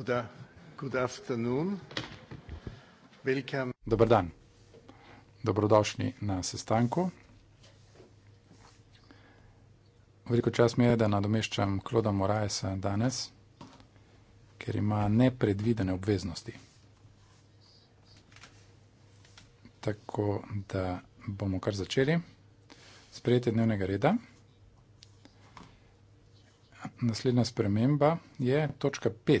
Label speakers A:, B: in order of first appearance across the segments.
A: Good, good afternoon. Welcome.
B: Dobar dan. Dobrodošli na sestanku. Veliko čas mi je, da nadomeščam Kloda Moraesa danes, ker ima nepredvidene obveznosti. Tako da bomo kar začeli. Sprejetje dnevnega reda. Naslednja sprememba je točka 5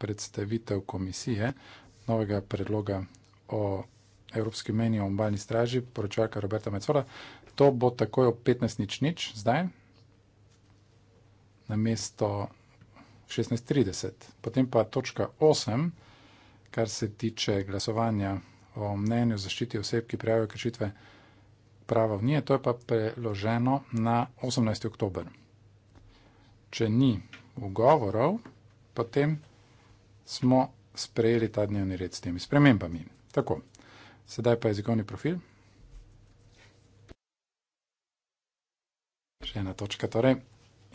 B: predstavitev komisije novega predloga o Evropski meni o obalni straži, poročevalka Roberta Macola. To bo takoj ob 15.00 zdaj, na mesto 16.30. Potem pa točka 8, kar se tiče glasovanja o mnenju zaščiti oseb, ki prijavijo kršitve prava v nje, to je pa preloženo na 18. oktober. Če ni ugovorov, potem smo sprejeli ta dnevni red s temi spremembami. Tako, sedaj pa jezikovni profil. Še ena točka. Torej,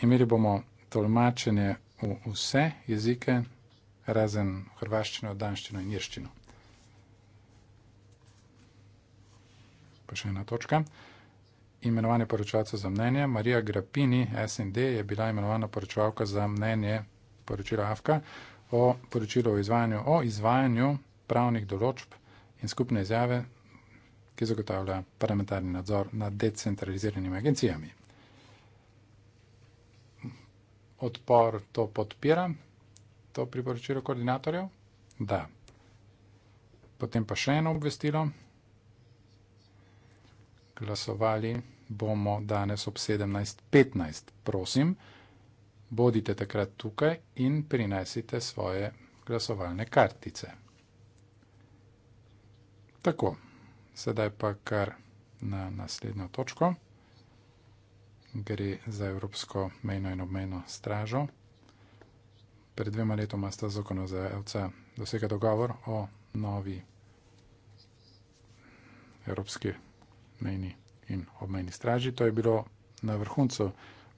B: imeli bomo tolmačenje v vse jezike, razen hrvaščino, danščino in irščino. Pa še ena točka. Imenovanje poročevalca za mnenje. Marija Grapini, SND, je bila imenovana poročevalka za mnenje poročila AFK o poročilu o izvajanju, o izvajanju pravnih določb in skupne izjave, ki zagotavlja parlamentarni nadzor nad decentraliziranimi agencijami. Odpor to podpira, to priporočilo koordinatorjev? Da. Potem pa še eno obvestilo. Glasovali bomo danes ob 17.15. Prosim bodite takrat tukaj in prinesite svoje glasovalne kartice. Tako, sedaj pa kar na naslednjo točko. Gre za Evropsko mejno in obmejno stražo. Pred dvema letoma sta zakonodajalca dosega dogovor o novi Evropski mejni in obmejni straži. To je bilo na vrhuncu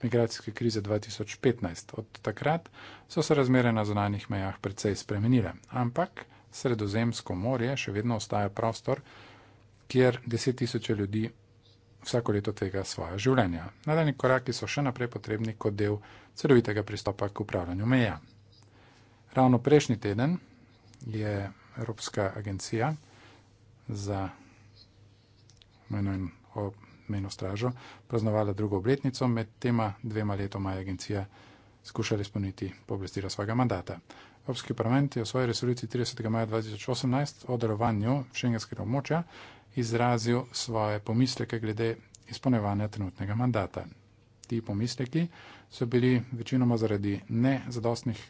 B: migracijske krize 2015. Od takrat so se razmere na zonanih mejah precej spremenile, ampak sredozemsko morje še vedno ostaja prostor, kjer deset tisoče ljudi vsako leto tega svoja življenja. Nadaljni koraki so še naprej potrebni kot del celovitega pristopa k upravljanju meja. Ravno prejšnji teden je Evropska agencija za mejno stražo, praznovala drugo obletnico, med tema dvema letoma je agencija skušala izpolniti pooblastila svojega mandata. Evropski parlament je v svoji resoluciji 30. maja 2018 o delovanju šengenskega območja izrazil svoje pomisleke glede izpolnevanja trenutnega mandata. Ti pomisleki so bili večinoma zaradi nezadostnih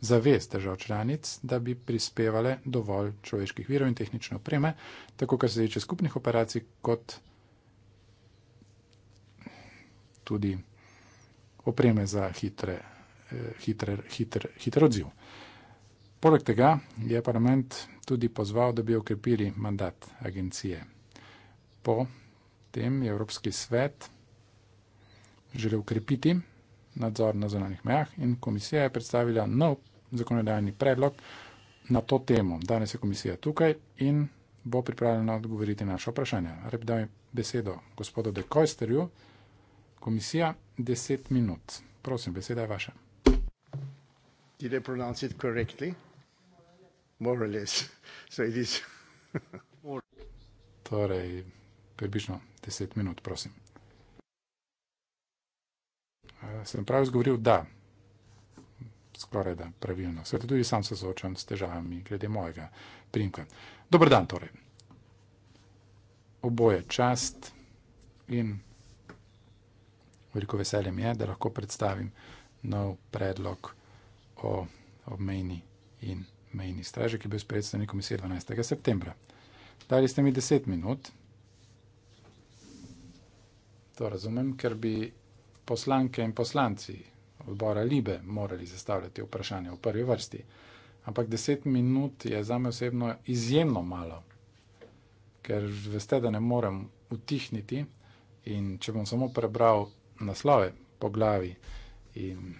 B: zavez držav članic, da bi prispevale dovolj človeških virov in tehnične opreme, tako kar se tiče skupnih operacij, kot tudi tudi opreme za hitre, eh, hitre, hitre, hitre odziv. Poleg tega je parlament tudi pozval, da bi okrepili mandat agencije. Po tem je Evropski svet želel okrepiti nadzor na zonalnih mejah in komisija je predstavila nov zakonodajni predlog na to temo. Danes je komisija tukaj in bo pripravljena odgovoriti na naše vprašanje. Rep daj besedo gospodu De Koisterju. Komisija, deset minut. Prosim, beseda je vaša.
A: Did I pronounce it correctly? More or less. More or less. So it is...
B: torej, približno deset minut, prosim. Sem prav izgovoril da. Skoraj da, pravilno. Sveto tudi sam se soočam s težavami glede mojega primka. Dobar dan, torej. Oboje čast in veliko veselje mi je, da lahko predstavim nov predlog o obmejni in mejni straži, ki bo sprejet strani komisije 12. septembra. Dali ste mi 10 minut, to razumem, ker bi poslanke in poslanci odbora Libe morali zastavljati vprašanje v prvi vrsti. Ampak 10 minut je za me osebno izjemno malo, ker veste, da ne morem utihniti in če bom samo prebral naslove po glavi in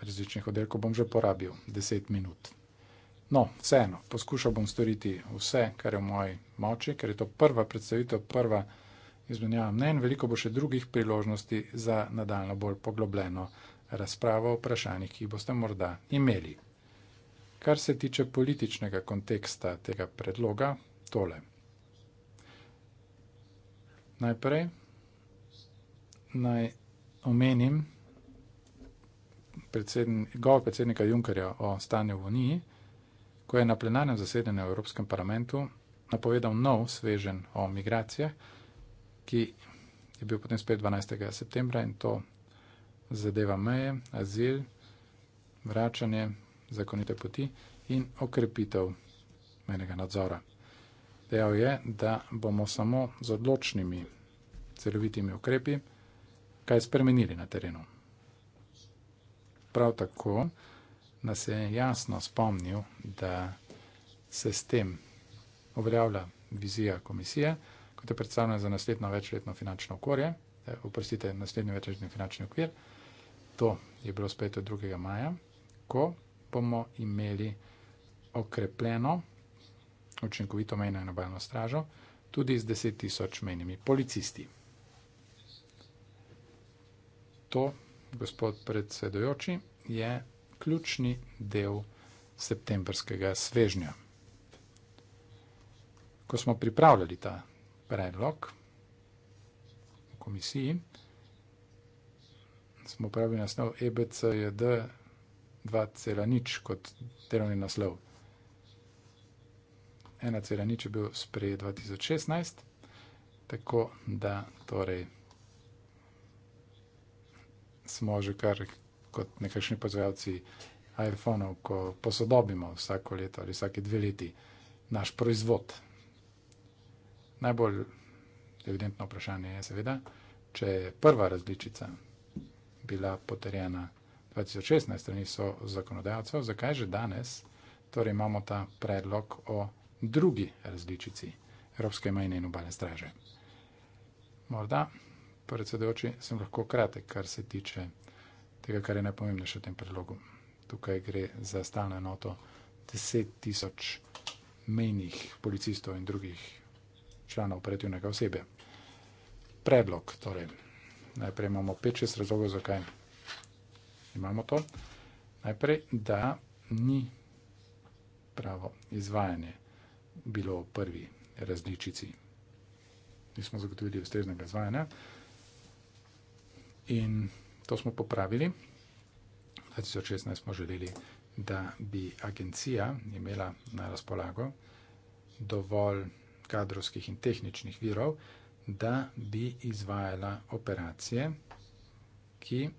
B: različnih oddelkov bom že porabil 10 minut. No, vseeno, poskušal bom storiti vse, kar je v moji moči, ker je to prva predstavitev, prva izmenjava mnen. Veliko bo še drugih priložnosti za nadaljno bolj poglobljeno razpravo o vprašanjih, ki boste morda imeli. Kar se tiče političnega konteksta tega predloga, tole. Najprej naj omenim predseden, govor predsednika Junkerja o stanju v Uniji, ko je na plenarnem zasedanju v Evropskem parlamentu napovedal nov svežen o migracijah, ki je bil potem spet 12. septembra in to zadeva meje, azil, vračanje, zakonite poti in okrepitev menega nadzora. Dejal je, da bomo samo z odločnimi celovitimi ukrepi kaj spremenili na terenu. Prav tako nas je jasno spomnil, da se s tem uveljavlja vizija komisije, kot je predstavljena za naslednjo večletno finančno okolje, eh, oprostite, naslednji večletni finančni okvir. To je bilo spet od 2. maja, ko bomo imeli okrepljeno, učinkovito mejno in obaljno stražo, tudi z 10 tisoč mejnimi policisti to, gospod predsedojoči, je ključni del septembrskega svežnja. Ko smo pripravljali ta predlog v komisiji, smo pravili naslov EBCJD 2.0 kot delovni naslov. 1.0 je bil sprejet 2016, tako da torej smo že kar kot nekakšni proizvajalci iPhone-ov, ko posodobimo vsako leto ali vsake dve leti naš proizvod. Najbolj evidentno vprašanje je seveda, če je prva različica bila potrjena 2016 strani so zakonodajalcev, zakaj že danes torej imamo ta predlog o drugi različici Evropske majne in obale straže. Morda predsedujoči, sem lahko kratek, kar se tiče tega, kar je najpomembnejše v tem predlogu. Tukaj gre za stalno enoto 10 tisoč menjih policistov in drugih članov operativnega osebe. Predlog, torej, najprej imamo 5-6 razlogov, zakaj imamo to. Najprej, da ni pravo izvajanje bilo v prvi različici. Nismo zagotovili ustreznega izvajanja in to smo popravili. 2016 smo želeli, da bi agencija imela na razpolago dovolj kadrovskih in tehničnih virov, da bi izvajala operacije, ki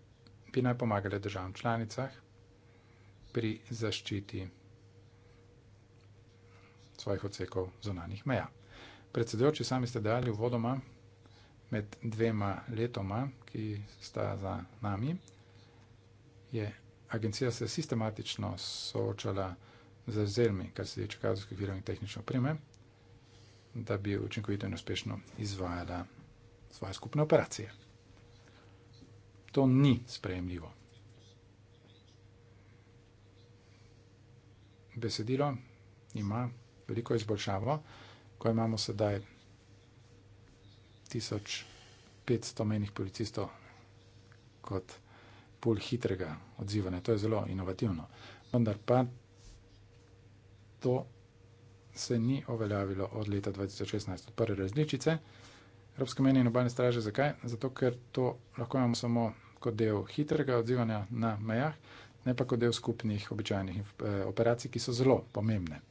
B: bi naj pomagale državam članicah pri zaščiti svojih odsekov zonanih meja. Predsedujoči, sami ste dejali uvodoma, med dvema letoma, ki sta za nami, je agencija se sistematično soočala z zelmi, kar se tiče kazenskih virov in tehnične opreme, da bi učinkovito in uspešno izvajala svoje skupne operacije. To ni sprejemljivo. Besedilo ima veliko izboljšavo, ko imamo sedaj 6500 menih policistov kot pol hitrega odzivanja. To je zelo inovativno. Vendar pa to se ni oveljavilo od leta 2016, od prve različice. Evropske meni in obaljne straže, zakaj? Zato, ker to lahko imamo samo kot del hitrega odzivanja na mejah, ne pa kot del skupnih običajnih eh, operacij, ki so zelo pomembne.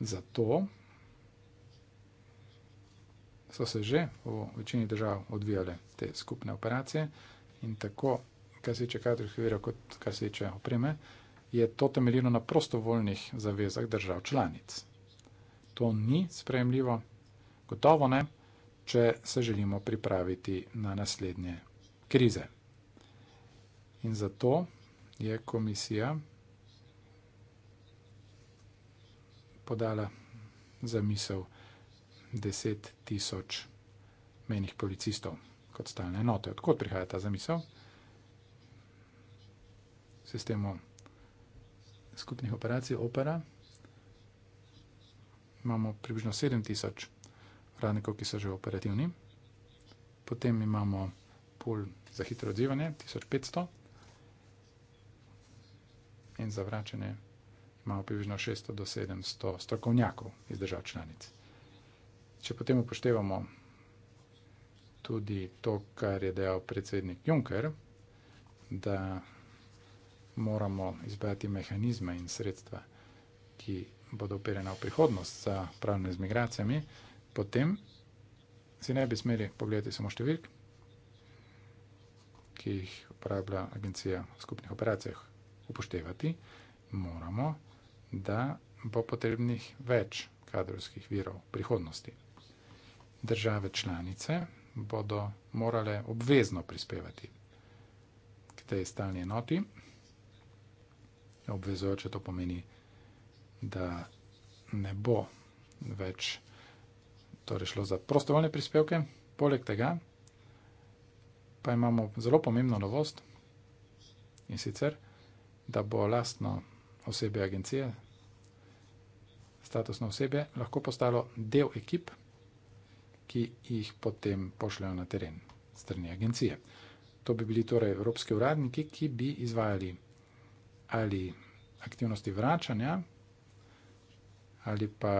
B: Zato so se že v večini držav odvijale te skupne operacije in tako, kar se tiče kadrovskih virov, kot kar se tiče opreme, je to temeljilo na prostovoljnih zavezah držav članic. To ni sprejemljivo, gotovo ne, če se želimo pripraviti na naslednje krize. In zato je komisija podala zamisel, 10 tisoč menih policistov kot stalne enote. Odkot prihaja ta zamisel? Sistemu skupnih operacij opera. Imamo približno 7 tisoč radnikov, ki so že operativni. Potem imamo pol za hitro odzivanje, 1500. In za vračanje imamo približno 600 do 700 strokovnjakov iz držav članic če potem upoštevamo tudi to, kar je dejal predsednik Juncker, da moramo izbrati mehanizme in sredstva, ki bodo operena v prihodnost za pravne z migracijami, potem si ne bi smeli pogledati samo številk, ki jih uporablja agencija v skupnih operacijah upoštevati, moramo, da bo potrebnih več kadrovskih virov prihodnosti države članice bodo morale obvezno prispevati k tej stalni enoti. Obvezujoče to pomeni, da ne bo več torej šlo za prostovoljne prispevke. Poleg tega pa imamo zelo pomembno novost in sicer, da bo lastno osebe agencije, statusno osebe, lahko postalo del ekipa, ki jih potem pošljajo na teren strani agencije. To bi bili torej evropski uradniki, ki bi izvajali ali aktivnosti vračanja ali pa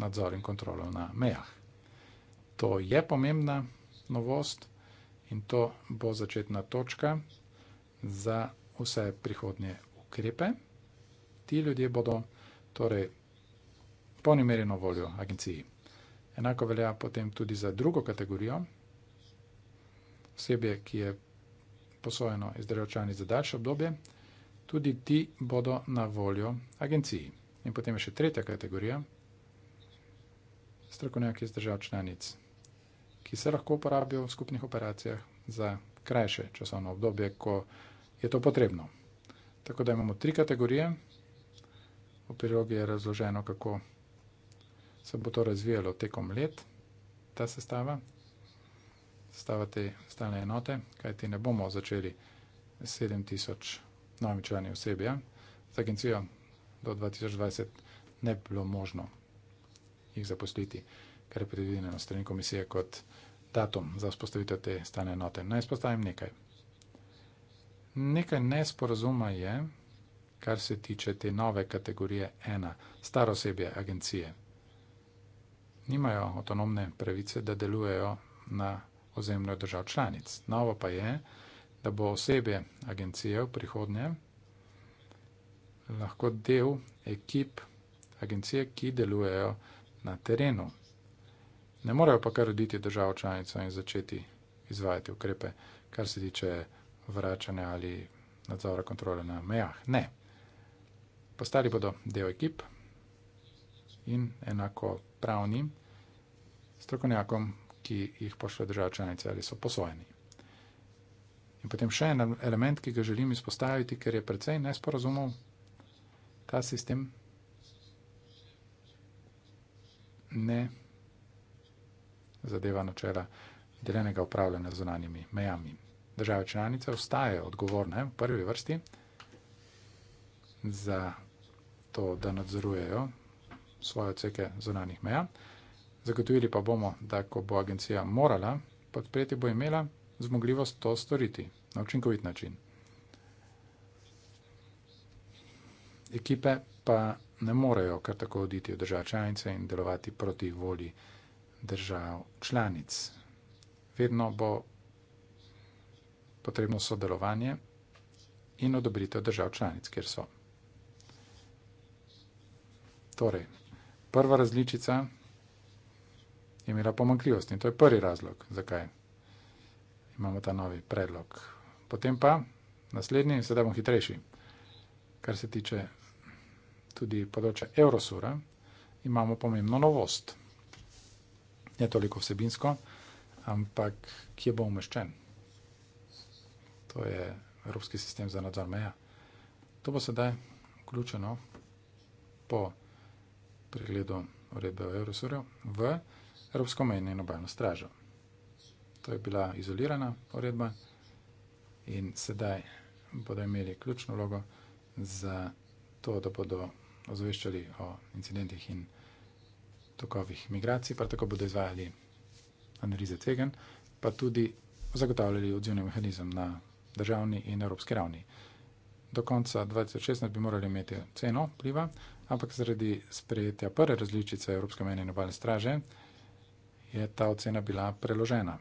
B: nadzor in kontrolo na mejah. To je pomembna novost in to bo začetna točka za vse prihodnje ukrepe. Ti ljudje bodo torej po nemerjeno voljo agenciji Enako velja potem tudi za drugo kategorijo, osebje, ki je posojeno izdelovčani za daljše obdobje, tudi ti bodo na voljo agenciji. In potem je še tretja kategorija, strokovnjaki iz držav članic, ki se lahko uporabijo v skupnih operacijah za krajše časovno obdobje, ko je to potrebno. Tako da imamo tri kategorije, v prilogi je razloženo, kako se bo to razvijalo tekom let, ta sestava, sestava te stalne enote, kajti ne bomo začeli 7000 novimi člani osebi. Ja? Z agencijo do 2020 ne bi bilo možno jih zaposliti, kar je predvideno strani komisije kot datum za vzpostavitev te stalne enote. Naj spostavim nekaj. Nekaj nesporazuma je, kar se tiče te nove kategorije ena, starosebje agencije nimajo avtonomne pravice, da delujejo na ozemlju držav članic. Novo pa je, da bo osebe agencije v prihodnje lahko del ekip agencije, ki delujejo na terenu. Ne morejo pa kar roditi držav članic in začeti izvajati ukrepe, kar se tiče vračanja ali nadzora kontrole na mejah. Ne. Postali bodo del ekip in enako pravnim strokovnjakom, ki jih pošle država članice ali so posojeni. In potem še en element, ki ga želim izpostaviti, ker je precej nesporazumov ta sistem ne zadeva načela deljenega upravljanja z zunanjimi mejami. Države članice ostaje odgovorne v prvi vrsti za to, da nadzorujejo svoje odseke zunanih meja. Zagotovili pa bomo, da ko bo agencija morala podpreti, bo imela zmogljivost to storiti na učinkovit način. Ekipe pa ne morejo kar tako oditi v držav članice in delovati proti volji držav članic. Vedno bo potrebno sodelovanje in odobritev držav članic, kjer so. Torej, prva različica je imela pomankljivosti in to je prvi razlog, zakaj imamo ta novi predlog. Potem pa naslednji, sedaj bom hitrejši, kar se tiče tudi področja Eurosura, imamo pomembno novost. Ne toliko vsebinsko, ampak kje bo umeščen. To je Evropski sistem za nadzor meja. To bo sedaj vključeno po pregledu uredbe o Eurosurju v Evropsko mejno in obaljno stražo. To je bila izolirana uredba in sedaj bodo imeli ključno vlogo za to, da bodo ozveščali o incidentih in tokovih migracij, pa tako bodo izvajali analize tvegen, pa tudi zagotavljali odzivni mehanizem na državni in evropski ravni. Do konca 2016 bi morali imeti ceno pliva, ampak zaradi sprejetja prve različice Evropske mene in obalne straže je ta ocena bila preložena.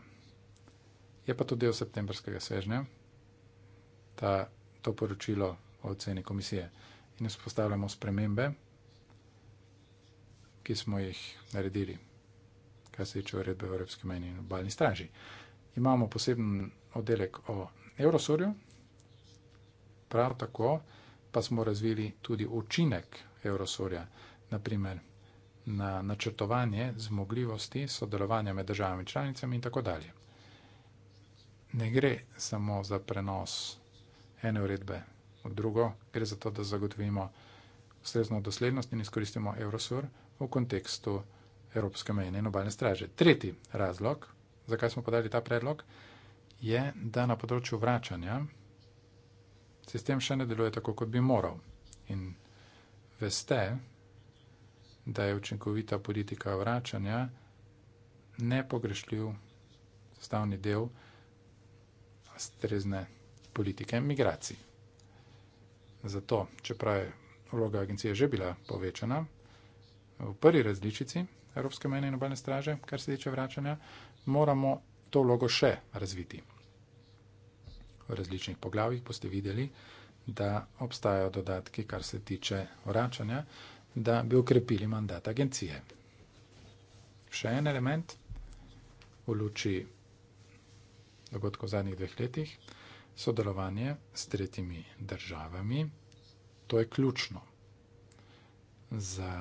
B: Je pa to del septembrskega svežnja, ta, to poročilo o oceni komisije. In vzpostavljamo spremembe, ki smo jih naredili, kar se tiče uredbe o Evropski meni in obalni straži. Imamo poseben oddelek o Eurosurju, prav tako pa smo razvili tudi učinek Eurosurja, naprimer na načrtovanje zmogljivosti sodelovanja med državami članicami in tako dalje. Ne gre samo za prenos ene uredbe v drugo, gre za to, da zagotovimo ustrezno doslednost in izkoristimo Eurosur v kontekstu Evropske mejne in obalne straže. Tretji razlog, zakaj smo podali ta predlog, je, da na področju vračanja sistem še ne deluje tako, kot bi moral. In veste, da je učinkovita politika vračanja nepogrešljiv sestavni del strezne politike migracij. Zato, čeprav je vloga agencije že bila povečana, v prvi različici Evropske mene in obalne straže, kar se tiče vračanja, moramo to vlogo še razviti. V različnih poglavjih boste videli, da obstajajo dodatki, kar se tiče vračanja, da bi ukrepili mandat agencije. Še en element v luči dogodkov v zadnjih dveh letih, sodelovanje s tretjimi državami, to je ključno za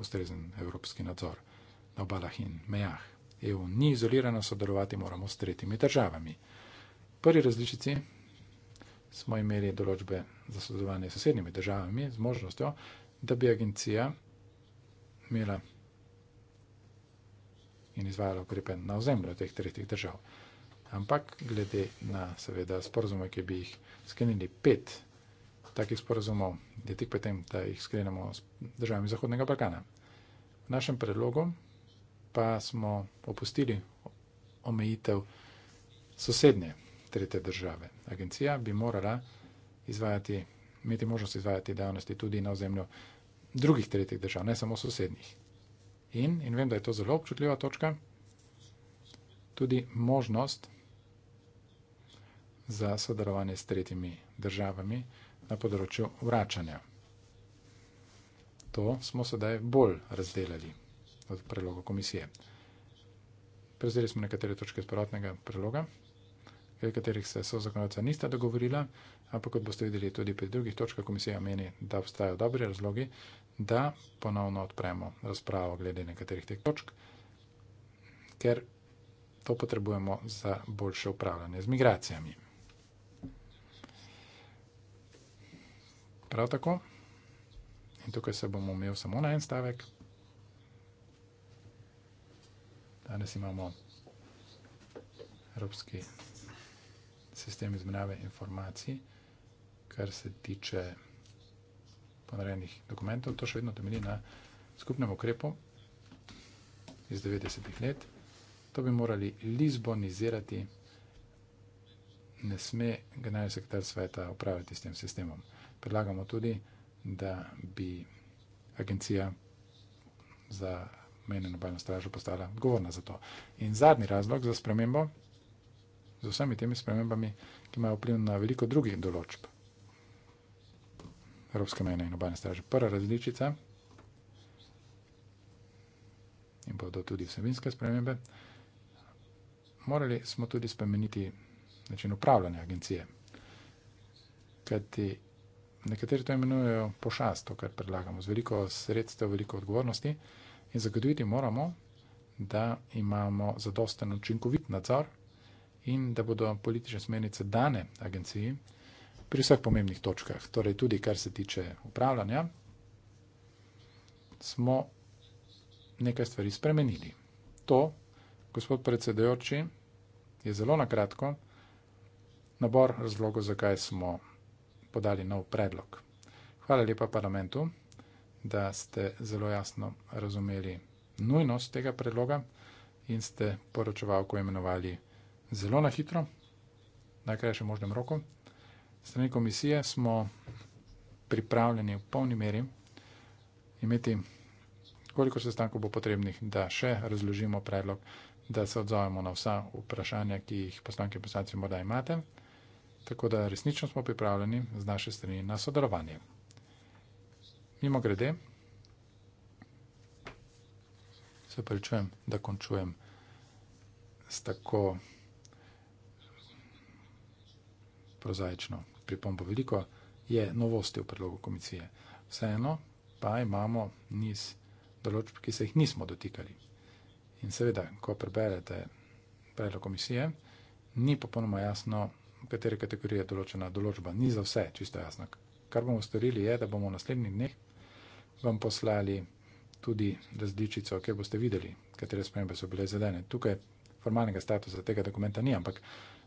B: ustrezen evropski nadzor na obalah in mejah. EU ni izolirano, sodelovati moramo s tretjimi državami. Prvi različici smo imeli določbe za sodelovanje s sosednjimi državami, z možnostjo, da bi agencija imela in izvajala ukrepe na ozemlju teh tretjih držav. Ampak glede na seveda sporozume, ki bi jih sklenili pet takih sporozumov, je tik potem, da jih sklenemo s državami Zahodnega Balkana. V našem predlogu pa smo opustili omejitev sosednje tretje države. Agencija bi morala izvajati, imeti možnost izvajati dejavnosti tudi na ozemlju drugih tretjih držav, ne samo sosednjih. In, in vem, da je to zelo občutljiva točka, tudi možnost za sodelovanje s tretjimi državami na področju vračanja. To smo sedaj bolj razdelali od predloga komisije. Prezeli smo nekatere točke iz prvotnega predloga katerih se so zakonodajca nista dogovorila, ampak kot boste videli tudi pri drugih točkah komisija meni, da obstajajo dobri razlogi, da ponovno odpremo razpravo glede nekaterih teh točk, ker to potrebujemo za boljše upravljanje z migracijami. Prav tako, in tukaj se bomo imeli samo na en stavek, danes imamo Evropski sistem izmenjave informacij, kar se tiče ponarejenih dokumentov. To še vedno temelji na skupnem ukrepu iz 90-ih let. To bi morali lizbonizirati. Ne sme generalni sekretar sveta upraviti s tem sistemom. Predlagamo tudi, da bi agencija za mejno in obaljno stražo postala odgovorna za to. In zadnji razlog za spremembo z vsemi temi spremembami, ki imajo vpliv na veliko drugih določb. Evropske mejne in obalne straže. Prva različica in bodo tudi vsebinske spremembe. Morali smo tudi spremeniti način upravljanja agencije. Kajti nekateri to imenujejo pošast, to, kar predlagamo, z veliko sredstev, veliko odgovornosti in zagotoviti moramo, da imamo zadosten učinkovit nadzor in da bodo politične smernice dane agenciji pri vseh pomembnih točkah, torej tudi kar se tiče upravljanja, smo nekaj stvari spremenili. To, gospod predsedojoči, je zelo nakratko nabor razlogov, zakaj smo podali nov predlog. Hvala lepa parlamentu, da ste zelo jasno razumeli nujnost tega predloga in ste poročevalko imenovali zelo na hitro, najkrajšem možnem roku. Strani komisije smo pripravljeni v polni meri imeti, koliko sestankov bo potrebnih, da še razložimo predlog, da se odzovemo na vsa vprašanja, ki jih poslanke in poslanci morda imate. Tako da resnično smo pripravljeni z naše strani na sodelovanje. Mimo grede, se pričujem, da končujem s tako. prozaično pripombo veliko, je novosti v predlogu komisije. Vseeno pa imamo niz določb, ki se jih nismo dotikali. In seveda, ko preberete predlog komisije, ni popolnoma jasno, v kateri kategoriji je določena določba. Ni za vse čisto jasno. Kar bomo storili, je, da bomo v naslednjih dneh vam poslali tudi različico, kjer boste videli, katere spremembe so bile zadene. Tukaj formalnega statusa tega dokumenta ni, ampak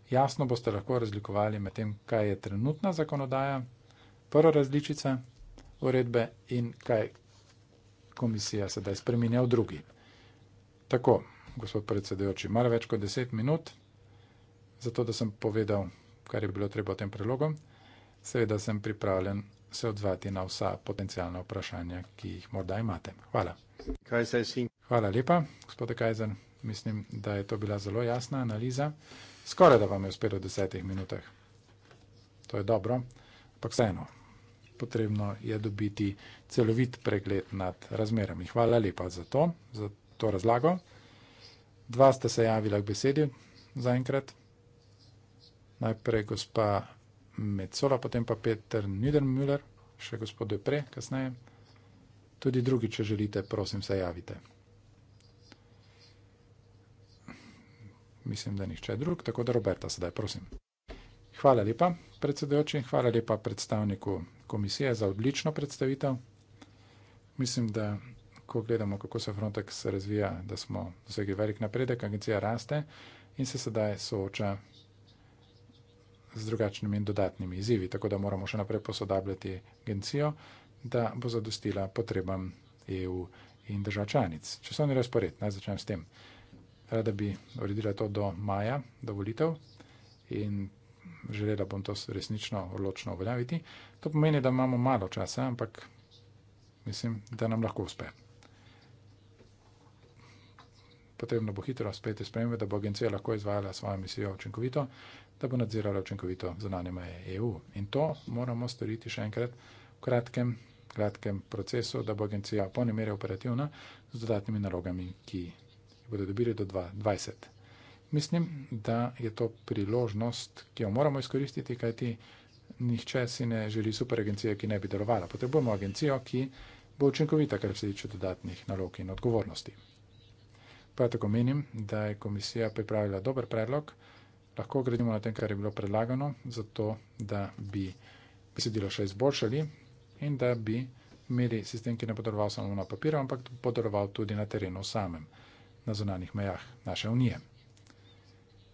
B: Jasno boste lahko razlikovali med tem, kaj je trenutna zakonodaja, prva različica uredbe in kaj komisija sedaj spreminja v drugi. Tako, gospod predsedujoči, malo več kot deset minut, zato da sem povedal, kar je bilo treba o tem predlogom. Seveda sem pripravljen se odzvati na vsa potencijalna vprašanja, ki jih morda imate. Hvala. Hvala lepa, gospod Kajzer. Mislim, da je to bila zelo jasna analiza. Skoraj da vam je uspelo v desetih minutah. To je dobro, ampak vseeno, potrebno je dobiti celovit pregled nad razmerami. Hvala lepa za to, za to razlago. Dva sta se javila k besedi zaenkrat. Najprej gospa Mecola, potem pa Peter Niedermüller, še gospod Depre, kasneje. Tudi drugi, če želite, prosim se javite. mislim, da nišče drug, tako da Roberta sedaj prosim. Hvala lepa predsedojoči in hvala lepa predstavniku komisije za odlično predstavitev. Mislim, da ko gledamo, kako se Frontex razvija, da smo dosegli velik napredek, agencija raste in se sedaj sooča z drugačnimi in dodatnimi izzivi, tako da moramo še naprej posodabljati agencijo, da bo zadostila potrebam EU in držav članic. Časovni razpored, naj začnem s tem rada bi uredila to do maja, do volitev in želela bom to resnično odločno uveljaviti. To pomeni, da imamo malo časa, ampak mislim, da nam lahko uspe. Potrebno bo hitro spet spremembe, da bo agencija lahko izvajala svojo misijo učinkovito, da bo nadzirala učinkovito zunanje meje EU. In to moramo storiti še enkrat v kratkem, kratkem procesu, da bo agencija po nemere operativna z dodatnimi nalogami, ki jih bodo dobili do 2020. Mislim, da je to priložnost, ki jo moramo izkoristiti, kajti nihče si ne želi super agencije, ki ne bi delovala. Potrebujemo agencijo, ki bo učinkovita, kar se tiče dodatnih nalog in odgovornosti. Prav tako menim, da je komisija pripravila dober predlog, lahko gradimo na tem, kar je bilo predlagano, zato da bi besedilo še izboljšali in da bi imeli sistem, ki ne bo deloval samo na papirju, ampak bo deloval tudi na terenu samem na zunanjih mejah naše unije.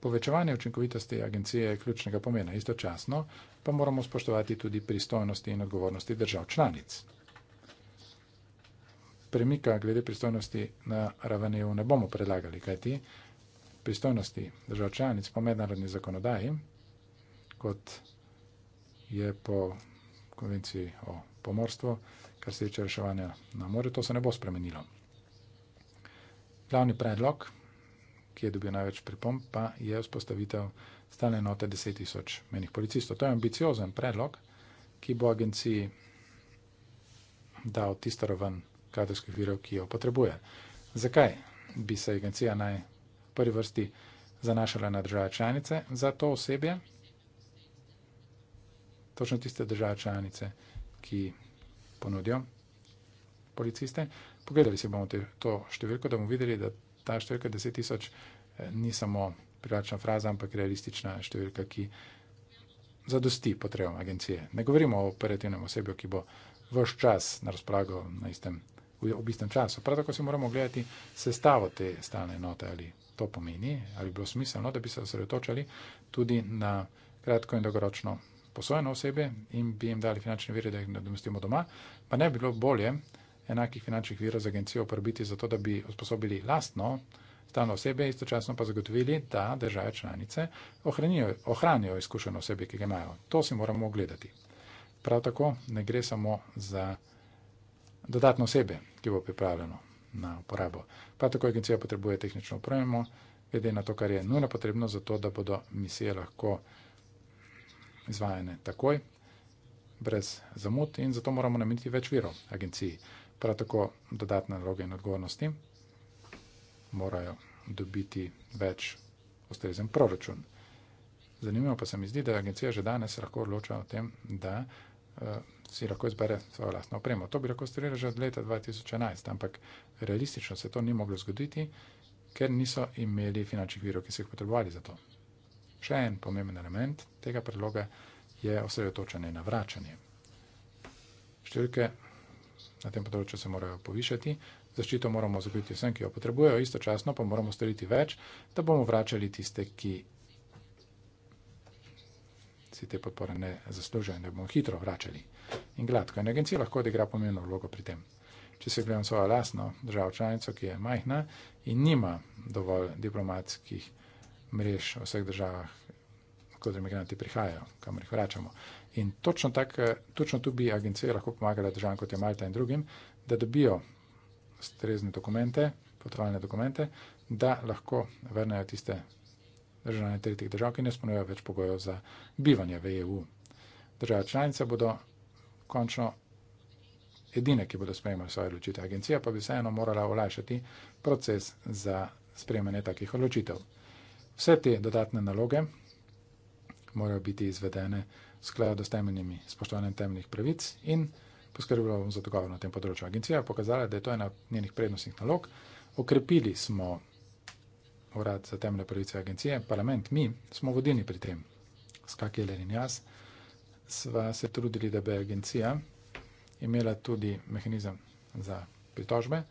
B: Povečevanje učinkovitosti agencije je ključnega pomena, istočasno pa moramo spoštovati tudi pristojnosti in odgovornosti držav članic. Premika glede pristojnosti na raven EU ne bomo predlagali, kajti pristojnosti držav članic po mednarodni zakonodaji, kot je po konvenciji o pomorstvu, kar se tiče reševanja na morju, to se ne bo spremenilo. Glavni predlog, ki je dobil največ pripomb, pa je vzpostavitev stalne enote 10 tisoč menih policistov. To je ambiciozen predlog, ki bo agenciji dal tisto raven kadrovskih virov, ki jo potrebuje. Zakaj bi se agencija naj prvi vrsti zanašala na države članice? Za to osebje, točno tiste države članice, ki ponudijo policiste, Pogledali si bomo te, to številko, da bomo videli, da ta številka 10 tisoč eh, ni samo privlačna fraza, ampak realistična številka, ki zadosti potrebam agencije. Ne govorimo o operativnem osebju, ki bo vse čas na razpolago na istem, v istem času. Prav tako si moramo ogledati sestavo te stalne enote, ali to pomeni, ali bi bilo smiselno, da bi se osredotočali tudi na kratko in dolgoročno posojeno osebe in bi jim dali finančne vire, da jih nadomestimo doma, pa ne bi bilo bolje, enakih finančnih virov z agencijo uporabiti za to, da bi usposobili lastno stalno osebe, istočasno pa zagotovili, da države članice ohranijo izkušeno osebe, ki ga imajo. To si moramo ogledati. Prav tako ne gre samo za dodatno osebe, ki bo pripravljeno na uporabo. Prav tako agencija potrebuje tehnično upremo, glede na to, kar je nujno potrebno za to, da bodo misije lahko izvajene takoj, brez zamud in zato moramo nameniti več virov agenciji. Prav tako dodatne naloge in odgovornosti morajo dobiti več ustrezen proračun. Zanimivo pa se mi zdi, da agencija že danes lahko odloča o tem, da uh, si lahko izbere svojo lastno opremo. To bi lahko storila že od leta 2011, ampak realistično se to ni moglo zgoditi, ker niso imeli finančnih virov, ki so jih potrebovali za to. Še en pomemben element tega predloga je osredotočanje na vračanje. Številke na tem področju se morajo povišati, zaščito moramo zagotoviti vsem, ki jo potrebujejo, istočasno pa moramo storiti več, da bomo vračali tiste, ki si te podpore ne zaslužijo in da bomo hitro vračali. In gladko, in agencija lahko odigra pomembno vlogo pri tem. Če se gledam svojo lasno državo članico, ki je majhna in nima dovolj diplomatskih mrež v vseh državah kot imigranti prihajajo, kamor jih vračamo. In točno, tak, eh, točno tu bi agencije lahko pomagale državam, kot je Malta in drugim, da dobijo strezne dokumente, potovalne dokumente, da lahko vrnejo tiste državljane tretjih držav, ki ne spomnijo več pogojev za bivanje v EU. Države članice bodo končno edine, ki bodo sprejemali svoje odločitve. Agencija pa bi vseeno morala olajšati proces za sprejemanje takih odločitev. Vse te dodatne naloge morajo biti izvedene v skladu s temeljnimi spoštovanjem temeljnih pravic in poskrbelo bom za dogovor na tem področju. Agencija je pokazala, da je to ena od njenih prednostnih nalog. Okrepili smo urad za temeljne pravice agencije, parlament, mi smo vodilni pri tem. Skak Jelen in jaz sva se trudili, da bi agencija imela tudi mehanizem za pritožbe.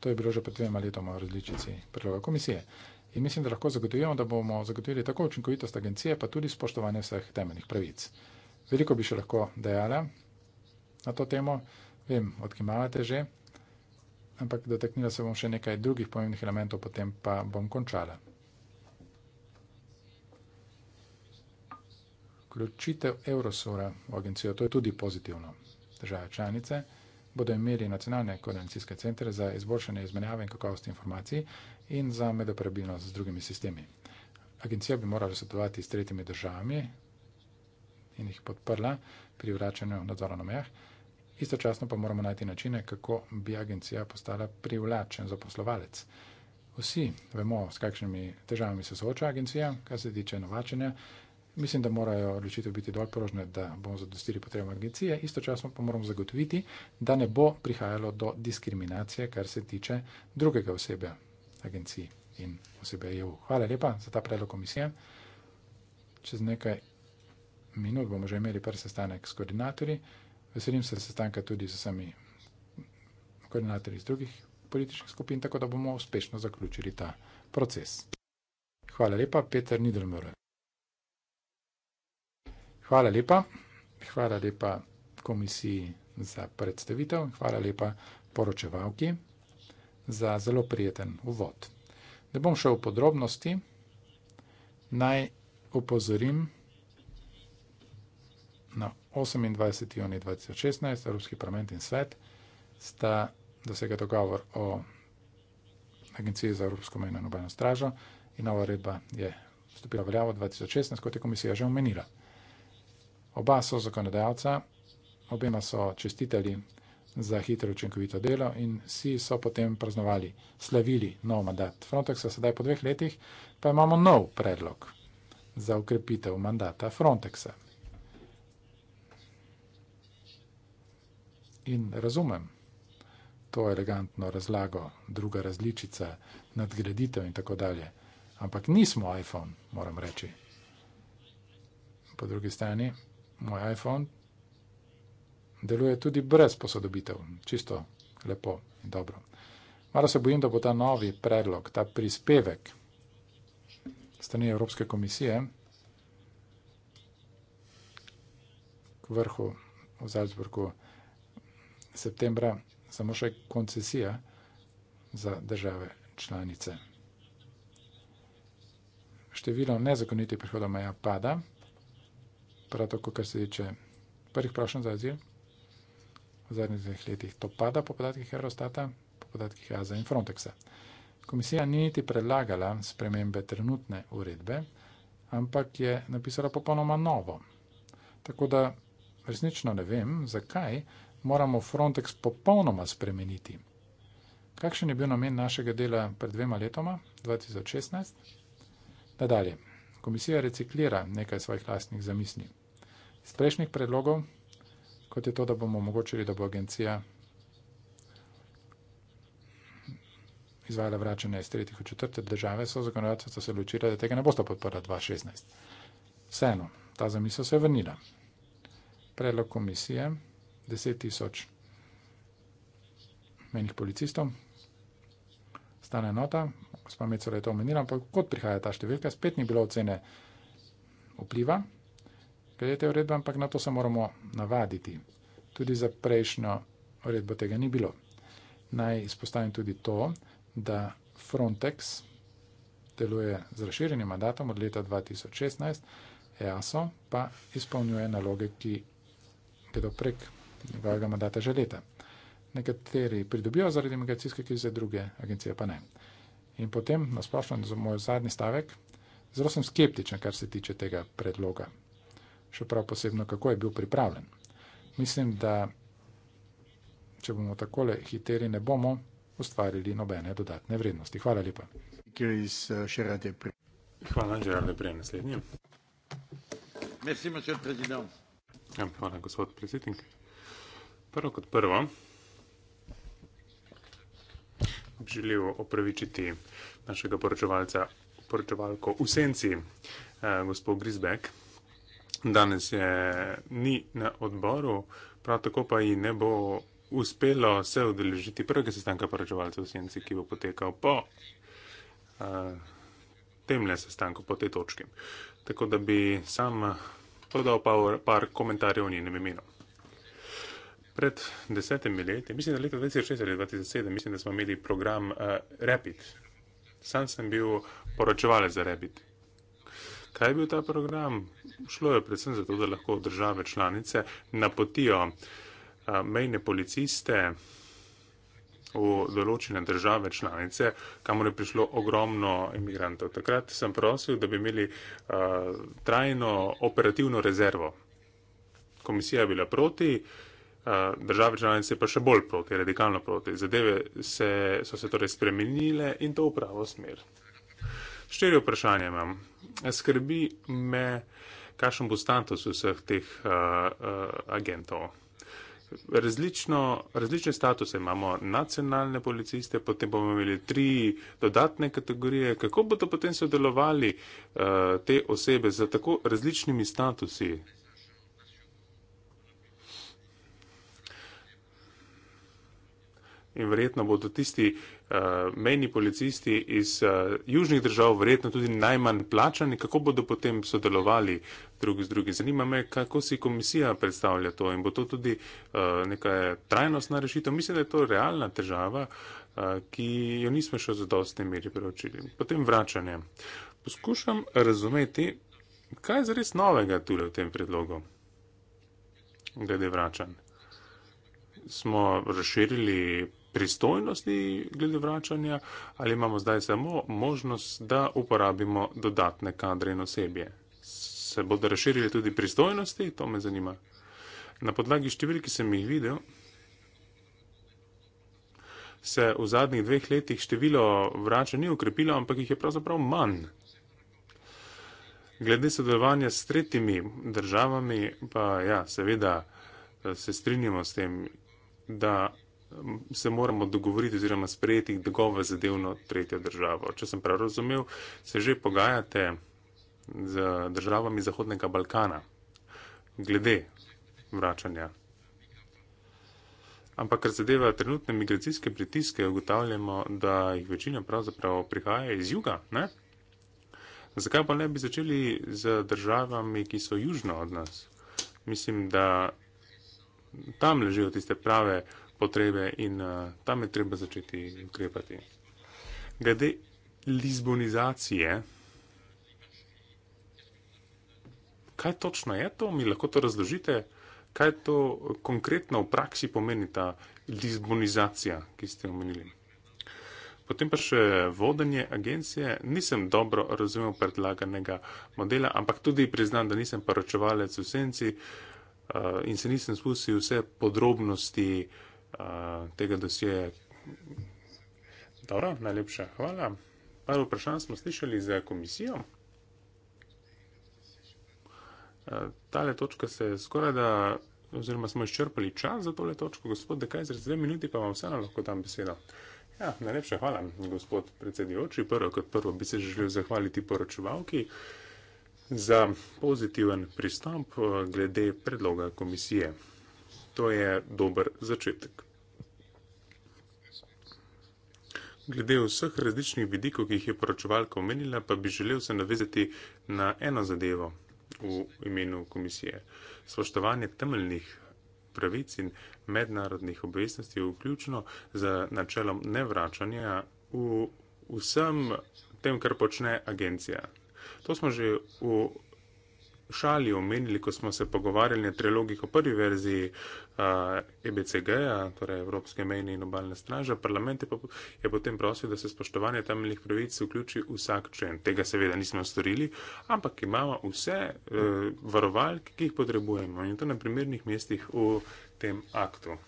B: To je bilo že pred dvema letoma v različici predloga komisije in mislim, da lahko zagotovimo, da bomo zagotovili tako učinkovitost agencije, pa tudi spoštovanje vseh temeljnih pravic. Veliko bi še lahko dejala na to temo, vem, odkimavate že, ampak dotaknila se bom še nekaj drugih pomembnih elementov, potem pa bom končala. Vključitev Eurosura v agencijo, to je tudi pozitivno. Države članice bodo imeli nacionalne koordinacijske centre za izboljšanje izmenjave in kakovosti informacij, in za medoperabilnost z drugimi sistemi. Agencija bi morala sodelovati s tretjimi državami in jih podprla pri vračanju nadzora na mejah. Istočasno pa moramo najti načine, kako bi agencija postala privlačen zaposlovalec. Vsi vemo, s kakšnimi težavami se sooča agencija, kar se tiče novačenja. Mislim, da morajo odločitev biti dovolj porožne, da bomo zadostili potrebam agencije. Istočasno pa moramo zagotoviti, da ne bo prihajalo do diskriminacije, kar se tiče drugega osebe, agencij in osebe EU. Hvala lepa za ta predlog komisije. Čez nekaj minut bomo že imeli prvi sestanek s koordinatorji. Veselim se sestanka tudi z vsemi koordinatorji iz drugih političnih skupin, tako da bomo uspešno zaključili ta proces. Hvala lepa, Peter Nidelmore. Hvala lepa. Hvala lepa komisiji za predstavitev. Hvala lepa poročevalki za zelo prijeten uvod. Ne bom šel v podrobnosti, naj opozorim na 28. juni 2016, Evropski parlament in svet sta dosega dogovor o Agenciji za Evropsko mejno in obajno stražo in nova redba je vstopila v veljavo 2016, kot je komisija že omenila. Oba so zakonodajalca, obema so čestitali za hitro in učinkovito delo in vsi so potem praznovali, slavili nov mandat. Frontexa sedaj po dveh letih pa imamo nov predlog za ukrepitev mandata Frontexa. In razumem to elegantno razlago, druga različica, nadgraditev in tako dalje. Ampak nismo iPhone, moram reči. Po drugi strani, moj iPhone deluje tudi brez posodobitev. Čisto lepo in dobro. Malo se bojim, da bo ta novi predlog, ta prispevek strani Evropske komisije k vrhu v Zalzburgu septembra samo še koncesija za države članice. Število nezakonitih prihodov meja pada, prav tako, kar se tiče prvih prošenj za azil zadnjih dveh letih. To pada po podatkih Eurostata, po podatkih AZA in Frontexa. Komisija ni niti predlagala spremembe trenutne uredbe, ampak je napisala popolnoma novo. Tako da resnično ne vem, zakaj moramo Frontex popolnoma spremeniti. Kakšen je bil namen našega dela pred dvema letoma, 2016? Nadalje, komisija reciklira nekaj svojih lastnih zamisli. Iz prejšnjih predlogov kot je to, da bomo omogočili, da bo agencija izvajala vračanje iz tretjih v četrte države, so zakonodajce so se odločili, da tega ne boste podprli 2016. Vseeno, ta zamisel se je vrnila. Predlog komisije, 10 tisoč menih policistov, stane nota, gospod Mecola je to omenila, ampak kot prihaja ta številka, spet ni bilo ocene vpliva glede te uredbe, ampak na to se moramo navaditi. Tudi za prejšnjo uredbo tega ni bilo. Naj izpostavim tudi to, da Frontex deluje z razširjenim mandatom od leta 2016, EASO pa izpolnjuje naloge, ki gredo prek njegovega mandata že leta. Nekateri pridobijo zaradi migracijske krize, druge agencije pa ne. In potem, nasplošno, moj zadnji stavek, zelo sem skeptičen, kar se tiče tega predloga še prav posebno, kako je bil pripravljen. Mislim, da če bomo takole hiteli, ne bomo ustvarili nobene dodatne vrednosti. Hvala lepa.
C: Hvala, že rade prej naslednjem. Ja.
D: Merci, monsieur président.
C: Ja, hvala, gospod predsednik. Prvo kot prvo, bi želel opravičiti našega poročevalca, poročevalko v senci, eh, gospod Grisbek, Danes je ni na odboru, prav tako pa ji ne bo uspelo se udeležiti prvega sestanka poročevalcev v Senci, ki bo potekal po uh, eh, temle sestanku, po tej točki. Tako da bi sam podal power, par komentarjev o njenem imenu. Pred desetimi leti, mislim, da leta 2006 ali 2007, mislim, da smo imeli program uh, Rapid. Sam sem bil poročevalec za Rapid. Kaj je bil ta program? Šlo je predvsem zato, da lahko države članice napotijo mejne policiste v določene države članice, kamor je prišlo ogromno imigrantov. Takrat sem prosil, da bi imeli trajno operativno rezervo. Komisija je bila proti, države članice pa še bolj proti, radikalno proti. Zadeve se, so se torej spremenile in to v pravo smer. Štiri vprašanja imam. Skrbi me, kakšen bo status vseh teh uh, uh, agentov. Različno, različne statuse imamo, nacionalne policiste, potem bomo imeli tri dodatne kategorije. Kako bodo potem sodelovali uh, te osebe z tako različnimi statusi? In verjetno bodo tisti, uh, uh, mejni policisti iz uh, južnih držav verjetno tudi najmanj plačani, kako bodo potem sodelovali drugi z drugim. Zanima me, kako si komisija predstavlja to in bo to tudi uh, neka trajnostna rešitev. Mislim, da je to realna težava, uh, ki jo nismo še v zadostni meri preučili. Potem vračanje. Poskušam razumeti, kaj je zares novega tudi v tem predlogu glede vračanj. Smo razširili pristojnosti glede vračanja ali imamo zdaj samo možnost, da uporabimo dodatne kadre in osebje. Se bodo razširili tudi pristojnosti, to me zanima. Na podlagi števil, ki sem jih videl, se v zadnjih dveh letih število vračanj ni ukrepilo, ampak jih je pravzaprav manj. Glede sodelovanja s tretjimi državami, pa ja, seveda eh, se strinjamo s tem, da se moramo dogovoriti oziroma sprejeti dogovor za delno tretjo državo. Če sem prav razumel, se že pogajate z državami Zahodnega Balkana glede vračanja. Ampak, kar zadeva trenutne migracijske pritiske, ugotavljamo, da jih večina pravzaprav prihaja iz juga. Ne? Zakaj pa ne bi začeli z državami, ki so južno od nas? Mislim, da tam ležijo tiste prave uh, potrebe in uh, tam je treba začeti ukrepati. Glede lizbonizacije, kaj točno je to, mi lahko to razložite, kaj to konkretno v praksi pomeni ta lizbonizacija, ki ste omenili. Potem pa še vodenje agencije. Nisem dobro razumel predlaganega modela, ampak tudi priznam, da nisem poročevalec v senci uh, in se nisem spustil vse podrobnosti uh, tega dosjeja. Dobro, najlepša hvala. Prvo vprašanje smo slišali za komisijo. Tale točka se skoraj da, oziroma smo izčrpali čas za tole točko. Gospod Dekaj, zred dve minuti pa vam vseeno lahko dam besedo. Ja, najlepša hvala, gospod predsedujoči. Prvo kot prvo bi se želel zahvaliti poročevalki za pozitiven pristop glede predloga komisije to je dober začetek. Glede vseh različnih vidikov, ki jih je poročevalka omenila, pa bi želel se navezati na eno zadevo v imenu komisije. Spoštovanje temeljnih pravic in mednarodnih obveznosti je vključno za načelom nevračanja v vsem tem, kar počne agencija. To smo že v šali omenili, ko smo se pogovarjali na trilogih o prvi verziji uh, EBCG, torej Evropske mejne in obaljne straže, parlament je, pa, je potem prosil, da se spoštovanje temeljnih pravic vključi vsak člen. Tega seveda nismo storili, ampak imamo vse uh, varovalke, ki jih potrebujemo in to na primernih mestih v tem aktu.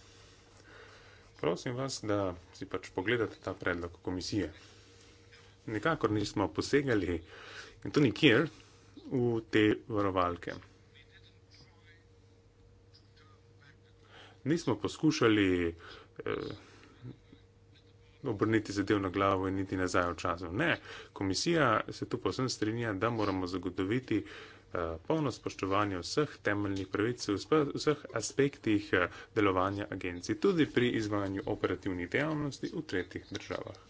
C: Prosim vas, da si pač pogledate ta predlog komisije. Nikakor nismo posegali in to nikjer v te varovalke. Nismo poskušali eh, obrniti zadev na glavo in niti nazaj v času. Ne, komisija se tu posebno strinja, da moramo zagotoviti eh, polno spoštovanje vseh temeljnih pravic v vseh aspektih eh, delovanja agencij, tudi pri izvajanju operativnih dejavnosti v tretjih državah.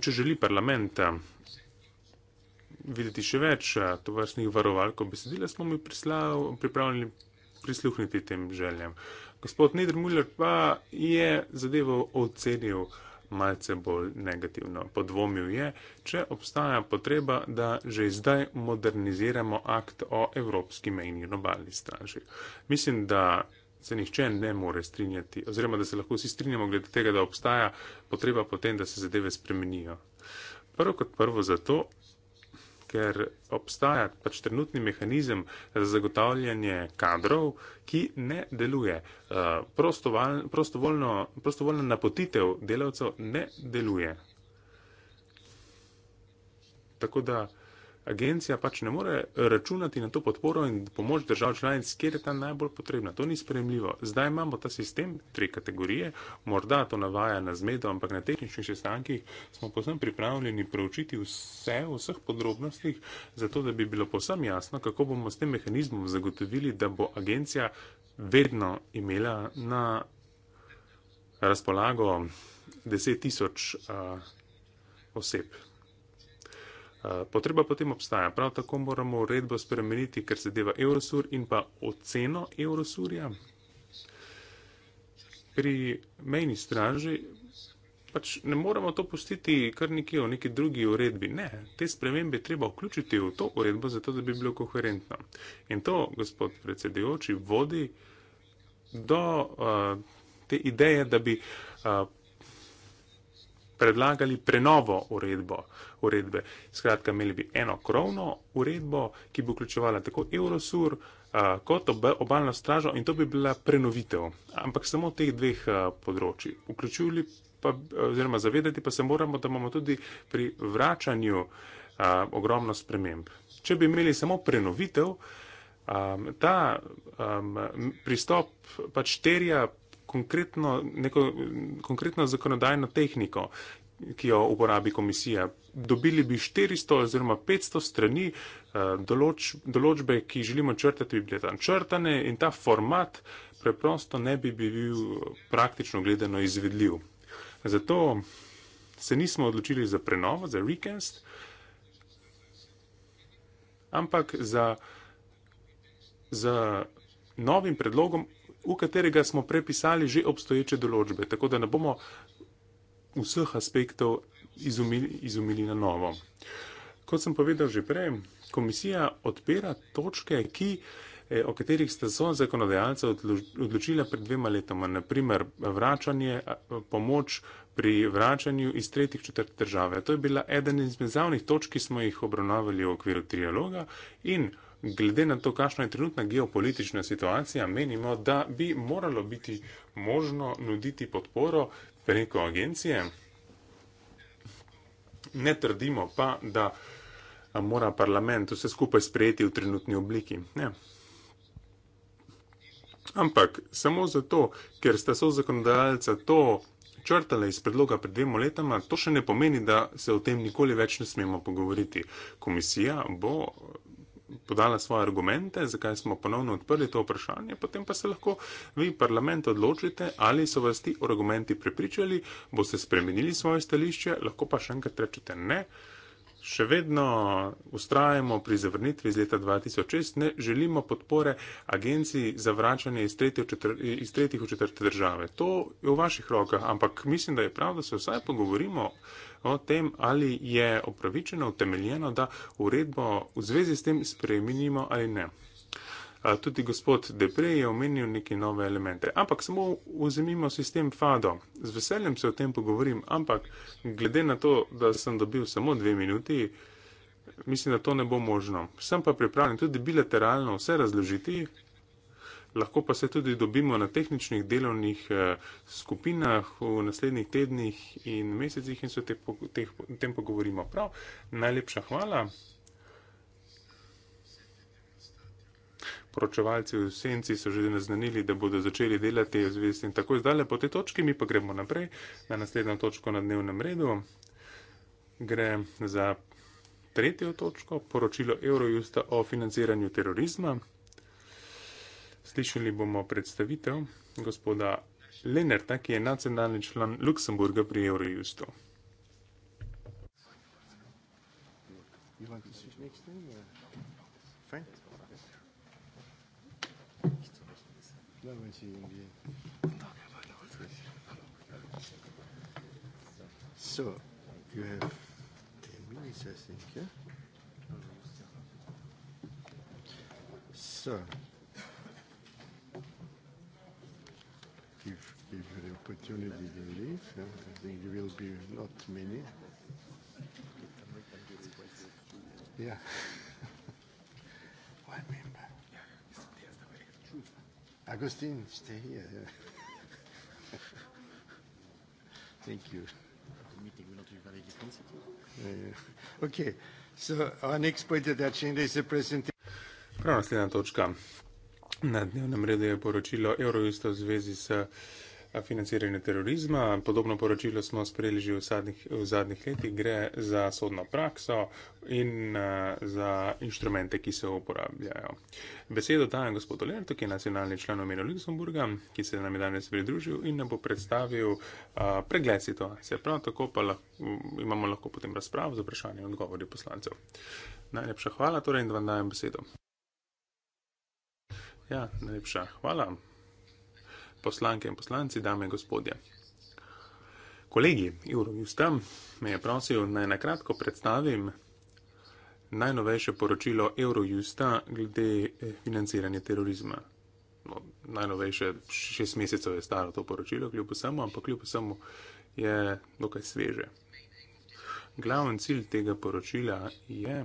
C: Če želi parlament eh, videti še več eh, tovrstnih varovalkov besedila, smo mi prislav, pripravljeni prisluhniti tem željam. Gospod Nedrmuller pa je zadevo ocenil malce bolj negativno. Podvomil je, če obstaja potreba, da že zdaj moderniziramo akt o evropski mejni in obalni straži. Mislim, da se nihče ne more strinjati, oziroma da se lahko vsi strinjamo glede tega, da obstaja potreba potem, da se zadeve spremenijo. Prvo kot prvo zato, ker obstaja pač trenutni mehanizem za zagotavljanje kadrov, ki ne deluje. Eh, prostoval, prostovoljno, prostovoljno napotitev delavcev ne deluje. Tako da agencija pač ne more računati na to podporo in pomoč držav članic, kjer je ta najbolj potrebna. To ni spremljivo. Zdaj imamo ta sistem, tri kategorije, morda to navaja na zmedo, ampak na tehničnih sestankih smo posebno pripravljeni preučiti vse, vseh podrobnostih, zato da bi bilo posebno jasno, kako bomo s tem mehanizmom zagotovili, da bo agencija vedno imela na razpolago 10 tisoč uh, oseb. Eh, potreba potem obstaja. Prav tako moramo uredbo spremeniti, ker se deva Eurosur in pa oceno Eurosurja. Pri mejni straži pač ne moramo to pustiti kar nekje v neki drugi uredbi. Ne, te spremembe treba vključiti v to uredbo, zato da bi bilo koherentno. In to, gospod predsedujoči, vodi do uh, te ideje, da bi uh, predlagali prenovo uredbo, uredbe. Skratka, imeli bi eno krovno uredbo, ki bi vključevala tako Eurosur eh, kot obalno stražo in to bi bila prenovitev. Ampak samo teh dveh eh, področji. Vključili pa, oziroma zavedati pa se moramo, da imamo tudi pri vračanju eh, ogromno sprememb. Če bi imeli samo prenovitev, ta pristop pač terja konkretno, neko konkretno zakonodajno tehniko, ki jo uporabi komisija. Dobili bi 400 oziroma 500 strani eh, določ, določbe, ki želimo črtati, bi bile tam črtane in ta format preprosto ne bi bil praktično gledano izvedljiv. Zato se nismo odločili za prenovo, za rekenst, ampak za, za novim predlogom v katerega smo prepisali že obstoječe določbe, tako da ne bomo vseh aspektov izumili, izumili na novo. Kot sem povedal že prej, komisija odpira točke, ki, eh, o katerih ste so zakonodajalce odločila pred dvema letoma, naprimer vračanje, pomoč pri vračanju iz tretjih četrt države. To je bila eden izmed zavnih točk, ki smo jih obravnavali v okviru trialoga in glede na to, kakšna je trenutna geopolitična situacija, menimo, da bi moralo biti možno nuditi podporo preko agencije. Ne trdimo pa, da mora parlament vse skupaj sprejeti v trenutni obliki. Ne. Ampak samo zato, ker sta so zakonodajalca to črtala iz predloga pred dvema letama, to še ne pomeni, da se o tem nikoli več ne smemo pogovoriti. Komisija bo podala svoje argumente, zakaj smo ponovno odprli to vprašanje, potem pa se lahko vi parlament odločite, ali so vas ti argumenti prepričali, boste spremenili svoje stališče, lahko pa še enkrat rečete ne. Še vedno ustrajamo pri zavrnitvi iz leta 2006, ne želimo podpore agenciji za vračanje iz, tretjo, četr, iz tretjih v četrte države. To je v vaših rokah, ampak mislim, da je prav, da se vsaj pogovorimo o tem, ali je opravičeno, utemeljeno, da uredbo v zvezi s tem spremenimo ali ne. Tudi gospod Deprej je omenil neke nove elemente, ampak samo vzemimo sistem FADO. Z veseljem se o tem pogovorim, ampak glede na to, da sem dobil samo dve minuti, mislim, da to ne bo možno. Sem pa pripravljen tudi bilateralno vse razložiti, lahko pa se tudi dobimo na tehničnih delovnih eh, skupinah v naslednjih tednih in mesecih in se o tem pogovorimo prav. Najlepša hvala. Poročevalci v senci so že naznanili, da bodo začeli delati v zvezi in tako izdale po tej točki, mi pa gremo naprej na naslednjo točko na dnevnem redu. Gre za tretjo točko, poročilo Eurojusta o financiranju terorizma. Slišali bomo predstavitev gospoda Lenerta, ki je nacionalni član Luksemburga pri Eurojustu.
A: So, you have
D: 10 minutes, I think. Yeah? So. opportunity to leave. I think there will be not many. Yeah. One member. Agustin, stay here.
B: Thank you. The meeting will not be very extensive.
D: Yeah.
C: Okay. Our next point of the agenda is the presentation. Prva naslednja točka na dnevnem redu je poročilo Eurojusta v zvezi s financiranje terorizma. Podobno poročilo smo sprejeli že v zadnjih, v zadnjih letih. Gre za sodno prakso in uh, za inštrumente, ki se uporabljajo. Besedo dajem gospodu Lertu, ki je nacionalni član omenil Luksemburga, ki se nam je danes pridružil in nam bo predstavil uh, pregled situacije. Prav tako pa lahko, imamo lahko potem razpravo z vprašanjem in odgovori poslancev. Najlepša hvala torej in vam dajem besedo. Ja, najlepša hvala poslanke in poslanci, dame in gospodje. Kolegi Eurojustam me je prosil naj nakratko predstavim najnovejše poročilo Eurojusta glede eh, financiranja terorizma. No, najnovejše šest mesecev je staro to poročilo, kljub vsemu, ampak kljub vsemu je dokaj sveže. Glaven cilj tega poročila je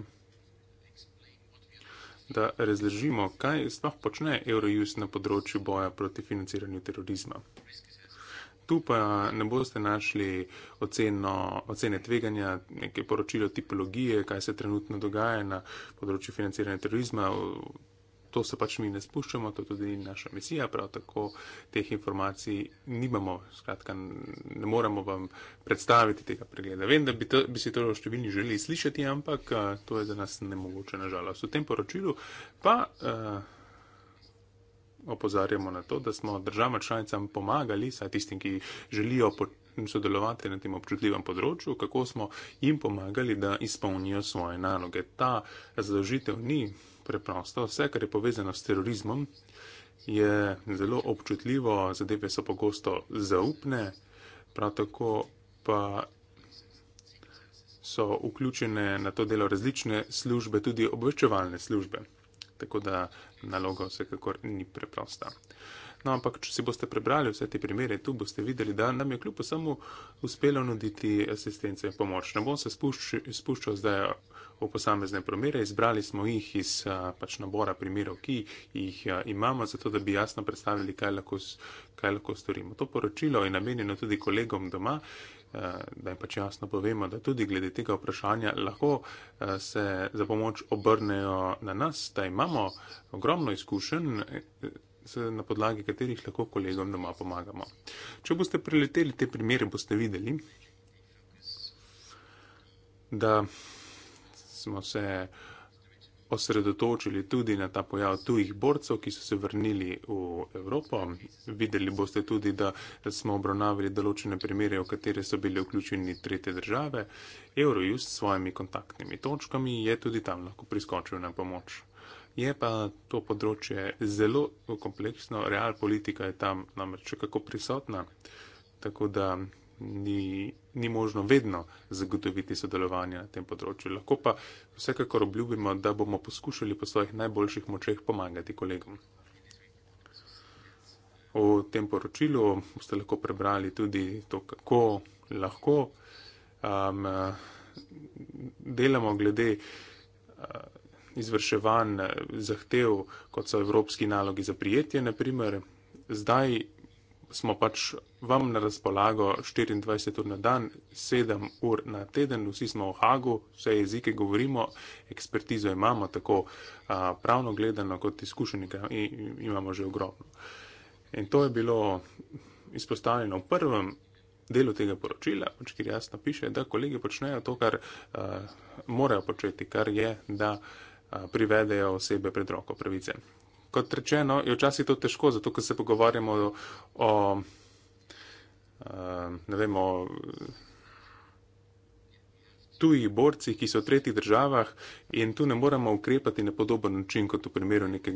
C: da razložimo, kaj sploh počne Eurojust na področju boja proti financiranju terorizma. Tu pa ne boste našli oceno, ocene tveganja, neke poročilo tipologije, kaj se trenutno dogaja na področju financiranja terorizma, to se pač mi ne spuščamo, to tudi ni naša misija, prav tako teh informacij nimamo, skratka ne moramo vam predstaviti tega pregleda. Vem, da bi, to, bi si to številni želeli slišati, ampak uh, to je za nas nemogoče, nažalost. V tem poročilu pa uh, opozarjamo na to, da smo državam članicam pomagali, saj tistim, ki želijo početi sodelovati na tem občutljivem področju, kako smo jim pomagali, da izpolnijo svoje naloge. Ta zadožitev ni preprosto. Vse, kar je povezano s terorizmom, je zelo občutljivo, zadeve so pogosto zaupne, prav tako pa so vključene na to delo različne službe, tudi obveščevalne službe. Tako da naloga vsekakor ni preprosta. No, ampak, če si boste prebrali vse te primere, tu boste videli, da nam je kljub samo uspelo nuditi asistence in pomoč. Ne bom se spuščal zdaj v posamezne primere. Izbrali smo jih iz pač nabora primerov, ki jih imamo, zato da bi jasno predstavili, kaj lahko, kaj lahko storimo. To poročilo je namenjeno tudi kolegom doma, da jim pač jasno povemo, da tudi glede tega vprašanja lahko se za pomoč obrnejo na nas, da imamo ogromno izkušenj. Na podlagi katerih lahko kolegom doma pomagamo. Če boste preleteli te primere, boste videli, da smo se osredotočili tudi na ta pojav tujih borcev, ki so se vrnili v Evropo. Videli boste tudi, da smo obravnavali določene primere, v katere so bili vključeni tretje države. Eurojust s svojimi kontaktnimi točkami je tudi tam lahko priskočil na pomoč. Je pa to področje zelo kompleksno, real politika je tam namreč kako prisotna, tako da ni ni možno vedno zagotoviti sodelovanje na tem področju. Lahko pa vsekakor obljubimo, da bomo poskušali po svojih najboljših močeh pomagati kolegom. V tem poročilu boste lahko prebrali tudi to, kako lahko um, delamo glede uh, izvrševanj zahtev, kot so evropski nalogi za prijetje, naprimer. Zdaj smo pač vam na razpolago 24 ur na dan, 7 ur na teden, vsi smo v Hagu, vse jezike govorimo, ekspertizo imamo, tako a, pravno gledano kot izkušeni, ki imamo že ogromno. In to je bilo izpostavljeno v prvem delu tega poročila, pač kjer jasno piše, da kolegi počnejo to, kar a, morajo početi, kar je, da a, privedejo osebe pred roko pravice kot rečeno, je včasih to težko, zato ker se pogovarjamo o, o, eh, vem, o tujih borcih, ki so v tretjih državah in tu ne moramo ukrepati na podoben način kot v primeru neke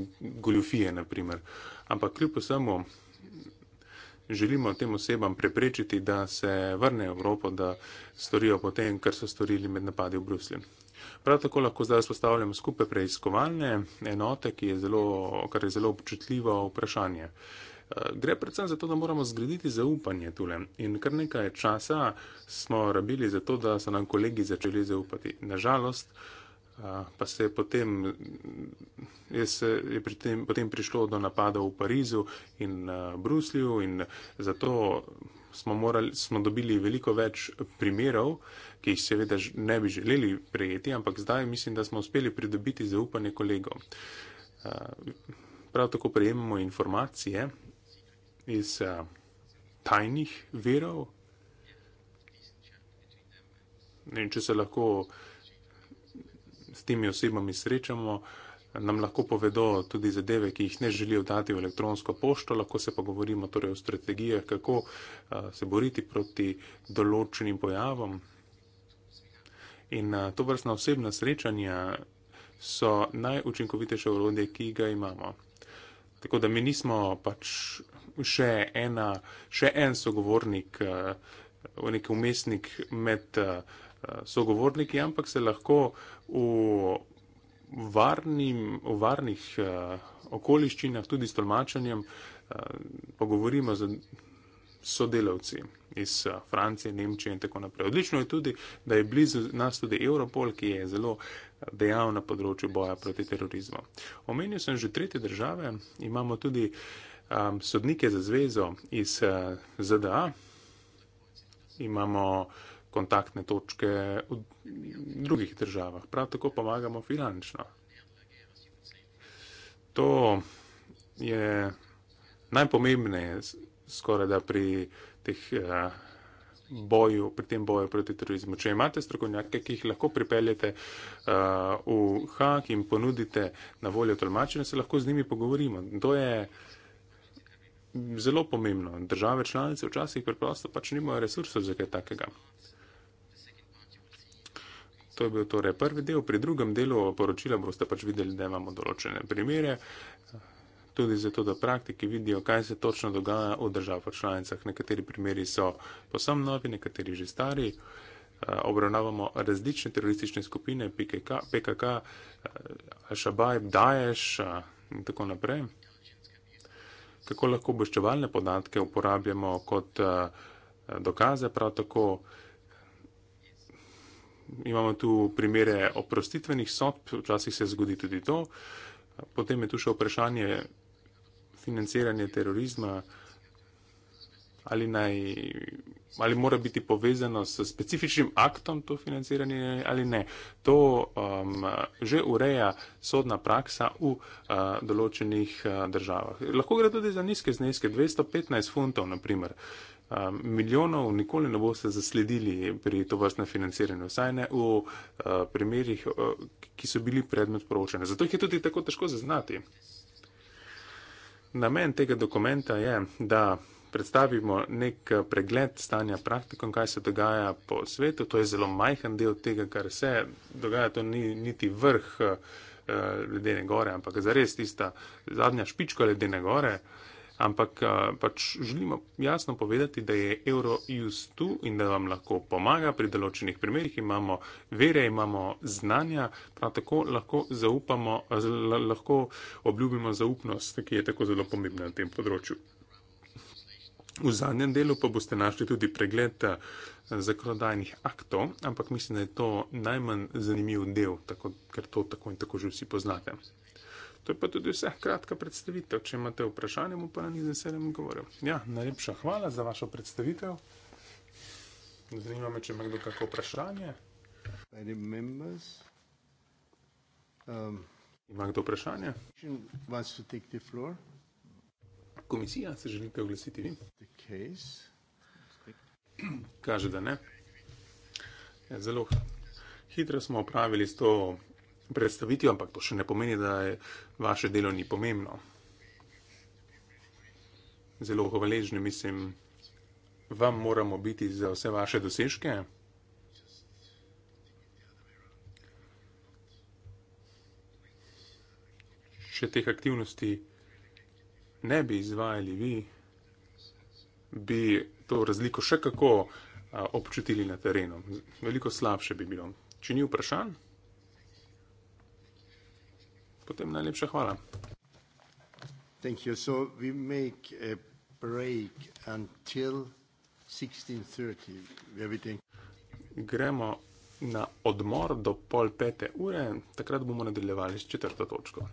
C: goljofije, naprimer. Ampak kljub vsemu želimo tem osebam preprečiti, da se vrnejo v Evropo, da storijo potem, kar so storili med napadi v Bruslju. Prav tako lahko zdaj spostavljamo skupaj preiskovalne enote, je zelo, kar je zelo občutljivo vprašanje. Eh, gre predvsem za to, da moramo zgraditi zaupanje tule. In kar nekaj časa smo rabili za to, da so nam kolegi začeli zaupati. Nažalost, eh, pa se je potem, je se, je pri tem, potem prišlo do napadov v Parizu in eh, Bruslju in zato smo, morali, smo dobili veliko več primerov, ki jih seveda ne bi želeli prejeti, ampak zdaj mislim, da smo uspeli pridobiti zaupanje kolegov. Eh, prav tako prejemamo informacije iz eh, tajnih verov. In če se lahko s temi osebami srečamo, uh, nam lahko povedo tudi zadeve, ki jih ne želijo dati v elektronsko pošto, lahko se pogovorimo torej o strategijah, kako se boriti proti določenim pojavom. In to vrstna osebna srečanja so najučinkovitejše urodje, ki ga imamo. Tako da mi nismo pač še, ena, še en sogovornik, nek umestnik med sogovorniki, ampak se lahko v varnim, v varnih uh, okoliščinah, tudi s tolmačenjem, uh, pogovorimo z sodelavci iz uh, Francije, Nemčije in tako naprej. Odlično je tudi, da je blizu nas tudi Europol, ki je zelo dejav na področju boja proti terorizmu. Omenil sem že tretje države, imamo tudi um, sodnike za zvezo iz uh, ZDA, imamo uh, kontaktne točke v drugih državah. Prav tako pomagamo finančno. To je najpomembneje skoraj da pri teh eh, boju, pri tem boju proti terorizmu. Če imate strokovnjake, ki jih lahko pripeljete eh, v Hak in ponudite na voljo tolmačenja, se lahko z njimi pogovorimo. To je zelo pomembno. Države članice včasih preprosto pač nimajo resursov za kaj takega. To je bil torej prvi del. Pri drugem delu poročila boste pač videli, da imamo določene primere, tudi zato, da praktiki vidijo, kaj se točno dogaja v državah članicah. Nekateri primeri so posebno novi, nekateri že stari. Eh, obravnavamo različne teroristične skupine, PKK, PKK Šabaj, eh, Daesh eh, in tako naprej. Kako lahko obveščevalne podatke uporabljamo kot dokaze, prav tako imamo tu primere oprostitvenih sodb, včasih se zgodi tudi to. Potem je tu še vprašanje financiranja terorizma, ali, naj, ali mora biti povezano s specifičnim aktom to financiranje ali ne. To um, že ureja sodna praksa v uh, določenih uh, državah. Lahko gre tudi za nizke zneske, 215 funtov, naprimer. Uh, Um, milijonov nikoli ne boste zasledili pri to vrstne financiranju, vsaj ne v uh, primerjih, uh, ki so bili predmet poročanja. Zato jih je tudi tako težko zaznati. Namen tega dokumenta je, da predstavimo nek uh, pregled stanja praktikom, kaj se dogaja po svetu. To je zelo majhen del tega, kar se dogaja. To ni niti vrh uh, uh ledene gore, ampak zares tista zadnja špička ledene gore. Uh, ampak eh, pač želimo jasno povedati, da je Eurojust tu in da vam lahko pomaga pri določenih primerjih. Imamo vere, imamo znanja, prav tako lahko, zaupamo, eh, lahko obljubimo zaupnost, ki je tako zelo pomembna na tem področju. V zadnjem delu pa boste našli tudi pregled eh, zakonodajnih aktov, ampak mislim, da je to najmanj zanimiv del, tako, ker to tako in tako že vsi poznate. To je pa tudi vse, kratka predstavitev. Če imate vprašanje, bom pa na njih z veseljem govoril. Ja, najlepša hvala za vašo predstavitev. Zanima me, če ima kdo kakšno vprašanje. Um, ima kdo vprašanje? Komisija se želite oglasiti vi? Kaže, da ne. Ja, zelo hitro smo opravili s to predstavitvijo, ampak to še ne pomeni, da je vaše delo ni pomembno. Zelo hvaležni, mislim, vam moramo biti za vse vaše dosežke. Če teh aktivnosti ne bi izvajali vi, bi to razliko še kako občutili na terenu. Veliko slabše bi bilo. Če ni vprašanj?
A: potem najlepša hvala. Thank you. So we make a break until
C: 16:30. Gremo na odmor do pol pete ure, takrat bomo nadaljevali s četrto točko.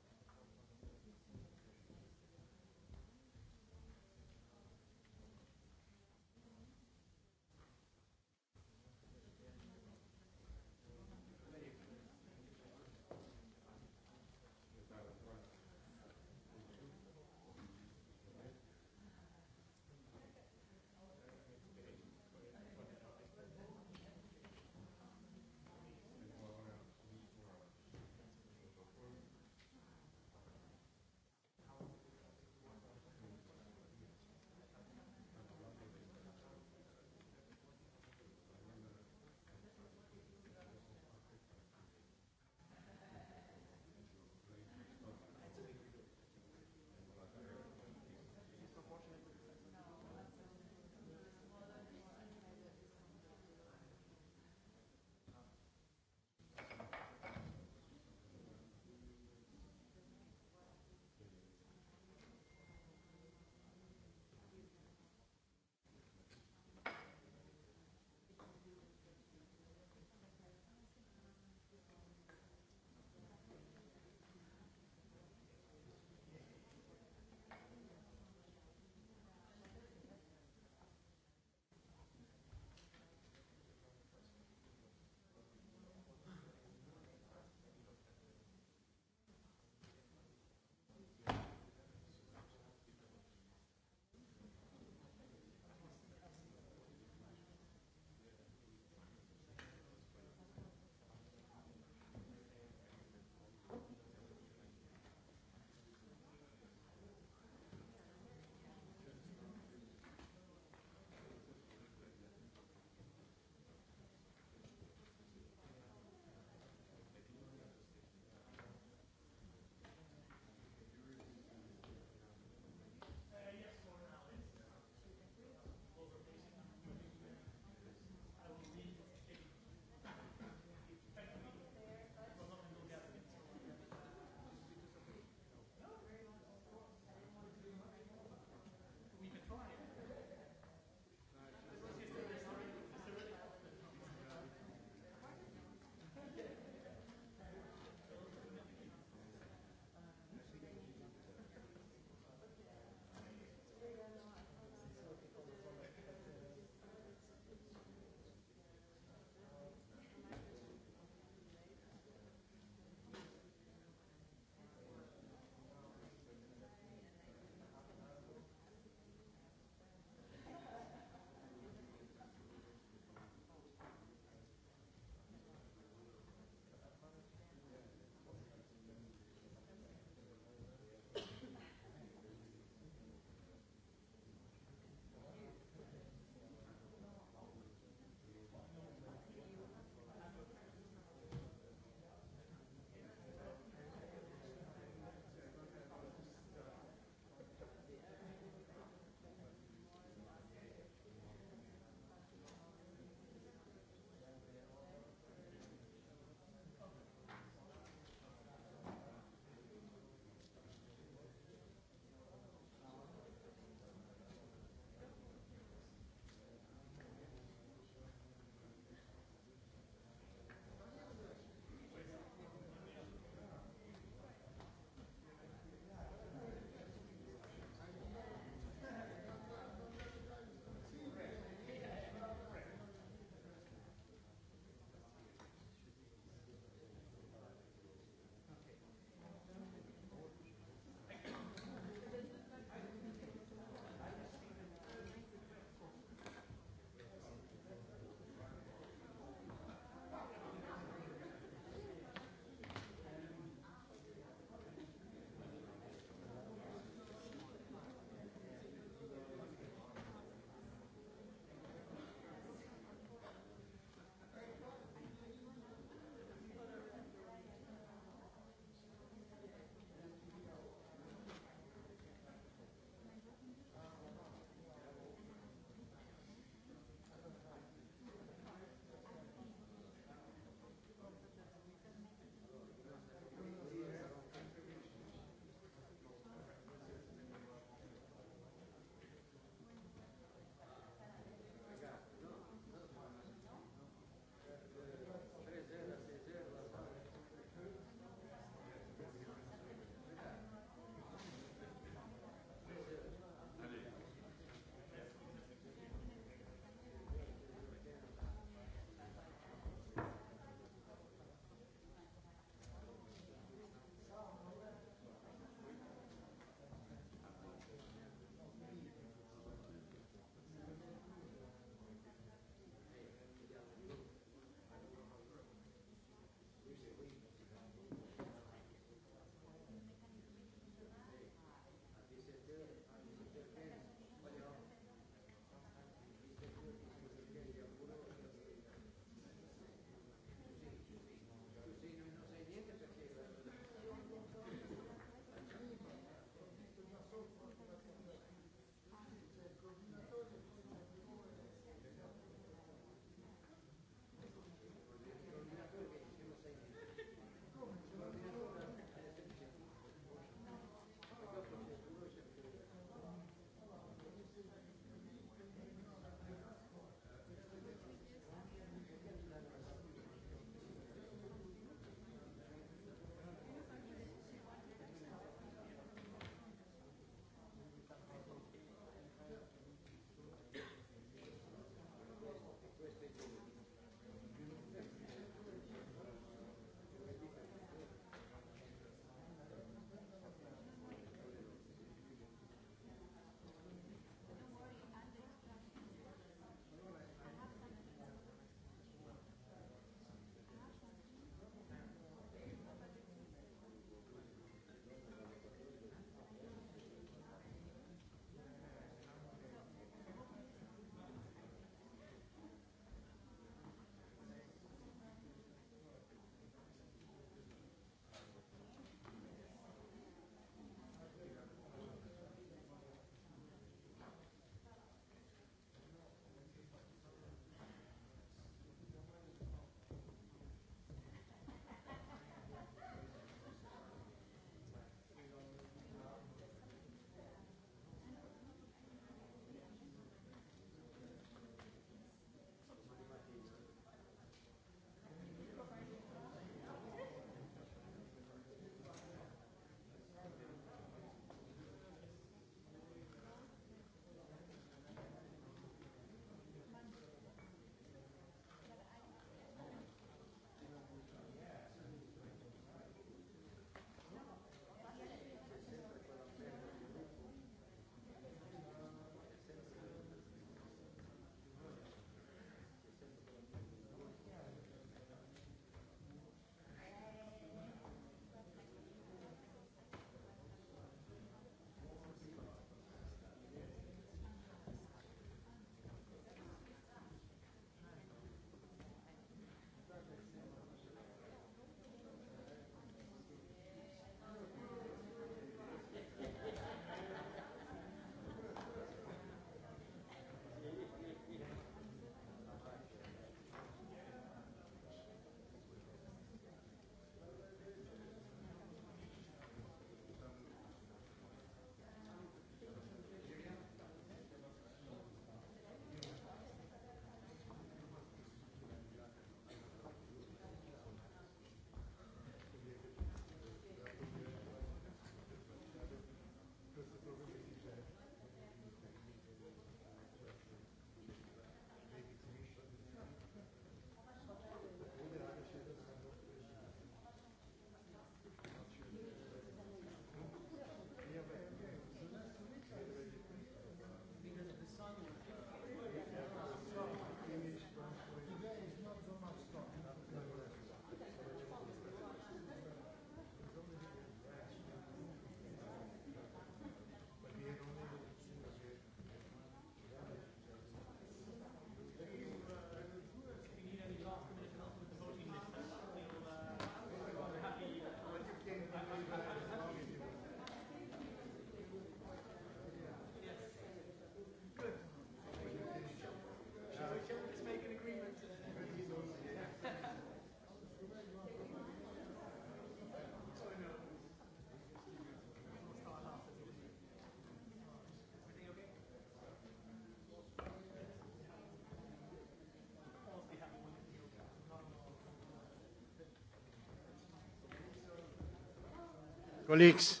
C: colleagues,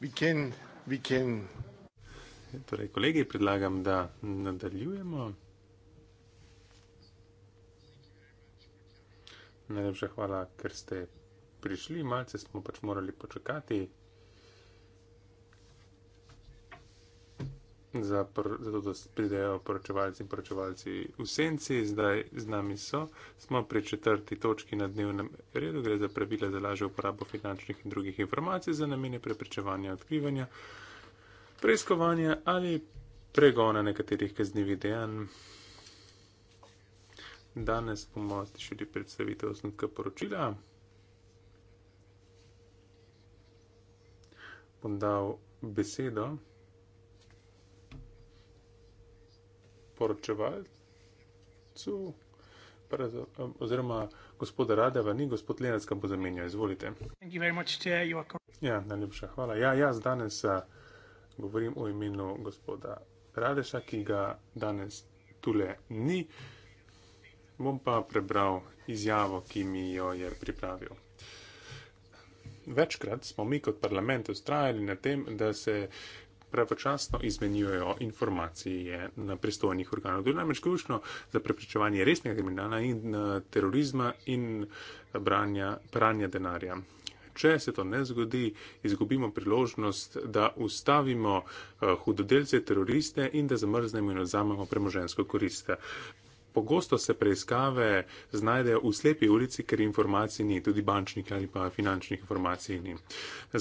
C: we can, we can. Torej, kolegi, predlagam, da nadaljujemo. Najlepša hvala, ker ste prišli. Malce smo pač morali počakati. za, pr, za to, da pridejo poročevalci in poročevalci v senci. Zdaj z nami so. Smo pri četrti točki na dnevnem redu. Gre za pravila za lažjo uporabo finančnih in drugih informacij za namene preprečevanja odkrivanja, preiskovanja ali pregona nekaterih kaznjivih dejanj. Danes bomo slišali predstavitev osnutka poročila. Bom dal besedo. poročevalcu, oziroma gospoda Radeva, ni gospod Lenac, ki bo zamenjal. Izvolite. Ja, najlepša hvala. Ja, jaz danes govorim o imenu gospoda Radeša, ki ga danes tule ni. Bom pa prebral izjavo, ki mi jo je pripravil. Večkrat smo mi kot parlament ustrajali na tem, da se pravočasno izmenjujejo informacije na pristojnih organov. To je namreč ključno za preprečevanje resnega kriminala in eh, terorizma in branja, pranja denarja. Če se to ne zgodi, izgubimo priložnost, da ustavimo eh, hudodelce, teroriste in da zamrznemo in odzamemo premožensko korist. Pogosto se preiskave znajdejo v slepi ulici, ker informacij ni, tudi bančnih ali pa finančnih informacij ni.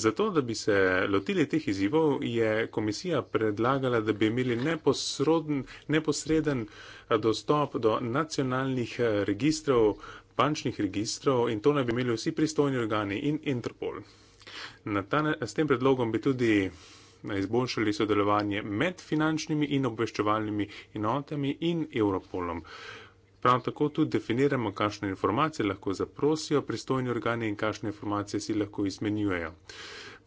C: Zato, da bi se lotili teh izzivov, je komisija predlagala, da bi imeli neposreden eh, dostop do nacionalnih eh, registrov, bančnih registrov in to naj bi imeli vsi pristojni organi in Interpol. Ta, s tem predlogom bi tudi izboljšali sodelovanje med finančnimi in obveščevalnimi enotami in Europolom. Prav tako tudi definiramo, kakšne informacije lahko zaprosijo pristojni organi in kakšne informacije si lahko izmenjujejo.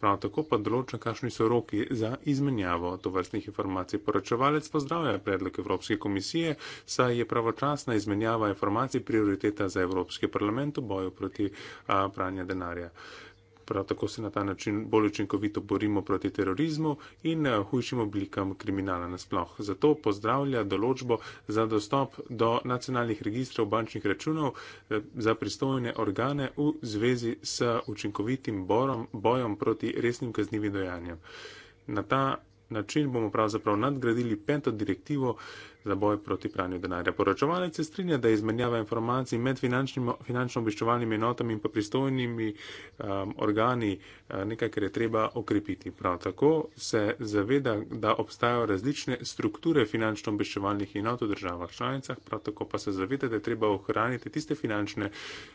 C: Prav tako pa določa, kakšni so roki za izmenjavo tovrstnih informacij. Poročevalec pozdravlja predlog Evropske komisije, saj je pravočasna izmenjava informacij prioriteta za Evropski parlament v boju proti pranju denarja. Prav tako se na ta način bolj učinkovito borimo proti terorizmu in eh, hujšim oblikam kriminala nasploh. Zato pozdravlja določbo za dostop do nacionalnih registrov bančnih računov eh, za pristojne organe v zvezi s učinkovitim borom, bojem proti resnim kaznjivim dojanjem. Na ta način bomo pravzaprav nadgradili peto direktivo, za boj proti pranju denarja. Poročevalec se strinja, da je izmenjava informacij med finančno obiščovalnimi enotami in pa pristojnimi um, organi uh, nekaj, kar je treba okrepiti. Prav tako se zaveda, da obstajajo različne strukture finančno obiščovalnih enot v državah članicah, prav tako pa se zaveda, da je treba ohraniti tiste finančne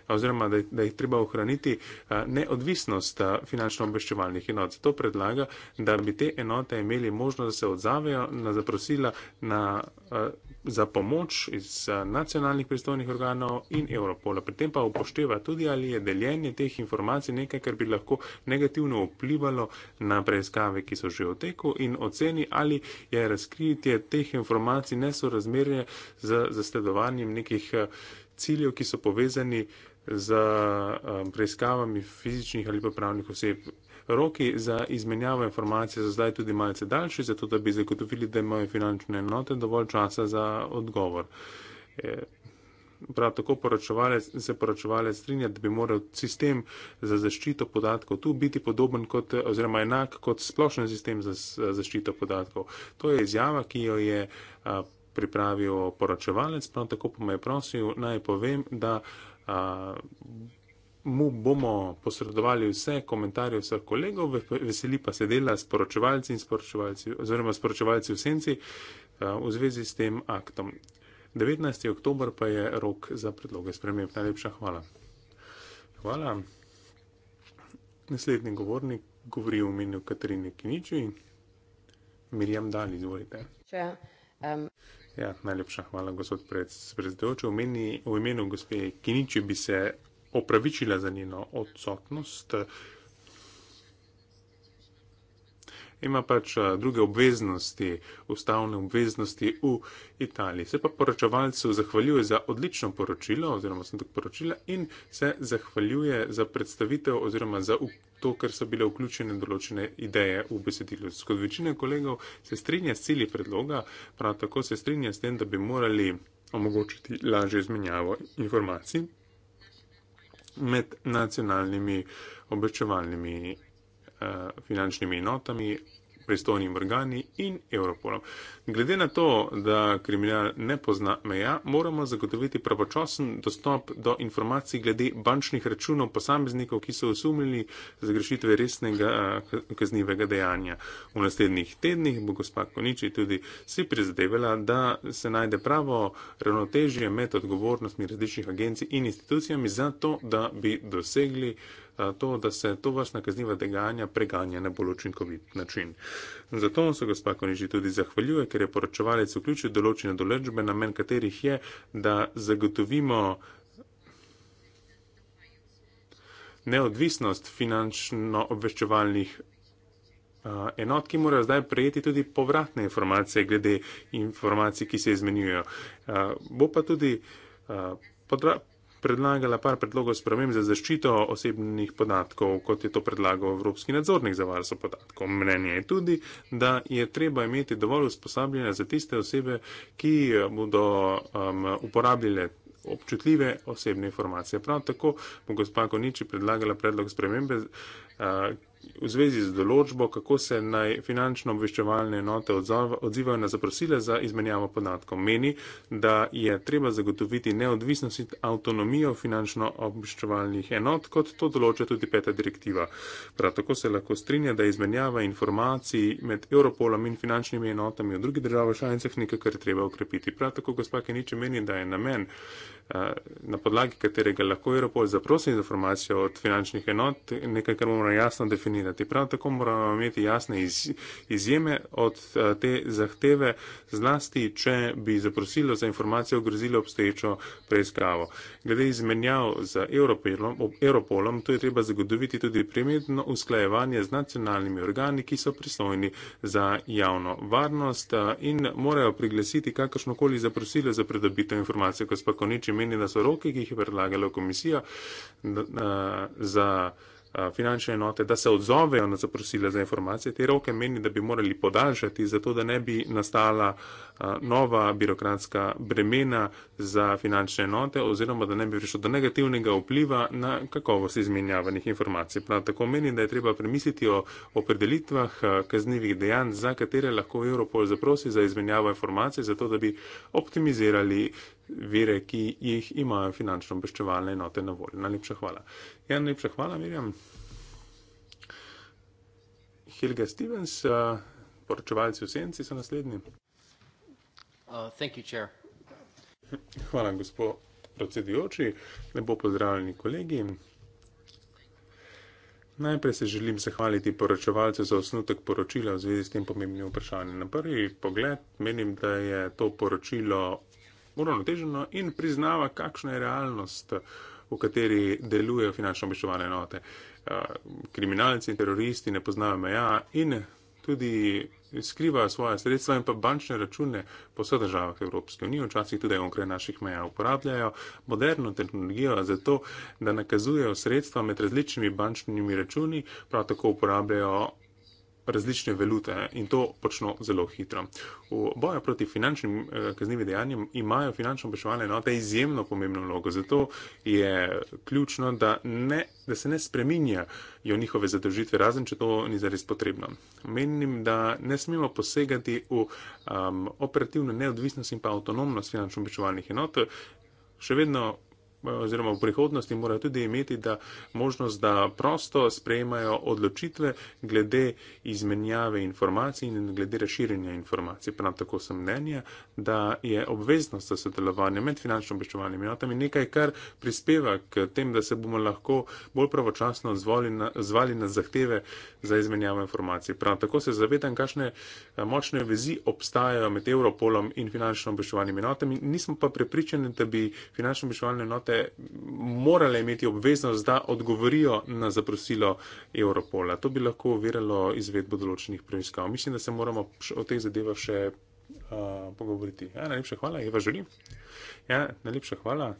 C: oziroma da, da jih treba ohraniti uh, neodvisnost uh, finančno obiščovalnih enot. Zato predlaga, da bi te enote imeli možnost, da se odzavejo na zaprosila na uh, Eh, za pomoč iz eh, nacionalnih pristojnih organov in Europola. Pri tem pa upošteva tudi, ali je deljenje teh informacij nekaj, kar bi lahko negativno vplivalo na preiskave, ki so že v teku in oceni, ali je razkritje teh informacij nesorazmerje z zasledovanjem nekih eh, ciljev, ki so povezani z preiskavami fizičnih ali pa pravnih oseb roki za izmenjavo informacij so zdaj tudi malce daljši, zato da bi zagotovili, da imajo finančne enote dovolj časa za odgovor. E, prav tako se poročevalec strinja, da bi moral sistem za zaščito podatkov tu biti podoben kot, oziroma enak kot splošen sistem za zaščito podatkov. To je izjava, ki jo je a, pripravil poročevalec, prav tako pa me je prosil naj povem, da a, mu bomo posredovali vse komentarje vseh kolegov, veseli pa se dela s poročevalci in sporočevalci, oziroma sporočevalci v senci eh, v zvezi s tem aktom. 19. oktober pa je rok za predloge sprememb. Najlepša hvala. Hvala. Naslednji govornik govori v imenu Katarine Kiniči. Mirjam Dal, izvolite.
E: Če,
D: um...
C: ja, najlepša hvala, gospod predsedujoči. V imenu gospe Kiniči bi se opravičila za njeno odsotnost. Ima pač eh, druge obveznosti, ustavne obveznosti v Italiji. Se pa poročevalcev zahvaljuje za odlično poročilo oziroma snotek poročila in se zahvaljuje za predstavitev oziroma za to, ker so bile vključene določene ideje v besedilo. Skod večine kolegov se strinja s cilji predloga, prav tako se strinja s tem, da bi morali omogočiti lažje izmenjavo informacij med nacionalnimi obveščevalnimi uh, finančnimi enotami pristojnim organi in Europolom. Glede na to, da kriminal ne pozna meja, moramo zagotoviti pravočasen dostop do informacij glede bančnih računov posameznikov, ki so osumljeni za grešitve resnega eh, kaznivega dejanja. V naslednjih tednih bo gospa Koniči tudi si prizadevala, da se najde pravo ravnotežje med odgovornostmi različnih agencij in institucijami za to, da bi dosegli to, da se to vrstna kazniva deganja preganja na bolj učinkovit način. Zato se gospa Koniži tudi zahvaljuje, ker je poročevalec vključil določene določbe, namen katerih je, da zagotovimo neodvisnost finančno obveščevalnih. Enot, ki morajo zdaj prejeti tudi povratne informacije glede informacij, ki se izmenjujejo. Bo pa tudi predlagala par predlogov sprememb za zaščito osebnih podatkov, kot je to predlagal Evropski nadzornik za varstvo podatkov. Mnenje je tudi, da je treba imeti dovolj usposabljanja za tiste osebe, ki bodo um, uporabljale občutljive osebne informacije. Prav tako bo gospa Koniči predlagala predlog spremembe, uh, v zvezi z določbo, kako se naj finančno obveščevalne enote odzivajo na zaprosile za izmenjavo podatkov. Meni, da je treba zagotoviti neodvisnost in avtonomijo finančno obveščevalnih enot, kot to določa tudi peta direktiva. Prav tako se lahko strinja, da izmenjava informacij med Europolom in finančnimi enotami v drugih državah članicah nekaj, kar je treba ukrepiti. Prav tako gospa Keniče meni, da je namen uh, Eh, na podlagi katerega lahko Europol zaprosi informacijo od finančnih enot, nekaj, kar moramo jasno definirati. Prav tako moramo imeti jasne iz, izjeme od eh, te zahteve, zlasti, če bi zaprosilo za informacijo grozilo obstoječo preiskavo. Glede izmenjav z Europolom, Europolom, to je treba zagotoviti tudi primetno usklajevanje z nacionalnimi organi, ki so pristojni za javno varnost eh, in morajo priglesiti kakršnokoli zaprosilo za predobitev informacije, gospod Koničim omenila, so roki, ki jih je predlagala komisija za finančne enote, da se odzovejo na zaprosile za informacije. Te roke meni, da bi morali podaljšati, zato da ne bi nastala nova birokratska bremena za finančne enote oziroma da ne bi prišlo do negativnega vpliva na kakovost izmenjavanih informacij. Prav tako meni, da je treba premisliti o opredelitvah kaznivih dejanj, za katere lahko Europol zaprosi za izmenjavo informacij, zato da bi optimizirali vire, ki jih imajo finančno obveščevalne enote na voljo. Najlepša hvala. Ja, najlepša hvala, Mirjam. Helga Stevens, eh, poročevalci v Senci so naslednji.
D: Uh, you,
C: hvala, gospod predsedujoči. Lepo pozdravljeni kolegi. Najprej se želim zahvaliti poročevalcu za osnutek poročila v zvezi s tem pomembnim vprašanjem. Na prvi pogled menim, da je to poročilo uravnoteženo in priznava, kakšna je realnost, v kateri delujejo finančno obveščevalne enote. Eh, kriminalci in teroristi ne poznajo meja in tudi skrivajo svoje sredstva in pa bančne račune po vseh državah Evropske unije, včasih tudi onkraj naših meja uporabljajo moderno tehnologijo za to, da nakazujejo sredstva med različnimi bančnimi računi, prav tako uporabljajo različne valute in to počno zelo hitro. V boju proti finančnim eh, kaznjivim dejanjem imajo finančno obveščevalne enote izjemno pomembno vlogo, zato je ključno, da, ne, da se ne spreminjajo njihove zadržitve, razen če to ni zares potrebno. Menim, da ne smemo posegati v um, operativno neodvisnost in pa avtonomnost finančno obveščevalnih enot. Še vedno Eh, oziroma v prihodnosti morajo tudi imeti da možnost, da prosto sprejemajo odločitve glede izmenjave informacij in glede raširjenja informacij. Prav tako sem mnenja, da je obveznost za sodelovanje med finančno obveščevalnimi enotami nekaj, kar prispeva k tem, da se bomo lahko bolj pravočasno zvali na, na zahteve za izmenjavo informacij. Prav tako se zavedam, kakšne eh, močne vezi obstajajo med Europolom in finančno obveščevalnimi enotami, nismo pa prepričani, da bi finančno obveščevalne enote države morale imeti obveznost, da odgovorijo na zaprosilo Europola. To bi lahko oviralo izvedbo določenih preiskav. Mislim, da se moramo o teh zadevah še uh, pogovoriti. Ja, najlepša hvala, Eva Želim. Ja, najlepša hvala.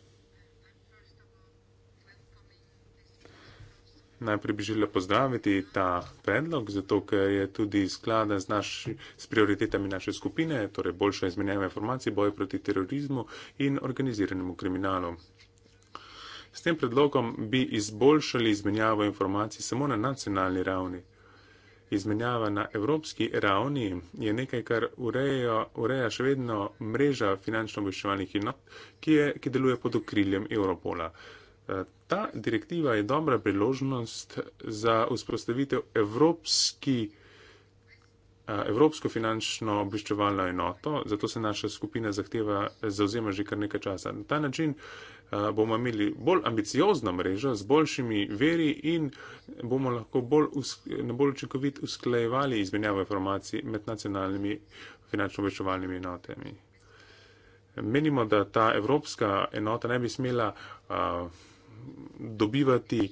C: Najprej bi želela pozdraviti ta predlog, zato ker je tudi sklada z, naš, z prioritetami naše skupine, torej boljša izmenjava informacij, boj proti terorizmu in organiziranemu kriminalu. S tem predlogom bi izboljšali izmenjavo informacij samo na nacionalni ravni. Izmenjava na evropski ravni je nekaj, kar urejo, ureja še vedno mreža finančno-obveščevalnih enot, ki, ki deluje pod okriljem Europola. E, ta direktiva je dobra priložnost za vzpostavitev evropski, e, evropsko finančno-obveščevalno enoto, zato se naša skupina zahteva zauzema že kar nekaj časa. Na ta način bomo imeli bolj ambiciozno mrežo z boljšimi veri in bomo lahko bolj, usk bolj učinkovit usklajevali izmenjavo informacij med nacionalnimi finančno-obveščevalnimi enotami. Menimo, da ta evropska enota ne bi smela a, dobivati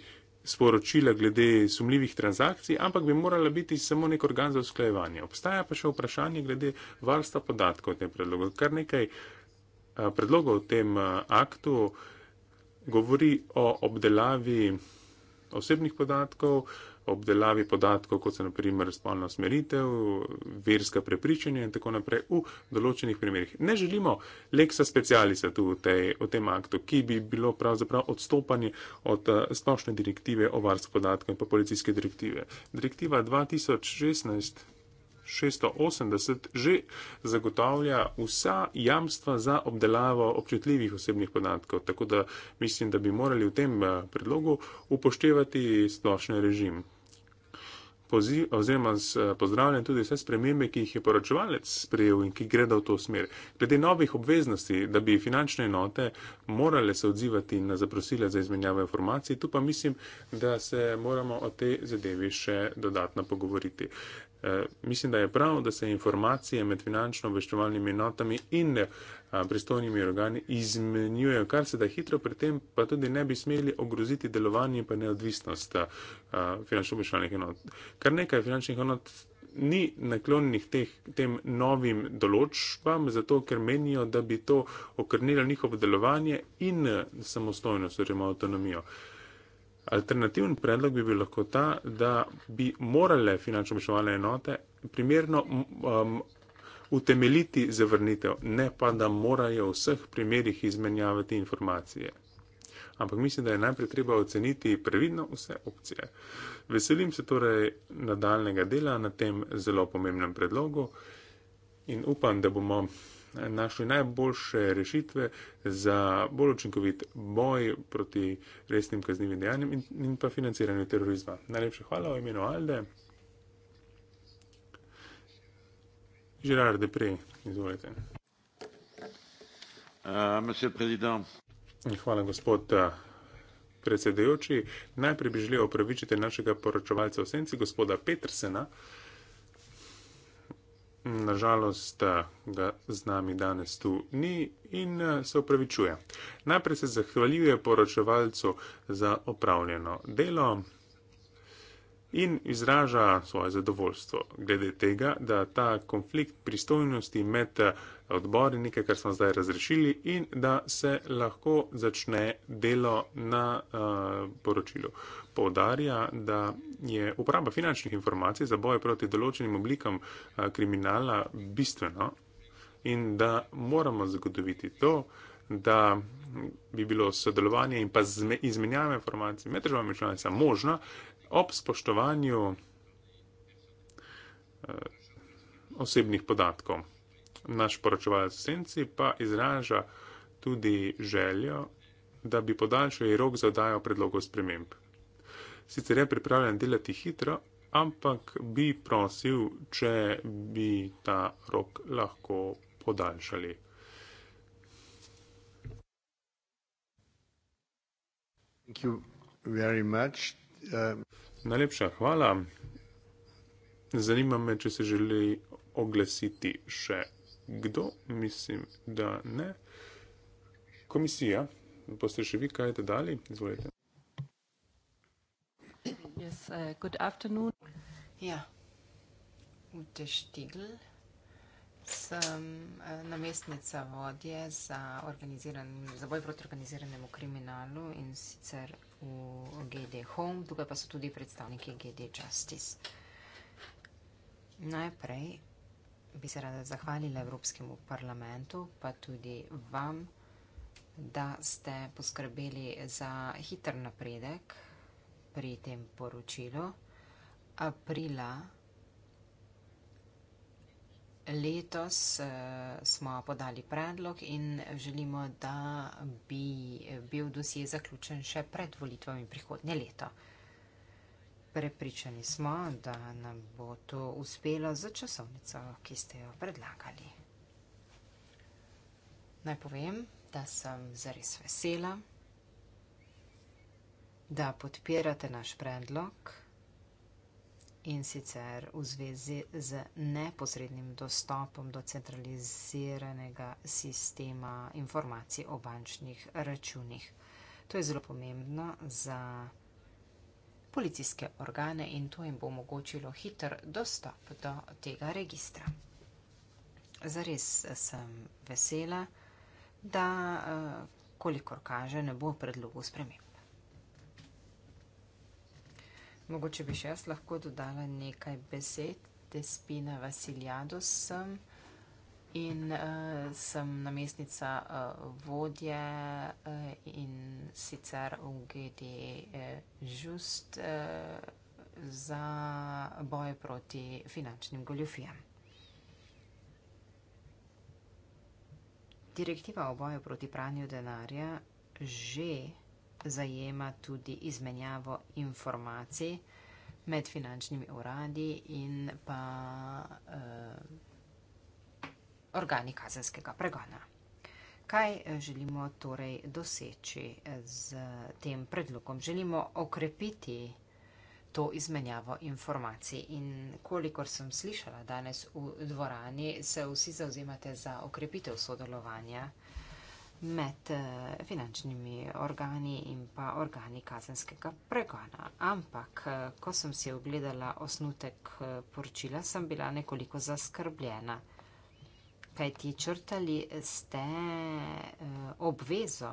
C: sporočila glede sumljivih transakcij, ampak bi morala biti samo nek organ za usklajevanje. Obstaja pa še vprašanje glede varstva podatkov v tem predlogu. Kar nekaj Eh, predlogu v tem eh, aktu govori o obdelavi osebnih podatkov, obdelavi podatkov, kot so naprimer spolna smeritev, verska prepričanja in tako naprej v določenih primerjih. Ne želimo leksa specialista tu v, tej, v tem aktu, ki bi bilo pravzaprav odstopanje od eh, splošne direktive o varstvu podatkov in pa policijske direktive. Direktiva 2016. 680 že zagotavlja vsa jamstva za obdelavo občutljivih osebnih podatkov. Tako da mislim, da bi morali v tem eh, predlogu upoštevati splošni režim. Oziroma, eh, pozdravljam tudi vse spremembe, ki jih je poročevalec sprejel in ki gredo v to smer. Glede novih obveznosti, da bi finančne enote morale se odzivati na zaprosile za izmenjavo informacij, tu pa mislim, da se moramo o tej zadevi še dodatno pogovoriti. Eh, mislim, da je prav, da se informacije med finančno-obveščevalnimi notami in eh, pristojnimi organi izmenjujejo, kar se da hitro, pri tem pa tudi ne bi smeli ogroziti delovanje in neodvisnost eh, finančno-obveščevalnih enot. Kar nekaj finančnih enot ni naklonjenih tem novim določbam, zato ker menijo, da bi to okrnilo njihovo delovanje in samostojnost oziroma avtonomijo. Uh, Alternativen predlog bi bil lahko ta, da bi morale finančno obveščevalne enote primerno um, utemeliti zavrnitev, ne pa da morajo v vseh primerjih izmenjavati informacije. Ampak mislim, da je najprej treba oceniti previdno vse opcije. Veselim se torej nadaljnega dela na tem zelo pomembnem predlogu in upam, da bomo našli najboljše rešitve za bolj učinkovit boj proti resnim kaznjivim dejanjem in, in pa financiranju terorizma. Najlepše hvala v imenu Alde. Gerard Depre, izvolite.
A: Uh,
C: hvala, gospod uh, predsedujoči. Najprej bi želel opravičiti našega poročevalca v senci, gospoda Petersena. Nažalost, eh, ga z nami danes tu ni in eh, se upravičuje. Najprej se zahvaljuje poročevalcu za opravljeno delo in izraža svoje zadovoljstvo glede tega, da ta konflikt pristojnosti med eh, odbori nekaj, kar smo zdaj razrešili in da se lahko začne delo na uh, poročilu. Povdarja, da je uporaba finančnih informacij za boje proti določenim oblikam uh, kriminala bistveno in da moramo zagotoviti to, da bi bilo sodelovanje in pa izmenjava informacij med državami članica možna, ob spoštovanju eh, osebnih podatkov. Naš poročevalec v senci pa izraža tudi željo, da bi podaljšali rok za odajo predlogov sprememb. Sicer je pripravljen delati hitro, ampak bi prosil, če bi ta rok lahko podaljšali. Thank you very much Um, Najlepša hvala. Zanima me, če se želi oglasiti še kdo. Mislim, da ne. Komisija, boste še vi kaj dodali? Izvolite.
E: Yes, uh, good afternoon. Ja, Ute Štigl. Sem uh, namestnica vodje za, za boj proti organiziranemu kriminalu in sicer v GD Home, tukaj pa so tudi predstavniki GD Justice. Najprej bi se rada zahvalila Evropskemu parlamentu, pa tudi vam, da ste poskrbeli za hiter napredek pri tem poročilu. Aprila letos uh, smo podali predlog in želimo, da bi bil dosje zaključen še pred volitvami prihodnje leto. Prepričani smo, da nam bo to uspelo za časovnico, ki ste jo predlagali. Naj povem, da sem zares vesela, da podpirate naš predlog in sicer v zvezi z neposrednim dostopom do centraliziranega sistema informacij o bančnih računih. To je zelo pomembno za policijske organe in to jim bo omogočilo hiter dostop do tega registra. Zares sem vesela, da eh, kolikor kaže, ne bo predlogu spremem. Mogoče bi še jaz lahko dodala nekaj besed. Despina Vasiljados sem in uh, sem namestnica uh, vodje uh, in sicer v GD uh, Just uh, za boje proti finančnim goljufijam. Direktiva o boju proti pranju denarja že zajema tudi izmenjavo informacij med finančnimi uradi in pa eh, organi kazenskega pregona. Kaj eh, želimo torej doseči z eh, tem predlogom? Želimo okrepiti to izmenjavo informacij in kolikor sem slišala danes v dvorani, se vsi zauzimate za okrepitev sodelovanja eh, med eh, finančnimi organi in pa organi kazenskega pregona. Ampak, eh, ko sem si ogledala osnutek eh, poročila, sem bila nekoliko zaskrbljena. Kaj ti črtali ste obvezo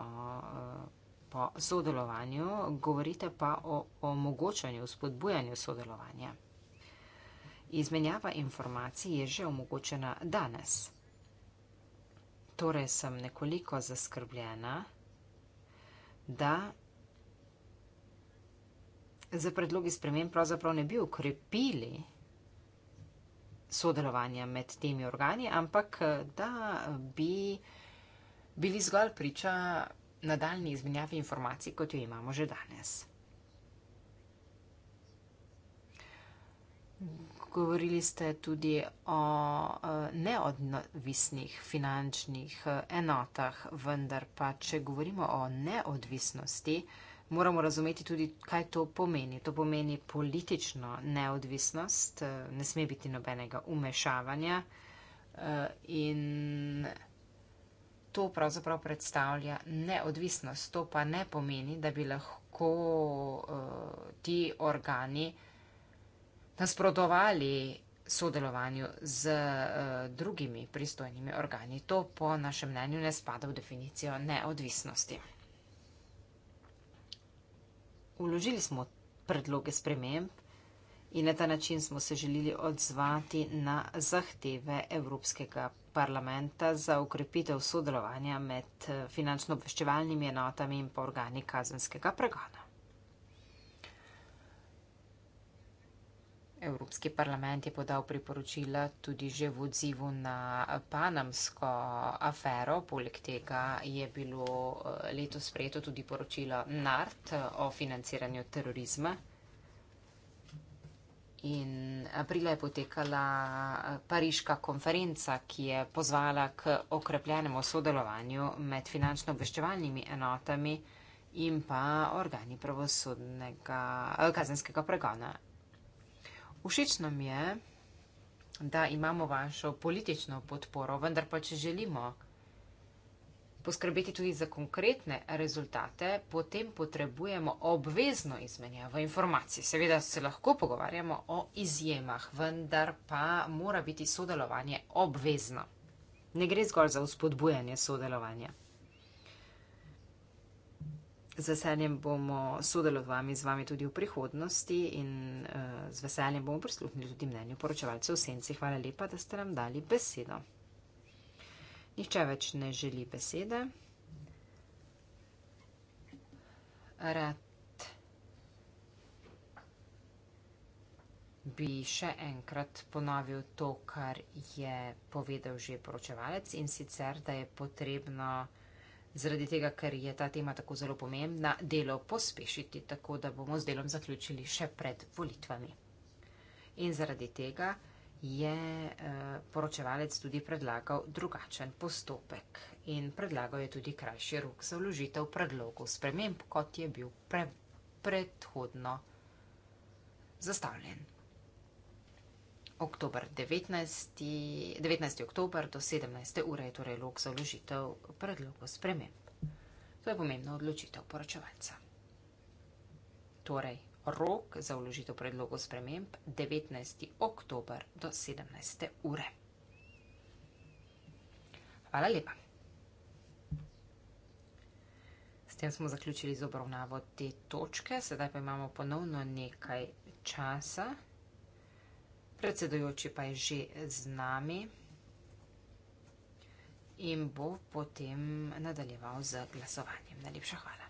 E: po sodelovanju, govorite pa o omogočanju, spodbujanju sodelovanja. Izmenjava informacij je že omogočena danes torej sem nekoliko zaskrbljena, da za predlogi spremem pravzaprav ne bi ukrepili sodelovanja med temi organi, ampak da bi bili zgolj priča nadaljni izmenjavi informacij, kot jo imamo že danes govorili ste tudi o eh, neodvisnih finančnih eh, enotah, vendar pa, če govorimo o neodvisnosti, moramo razumeti tudi, kaj to pomeni. To pomeni politično neodvisnost, eh, ne sme biti nobenega umešavanja in to pravzaprav predstavlja neodvisnost. To pa ne pomeni, da bi lahko ti organi, nasprotovali sodelovanju z uh, drugimi pristojnimi organi. To po našem mnenju ne spada v definicijo neodvisnosti. Uložili smo predloge sprememb in na ta način smo se želeli odzvati na zahteve Evropskega parlamenta za ukrepitev sodelovanja med eh, finančno obveščevalnimi enotami in pa organi kazenskega pregana. Evropski parlament je podal priporočila tudi že v odzivu na panamsko afero. Poleg tega je bilo eh, letos sprejeto tudi poročilo NART eh, o financiranju terorizma. In aprila je potekala eh, pariška konferenca, ki je pozvala k okrepljenemu sodelovanju med finančno obveščevalnimi enotami in pa organi pravosodnega kazenskega pregona. Všeč nam je, da imamo vašo politično podporo, vendar pa če želimo poskrbeti tudi za konkretne rezultate, potem potrebujemo obvezno izmenjavo informacij. Seveda se lahko pogovarjamo o izjemah, vendar pa mora biti sodelovanje obvezno. Ne gre zgolj za vzpodbujanje sodelovanja. Z veseljem bomo sodelovali z vami tudi v prihodnosti in eh, z veseljem bomo prisluhnili tudi mnenju poročevalcev v senci. Hvala lepa, da ste nam dali besedo. Nihče več ne želi besede. Rad bi še enkrat ponovil to, kar je povedal že poročevalec in sicer, da je potrebno zaradi tega, ker je ta tema tako zelo pomembna, delo pospešiti, tako da bomo z delom zaključili še pred volitvami. In zaradi tega je eh, poročevalec tudi predlagal drugačen postopek in predlagal je tudi krajši rok za vložitev predlogov sprememb, kot je bil pre predhodno zastavljen oktober 19. 19. oktober do 17. ure je torej rok za vložitev predlogov sprememb. To je pomembna odločitev poročevalca. Torej, rok za vložitev predlogov sprememb 19. oktober do 17. ure. Hvala lepa. S tem smo zaključili z obravnavo te točke, sedaj pa imamo ponovno nekaj časa. Predsedujoči pa je že z nami in bo potem nadaljeval z glasovanjem. Najlepša hvala.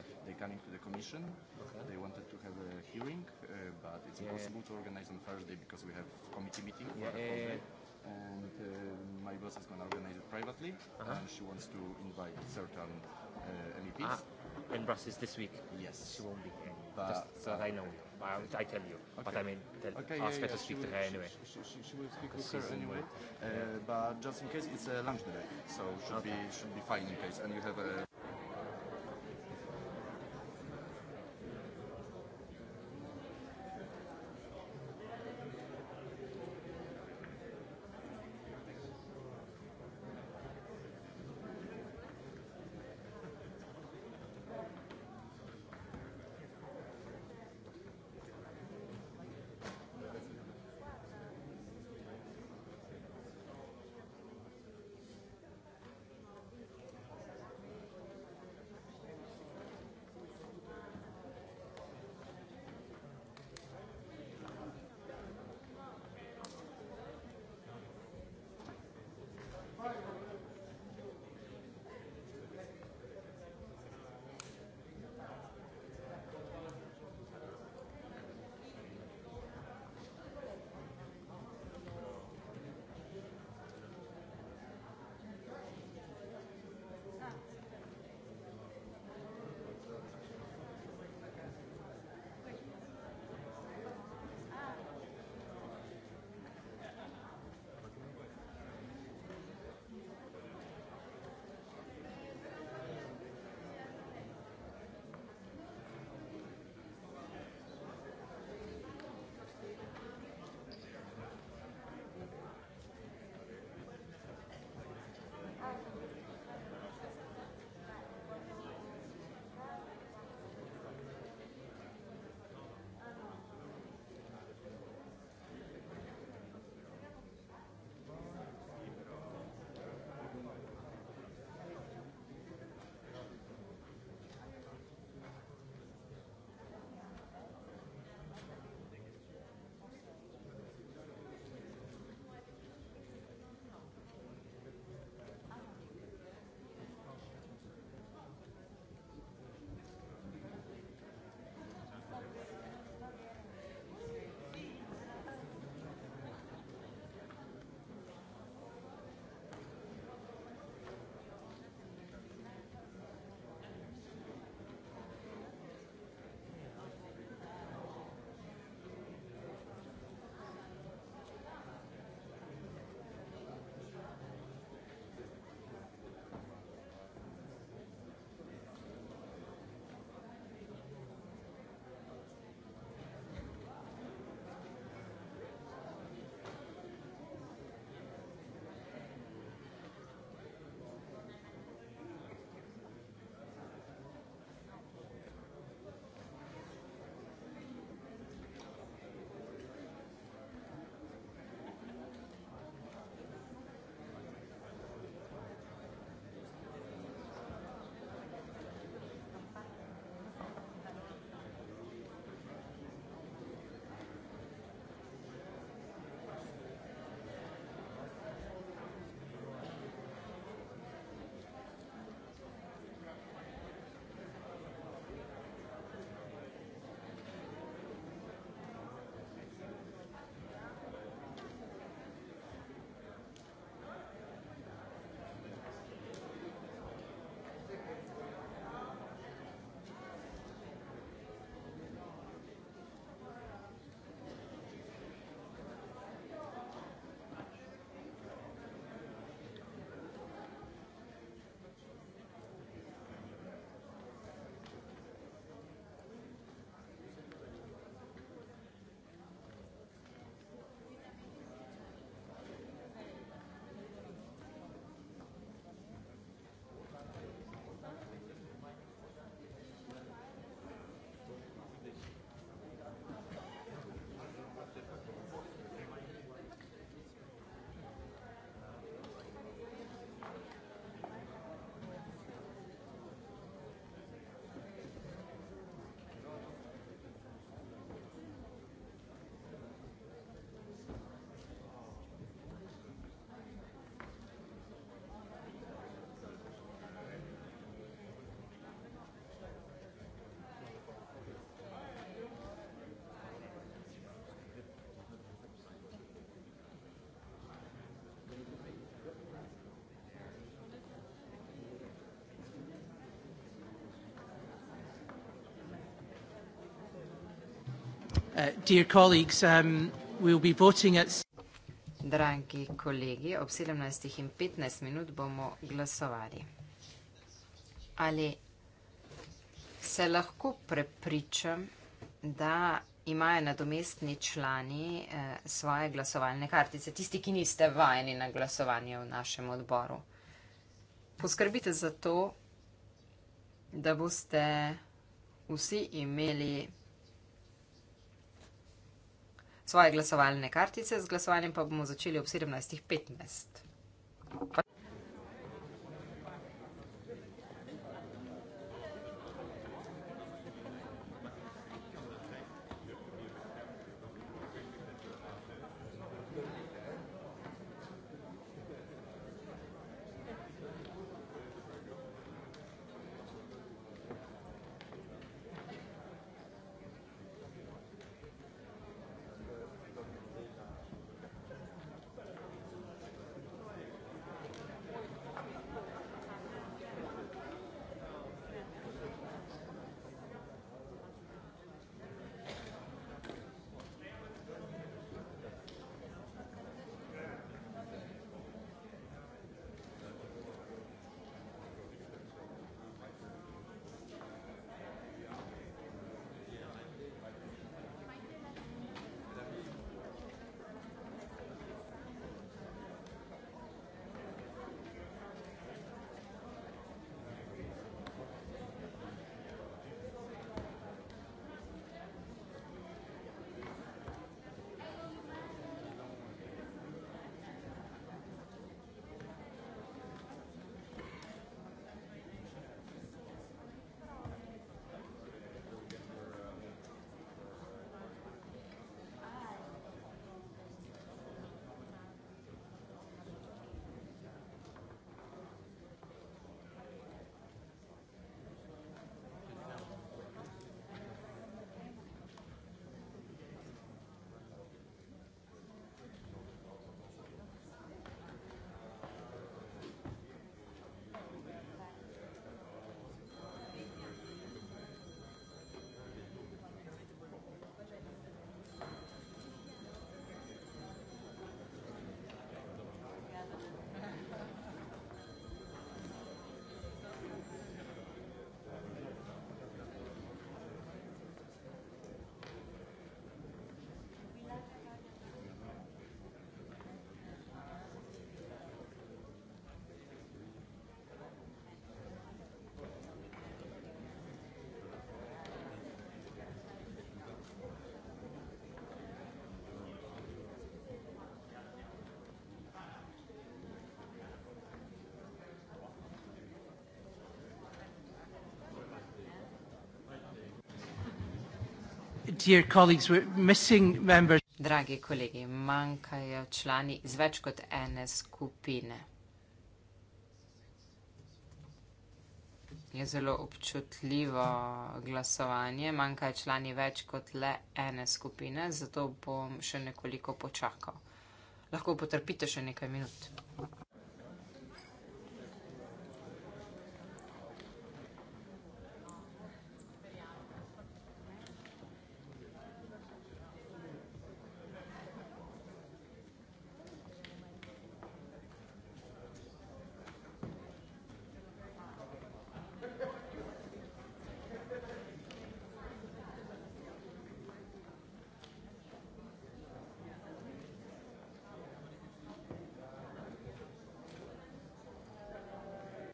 A: Okay. They coming to the commission. Okay. They wanted to have a hearing, uh, but it's yeah. impossible to organize on Thursday because we have committee meeting for yeah. the whole day. And uh, my boss is going to organize it privately, uh -huh. and she wants to invite certain uh, MEPs. Ah, in Brussels this week. Yes. She won't be here. But, Just so uh, that I know. I, I tell you. Okay. But I mean, tell, okay, ask yeah, her yeah. to speak she to her anyway.
C: She, she, she will speak with her anyway.
A: Uh, yeah. But just in case, it's a lunch delay, so should okay. be should be fine in case. And you have a. Uh, dear colleagues, um, we'll be voting at... Dragi
E: kolegi, ob 17 in 15 minut bomo glasovali. Ali se lahko prepričam, da imajo nadomestni člani eh, svoje glasovalne kartice, tisti, ki niste vajeni na glasovanje v našem odboru. Poskrbite za to, da boste vsi imeli svoje glasovalne kartice, z glasovanjem pa bomo začeli ob 17.15. Dragi kolegi, manjkajo člani iz več kot ene skupine. Je zelo občutljivo glasovanje, manjkajo člani več kot le ene skupine, zato bom še nekoliko počakal. Lahko potrpite še nekaj minut.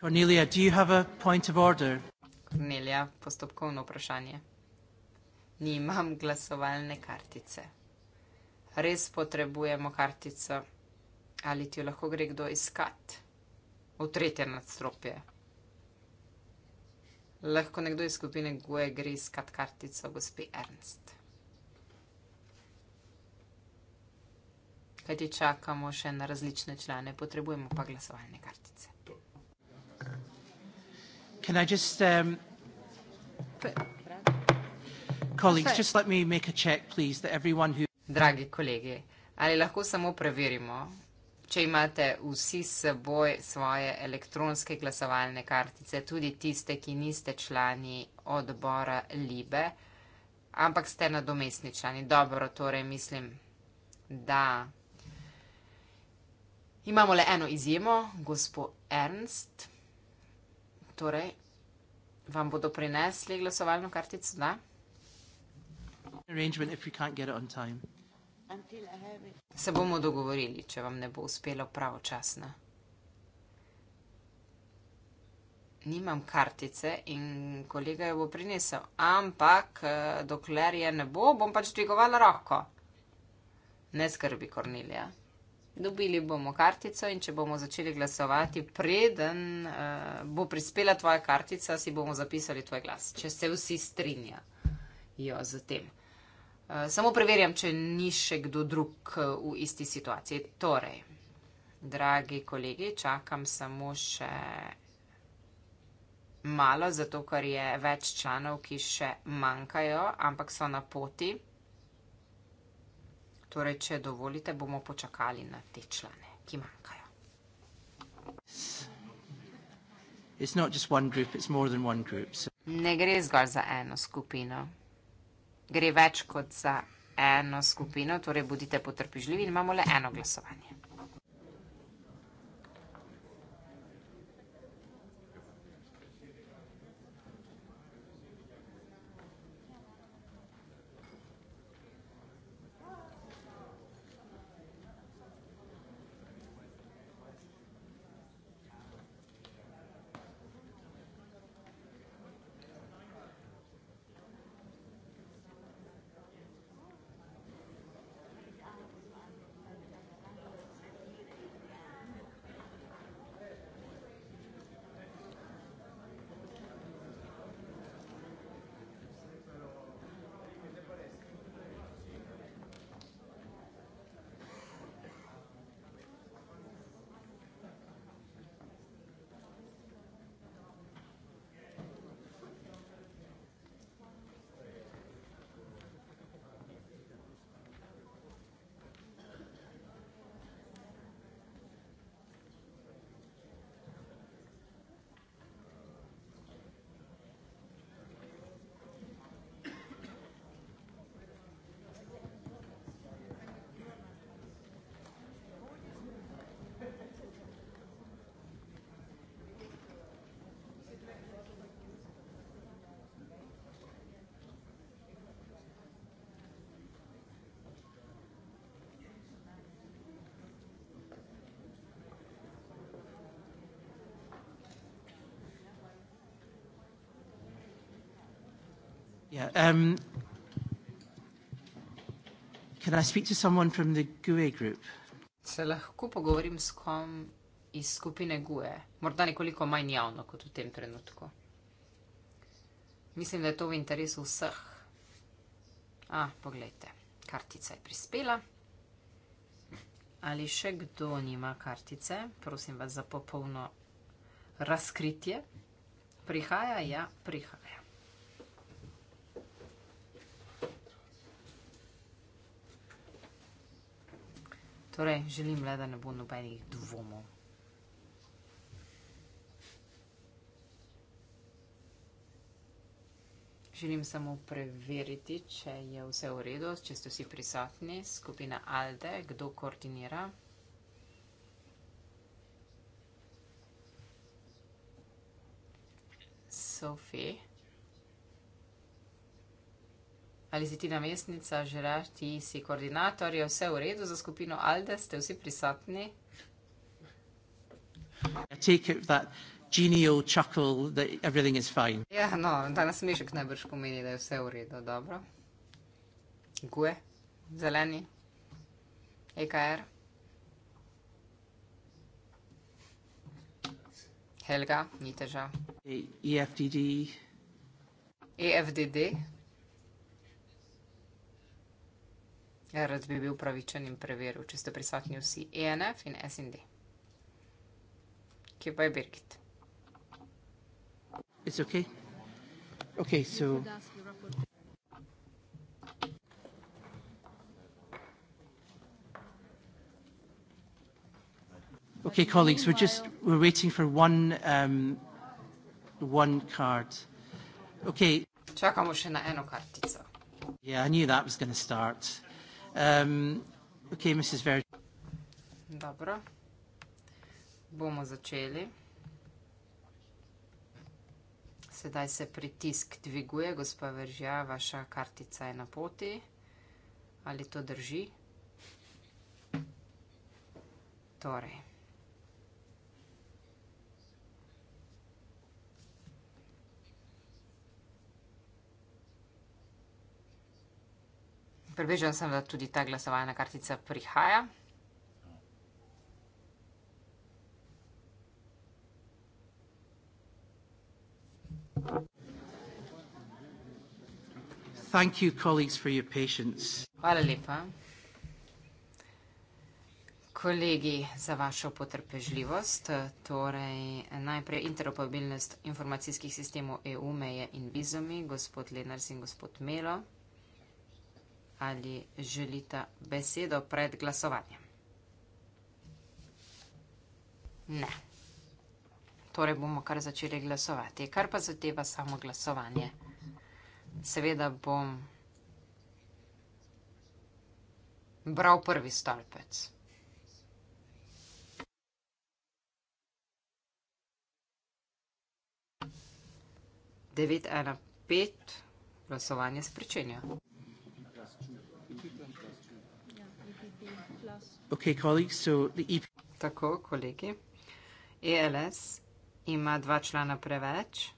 A: Cornelia, do you have a point of order?
E: Cornelia, postopkovno vprašanje. Nimam glasovalne kartice. Res potrebujemo kartico. Ali ti jo lahko gre kdo iskat? V tretje nadstropje. Lahko nekdo iz skupine Gue gre iskat kartico, gospi Ernst. Kaj ti čakamo še na različne člane, potrebujemo pa glasovalne kartice.
A: Can I just... Um, colleagues, just let me make
E: a check, please, that everyone who... Dragi kolegi, ali lahko samo preverimo, če imate vsi s seboj svoje elektronske glasovalne kartice, tudi tiste, ki niste člani odbora Libe, ampak ste nadomestni člani. Dobro, torej mislim, da imamo le eno izjemo, gospod Ernst. Torej, vam bodo prinesli glasovalno kartico, da? Se bomo dogovorili, če vam ne bo uspelo pravočasno. Nimam kartice in kolega jo bo prinesel, ampak eh, dokler je ne bo, bom pač dvigovala roko. Ne skrbi, Kornilija. Dobili bomo kartico in če bomo začeli glasovati, preden uh, bo prispela tvoja kartica, si bomo zapisali tvoj glas, če se vsi strinjajo z tem. Uh, samo preverjam, če ni še kdo drug eh, v isti situaciji. Torej, dragi kolegi, čakam samo še malo, zato ker je več članov, ki še manjkajo, ampak so na poti. Torej, če dovolite, bomo počakali na te člane, ki manjkajo.
A: Group, group, so...
E: Ne gre zgolj za eno skupino. Gre več kot za eno skupino, torej bodite potrpežljivi in imamo le eno glasovanje.
A: Um, can I speak to someone from the GUE group?
E: Se lahko pogovorim s kom iz skupine GUE, morda nekoliko manj javno kot v tem trenutku. Mislim, da je to v interesu vseh. A, poglejte, kartica je prispela. Ali še kdo nima kartice? Prosim vas za popolno razkritje. Prihaja, ja, prihaja. Torej, želim le, da ne bo nobenih dvomov. Želim samo preveriti, če je vse v redu, če ste vsi prisotni, skupina Alde, kdo koordinira. Sophie. Ali si ti namestnica, žiraš, ti si koordinator, je vse v redu za skupino Alde, ste vsi prisotni?
A: Chuckle,
E: ja, no, ta nasmešek najbrž pomeni, da je vse v redu, dobro. Gue, zeleni, EKR. Er? Helga, ni težav.
A: EFDD.
E: EFDD. Rad bi bil pravičen in preveril, če ste prisotni vsi ENF in SND. Kje pa je Birgit?
A: It's okay. Okay, so... Okay, colleagues, we're just, we're waiting for one, um, one card. Okay.
E: Čakamo še na eno kartico.
A: Yeah, I knew that was going to start. Um, ok, Mrs. Verge.
E: Dobro. Bomo začeli. Sedaj se pritisk dviguje, gospa Veržja, vaša kartica je na poti. Ali to drži? Torej. Prebežen sem, da tudi ta glasovalna kartica prihaja.
A: Thank you, colleagues, for your patience.
E: Hvala lepa, kolegi, za vašo potrpežljivost. Torej, najprej interoperabilnost informacijskih sistemov EU, meje in vizumi, gospod Lenars in gospod Melo ali želita besedo pred glasovanjem? Ne. Torej bomo kar začeli glasovati. Kar pa zadeva samo glasovanje. Seveda bom bral prvi stolpec. Devet ena pet, glasovanje spričenja.
A: Okay, colleagues, so the EP...
E: Tako, kolegi. ELS ima dva člana preveč.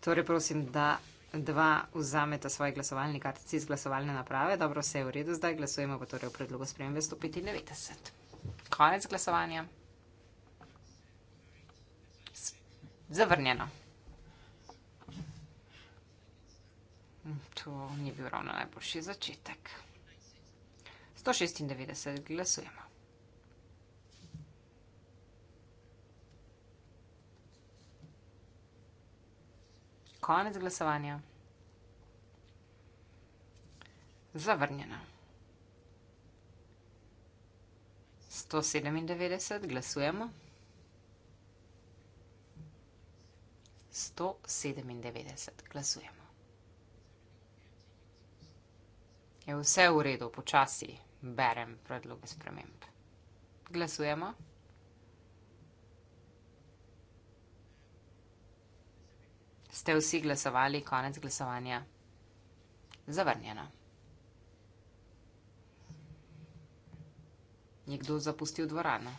E: Torej, prosim, da dva vzameta svoje glasovalne kartice iz glasovalne naprave. Dobro, vse je v redu, zdaj glasujemo pa torej o predlogu spremembe 195. Konec glasovanja. Zavrnjeno. To ni bil ravno najboljši začetek. 196 glasujemo. Konec glasovanja. Zavrnjeno. 197 glasujemo. 197 glasujemo. Je vse v redu, počasi berem predloge sprememb. Glasujemo. Ste vsi glasovali, konec glasovanja? Zavrnjeno. Je kdo zapustil dvorano?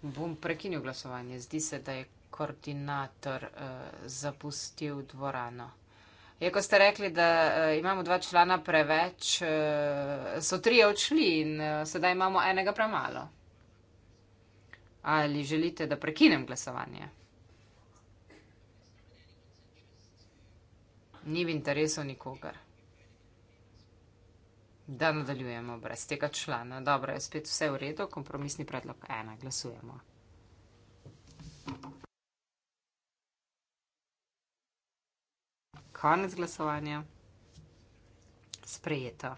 E: Bom prekinil glasovanje. Zdi se, da je koordinator uh, zapustil dvorano. Jako ste rekli, da eh, imamo dva člana preveč, eh, so tri odšli in eh, sedaj imamo enega premalo. Ali želite, da prekinem glasovanje? Ni v interesu nikogar. Da nadaljujemo brez tega člana. Dobro, je spet vse v redu, kompromisni predlog ena, glasujemo. Thank you. Konec glasovanja. Sprejeto.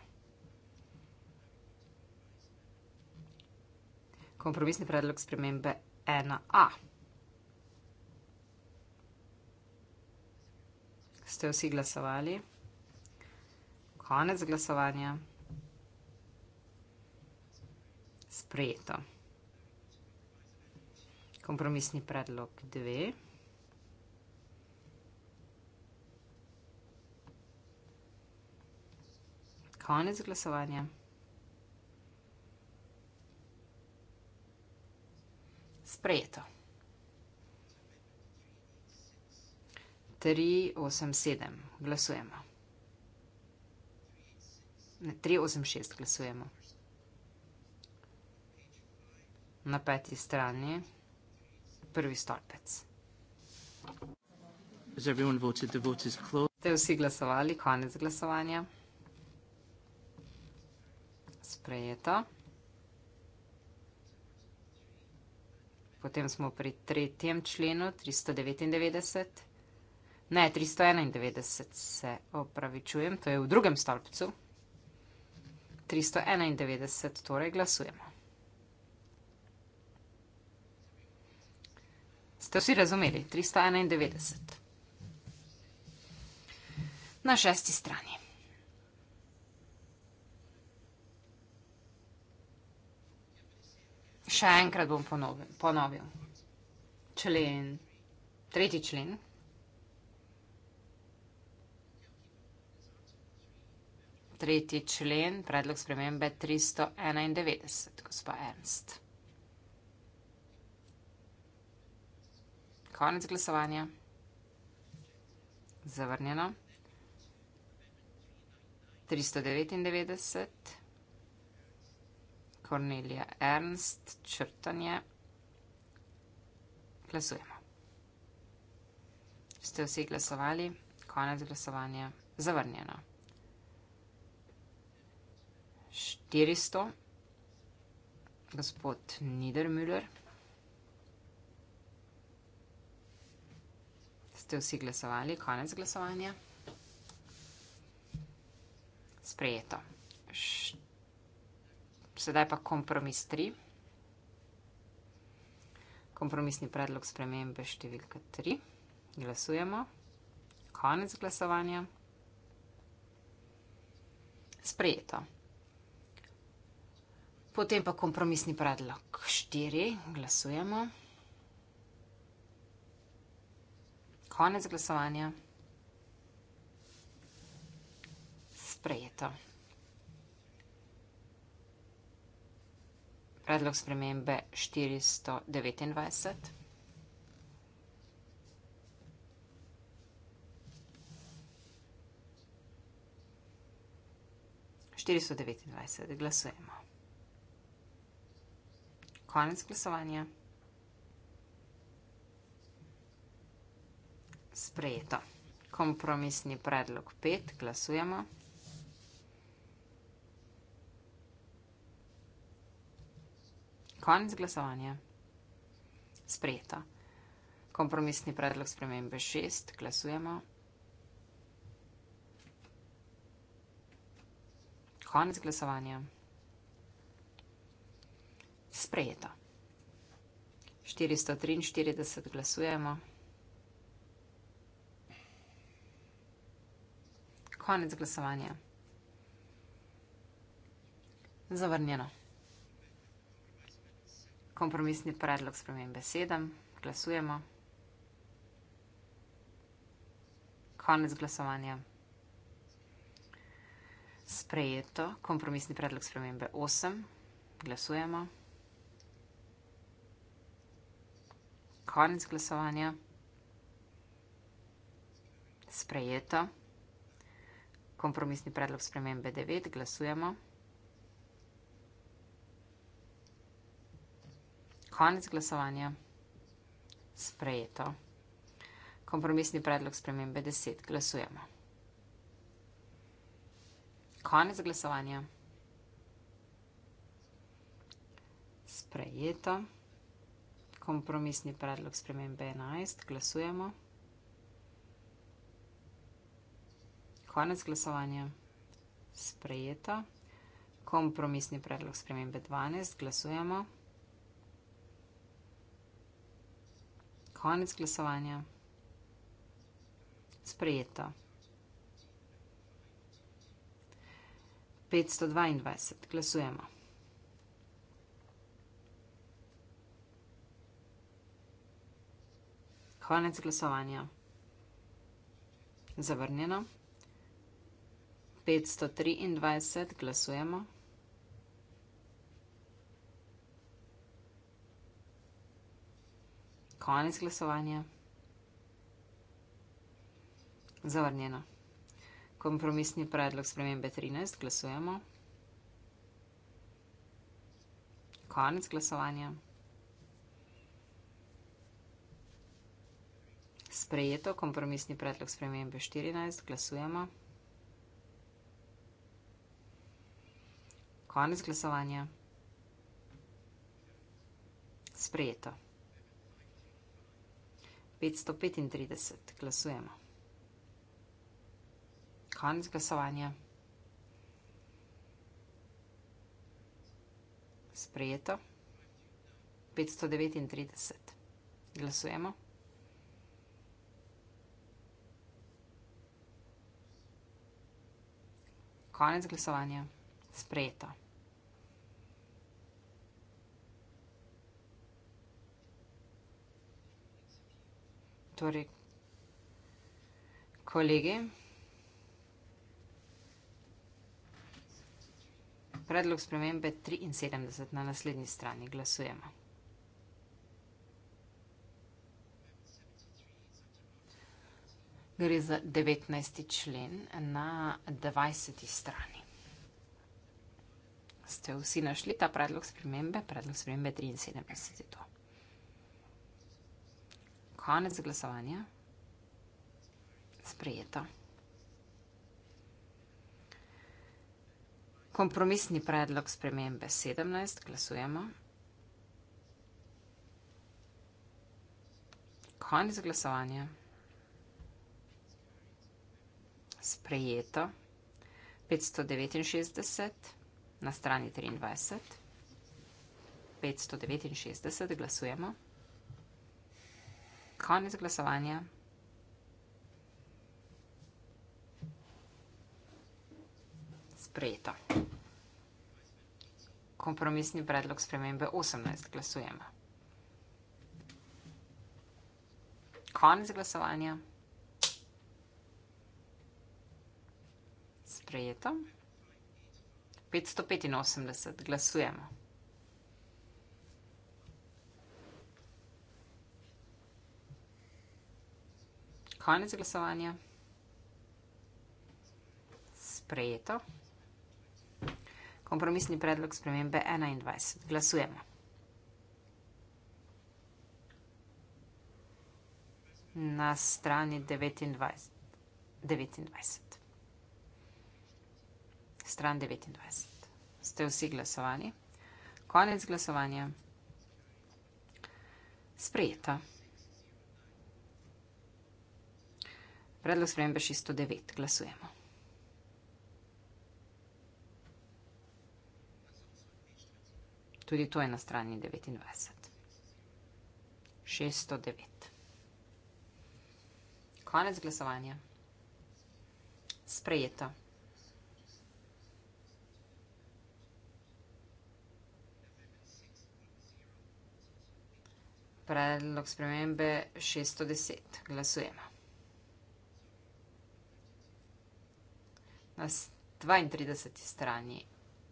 E: Kompromisni predlog spremembe 1a. Ste vsi glasovali? Konec glasovanja. Sprejeto. Kompromisni predlog 2. Konec glasovanja. Sprejeto. 3, 8, 7. Glasujemo. Ne, 3, 8, 6. Glasujemo. Na peti strani prvi stolpec.
A: Is everyone voted? The vote is
E: closed. Ste vsi glasovali, konec glasovanja sprejeto. Potem smo pri tretjem členu, 399. Ne, 391 se opravičujem, to je v drugem stolpcu. 391 torej glasujemo. Ste vsi razumeli? 391. Na šesti strani. Še enkrat bom ponovil. ponovil. Člen, tretji člen. Tretji člen, predlog spremembe 391, gospod Ernst. Konec glasovanja. Zavrnjeno. 399. Kornelija Ernst, črtanje. Glasujemo. Ste vsi glasovali? Konec glasovanja. Zavrnjeno. 400. Gospod Niedermüller. Ste vsi glasovali? Konec glasovanja. Sprejeto. 400. Sedaj pa kompromis 3. Kompromisni predlog spremembe številka 3. Glasujemo. Konec glasovanja. Sprejeto. Potem pa kompromisni predlog 4. Glasujemo. Konec glasovanja. Sprejeto. predlog spremembe 429. Štiristo devetindvajset, glasujemo. Konec glasovanja. Sprejeto. Kompromisni predlog pet, glasujemo. Konec glasovanja. Sprejeto. Kompromisni predlog spremembe šest. Glasujemo. Konec glasovanja. Sprejeto. 443 glasujemo. Konec glasovanja. Zavrnjeno kompromisni predlog spremembe 7. Glasujemo. Konec glasovanja. Sprejeto. Kompromisni predlog spremembe 8. Glasujemo. Konec glasovanja. Sprejeto. Kompromisni predlog spremembe 9. Glasujemo. konec glasovanja. Sprejeto. Kompromisni predlog spremembe 10. Glasujemo. Konec glasovanja. Sprejeto. Kompromisni predlog spremembe 11. Glasujemo. Konec glasovanja. Sprejeto. Kompromisni predlog spremembe 12. Glasujemo. Konec glasovanja. Sprejeto. 522. Glasujemo. Konec glasovanja. Zavrnjeno. 523. Glasujemo. Konec glasovanja. Zavrnjeno. Kompromisni predlog spremembe 13. Glasujemo. Konec glasovanja. Sprejeto. Kompromisni predlog spremembe 14. Glasujemo. Konec glasovanja. Sprejeto. 535 glasujemo. Konec glasovanja. Sprejeto. 539 glasujemo. Konec glasovanja. Sprejeto. torej kolegi. Predlog spremembe 73 na naslednji strani glasujemo. Gre za 19. člen na 20. strani. Ste vsi našli ta predlog spremembe? Predlog spremembe 73 je to. Konec glasovanja. Sprejeto. Kompromisni predlog spremembe 17. Glasujemo. Konec glasovanja. Sprejeto. 569 na strani 23. 569 glasujemo konec glasovanja. Sprejeto. Kompromisni predlog spremembe 18 glasujemo. Konec glasovanja. Sprejeto. 585 glasujemo. Konec glasovanja. Sprejeto. Kompromisni predlog spremembe 21. Glasujemo. Na strani 29. 29. Stran 29. Ste vsi glasovani. Konec glasovanja. Sprejeto. Predlog spremembe 609. Glasujemo. Tudi to je na strani 29. 609. Konec glasovanja. Sprejeto. Predlog spremembe 610. Glasujemo. na 32. strani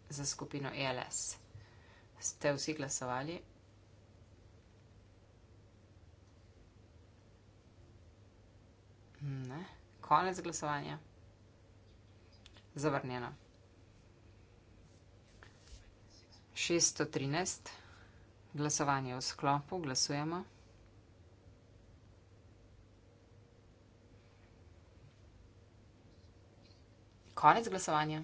E: za skupino ELS. Ste vsi glasovali? Ne. Konec glasovanja. Zavrnjeno. 613. Glasovanje v sklopu. Glasujemo. Konec glasovanja.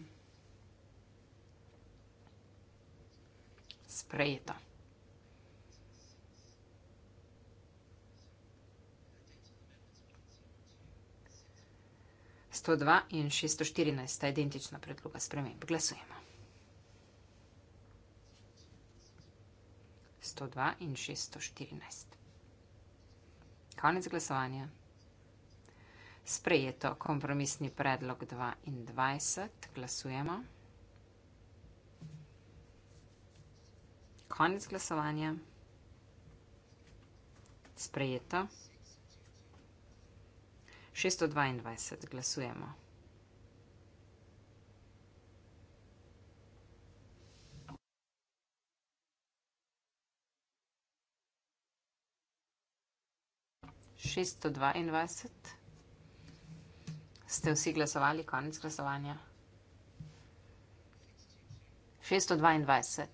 E: Sprejeto. Sto dva in šesto štirinajsta identična predloga sprememb. Glasujemo. Sto dva in šesto štirinajst. Konec glasovanja sprejeto kompromisni predlog 22. Glasujemo. Konec glasovanja. Sprejeto. 622. Glasujemo. Šesto dvaindvajset ste vsi glasovali, konec glasovanja. 622.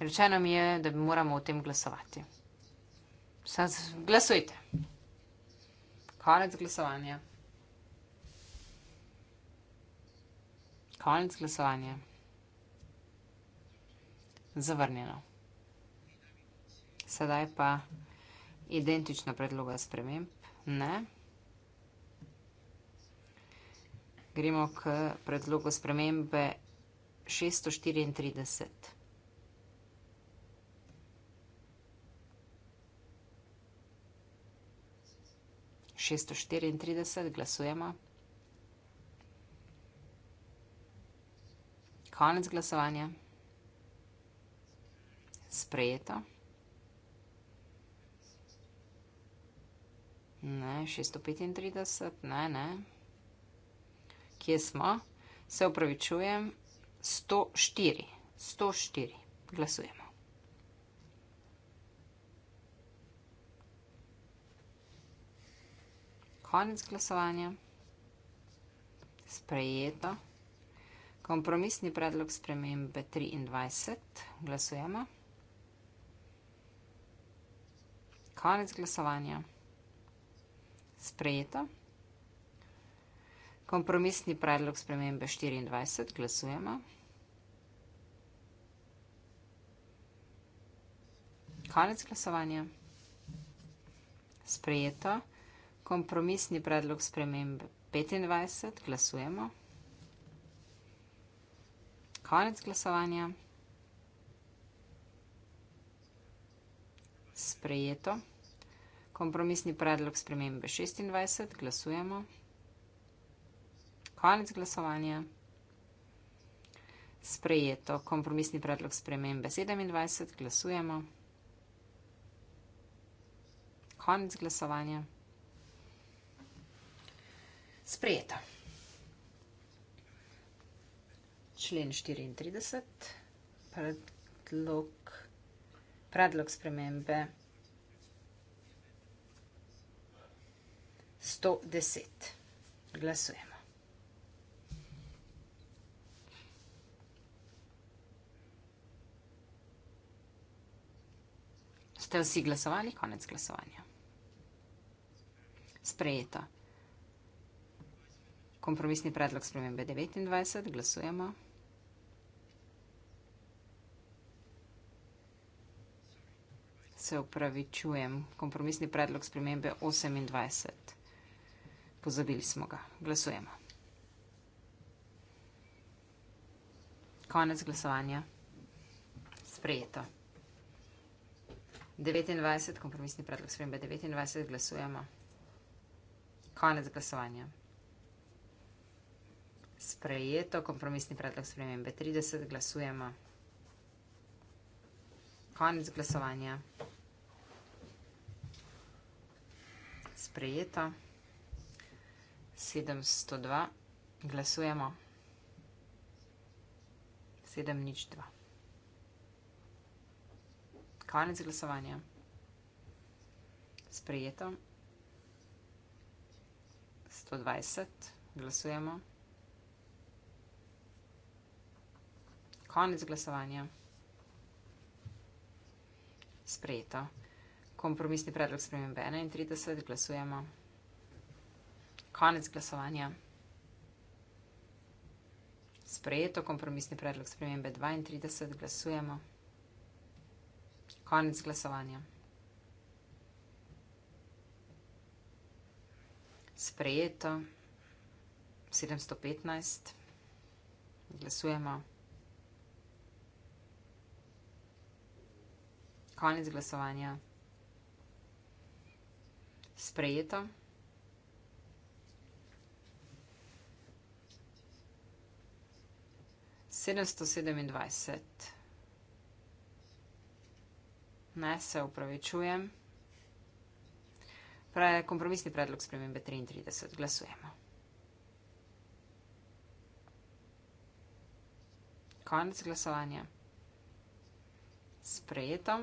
E: Rečeno mi je, da moramo o tem glasovati. Sad glasujte. Konec glasovanja. Konec glasovanja. Zavrnjeno. Sedaj pa identično predloga sprememb. Ne. Gremo k predlogu spremembe 634. Šesto štiriintrideset, glasujemo. Konec glasovanja. Sprejeto. Ne, šesto petintrideset, ne, ne kje smo, se upravičujem, 104, 104, glasujemo. Konec glasovanja, sprejeto, kompromisni predlog spremembe 23, glasujemo. Konec glasovanja, sprejeto. Kompromisni predlog spremembe 24, glasujemo. Konec glasovanja. Sprejeto. Kompromisni predlog spremembe 25, glasujemo. Konec glasovanja. Sprejeto. Kompromisni predlog spremembe 26, glasujemo konec glasovanja. Sprejeto kompromisni predlog spremembe 27, glasujemo. Konec glasovanja. Sprejeto. Člen 34, predlog, predlog spremembe 110. Glasujemo. Ste vsi glasovali? Konec glasovanja. Sprejeto. Kompromisni predlog spremembe 29. Glasujemo. Se upravičujem. Kompromisni predlog spremembe 28. Pozabili smo ga. Glasujemo. Konec glasovanja. Sprejeto. 29, kompromisni predlog spremembe 29, glasujemo. Konec glasovanja. Sprejeto, kompromisni predlog spremembe 30, glasujemo. Konec glasovanja. Sprejeto. 702, glasujemo. 702. Konec glasovanja. Sprejeto. 120, glasujemo. Konec glasovanja. Sprejeto. Kompromisni predlog spremembe 31, glasujemo. Konec glasovanja. Sprejeto. Kompromisni predlog spremembe 32, glasujemo. Konec glasovanja. Sprejeto 715. Glasujemo. Konec glasovanja. Sprejeto. Sedemsto sedemindvajset ne se upravičujem. Pre, kompromisni predlog spremembe 33. Glasujemo. Konec glasovanja. Sprejeto.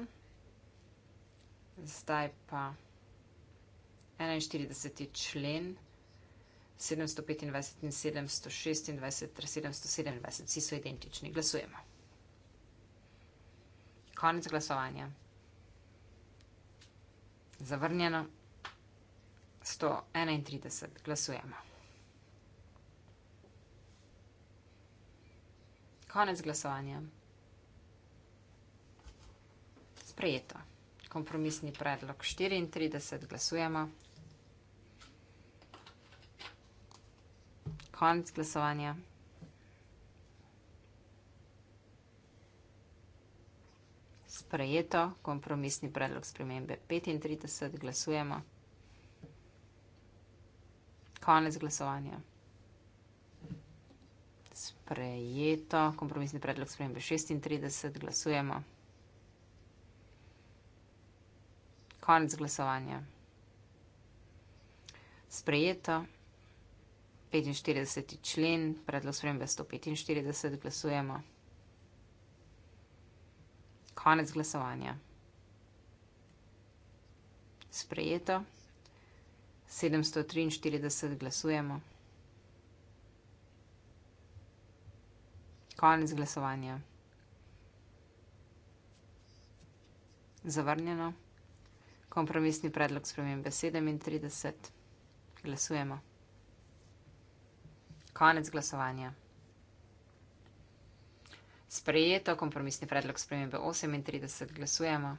E: Zdaj pa 41. člen. 725 in 726 ter 727. Vsi so identični. Glasujemo. Konec glasovanja zavrnjeno. 131 glasujemo. Konec glasovanja. Sprejeto. Kompromisni predlog 34 glasujemo. Konec glasovanja. prejeto kompromisni predlog spremembe 35, glasujemo. Konec glasovanja. Sprejeto kompromisni predlog spremembe 36, glasujemo. Konec glasovanja. Sprejeto 45. člen predlog spremembe 145, glasujemo. Konec glasovanja. Sprejeto. 743 glasujemo. Konec glasovanja. Zavrnjeno. Kompromisni predlog spremembe 37. Glasujemo. Konec glasovanja sprejeto, kompromisni predlog spremembe 38, glasujemo.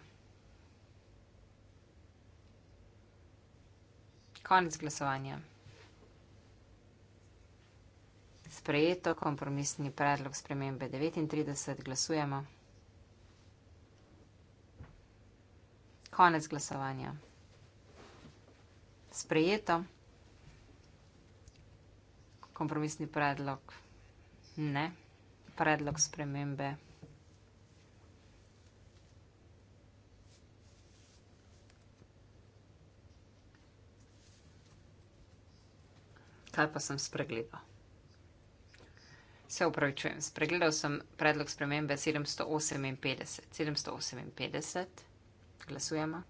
E: Konec glasovanja. Sprejeto, kompromisni predlog spremembe 39, glasujemo. Konec glasovanja. Sprejeto, kompromisni predlog ne predlog spremembe. Kaj pa sem spregledal? Se upravičujem, spregledal sem predlog spremembe 758. 758, glasujemo.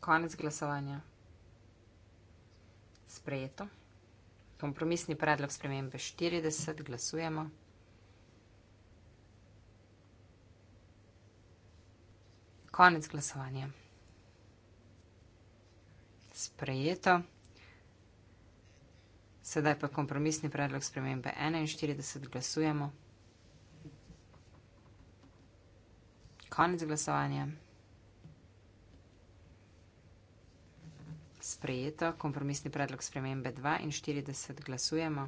E: Konec glasovanja sprejeto. Kompromisni predlog spremembe 40, glasujemo. Konec glasovanja. Sprejeto. Sedaj pa kompromisni predlog spremembe 41, glasujemo. Konec glasovanja. sprejeto. Kompromisni predlog spremembe 42 glasujemo.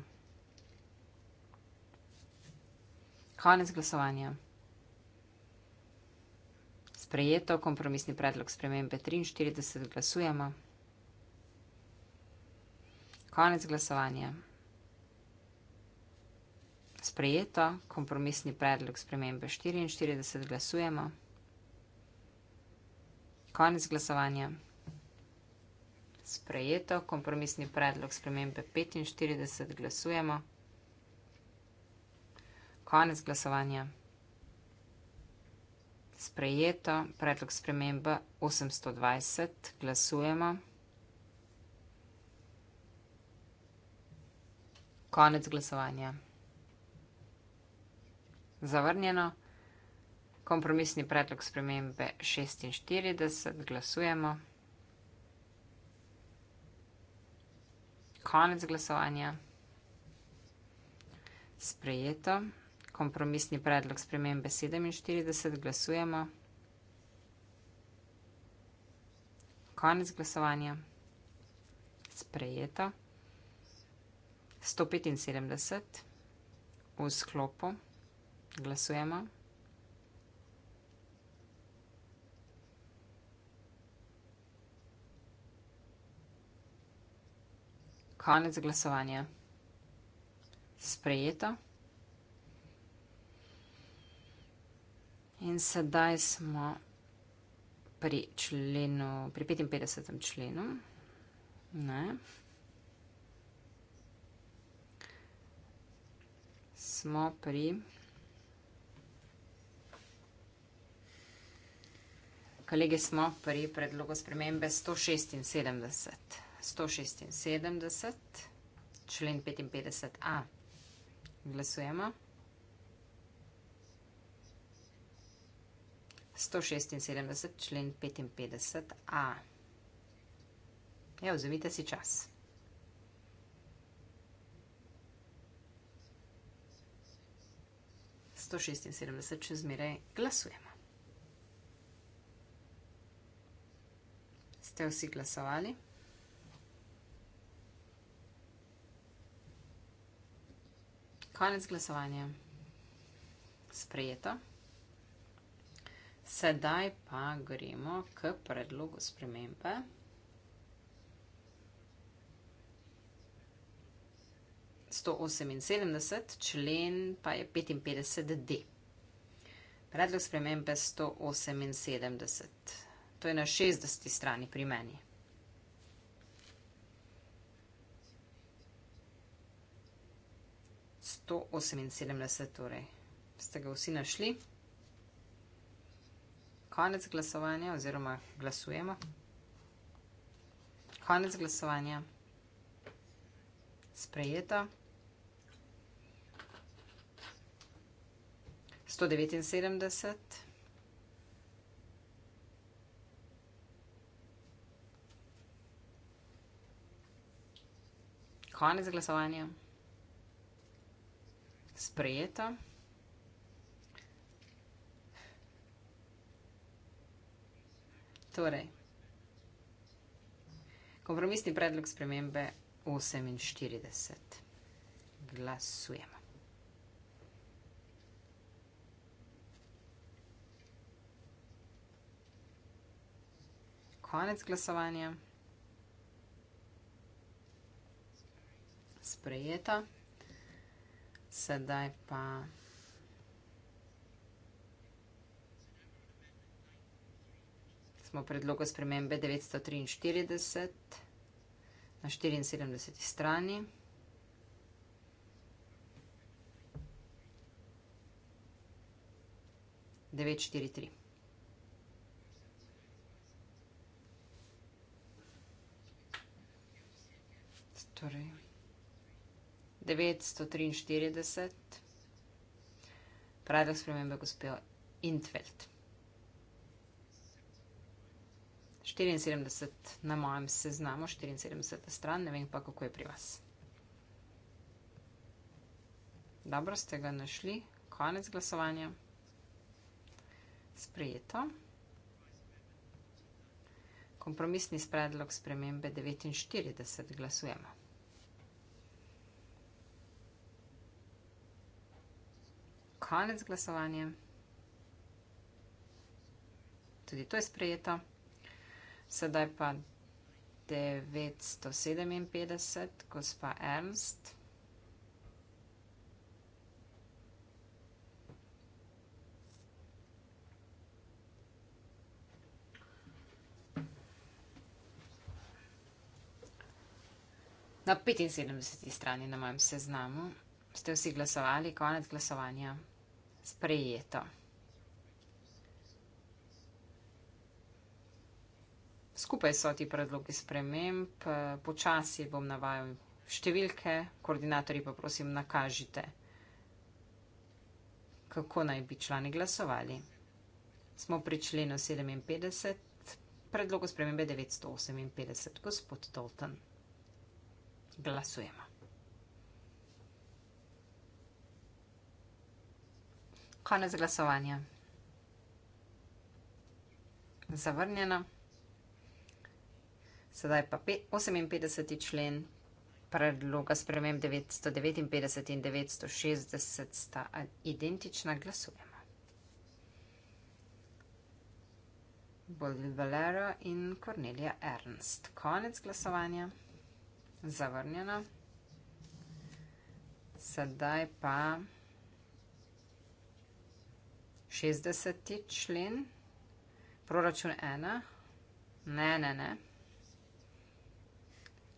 E: Konec glasovanja. Sprejeto. Kompromisni predlog spremembe 43 glasujemo. Konec glasovanja. Sprejeto. Kompromisni predlog spremembe 44 glasujemo. Konec glasovanja sprejeto. Kompromisni predlog spremembe 45 glasujemo. Konec glasovanja. Sprejeto. Predlog spremembe 820 glasujemo. Konec glasovanja. Zavrnjeno. Kompromisni predlog spremembe 46 glasujemo. konec glasovanja. Sprejeto. Kompromisni predlog spremembe 47. Glasujemo. Konec glasovanja. Sprejeto. 175. V sklopu. Glasujemo. Konec glasovanja. Sprejeto. In sedaj smo pri členu, pri 55. členu. Ne. Smo pri. Kolegi smo pri predlogu spremembe 176. 176, člen 55a. Glasujemo. 176, člen 55a. Ja, vzemite si čas. To 76, če zmeraj glasujemo. Ste vsi glasovali? Konec glasovanja. Sprejeto. Sedaj pa gremo k predlogu spremembe. Sto oseminsedemdeset, člen pa je petinpetdeset D. Predlog spremembe sto oseminsedemdeset. To je na šestdeseti strani pri meni. 178, torej ste ga vsi našli. Konec glasovanja, oziroma glasujemo. Konec glasovanja, sprejeto. 179. Konec glasovanja sprejeta. Torej, kompromisni predlog spremembe 48. Glasujemo. Konec glasovanja. Sprejeta sedaj pa. Smo predlogo spremembe 943 na 74. strani. Torej, 943, predlog spremembe gospe Intfeld. 74 na mojem seznamu, 74 stran, ne vem pa, kako je pri vas. Dobro ste ga našli, konec glasovanja. Sprejeto. Kompromisni predlog spremembe 49 glasujemo. konec glasovanje. Tudi to je sprejeto. Sedaj pa 957, gospa Ernst. Na 75. strani na mojem seznamu ste vsi glasovali, konec glasovanja sprejeto. Skupaj so ti predlogi sprememb, počasi bom navajal številke, koordinatorji pa prosim nakažite, kako naj bi člani glasovali. Smo pri členu 57, predlogu spremembe 958, gospod Tolton. Glasujemo. Konec glasovanja. Zavrnjeno. Sedaj pa 58. člen predloga sprememb 959 in 960 sta identična. Glasujemo. Bolil Valero in Cornelia Ernst. Konec glasovanja. Zavrnjeno. Sedaj pa 60. člen, proračun 1, ne, ne, ne.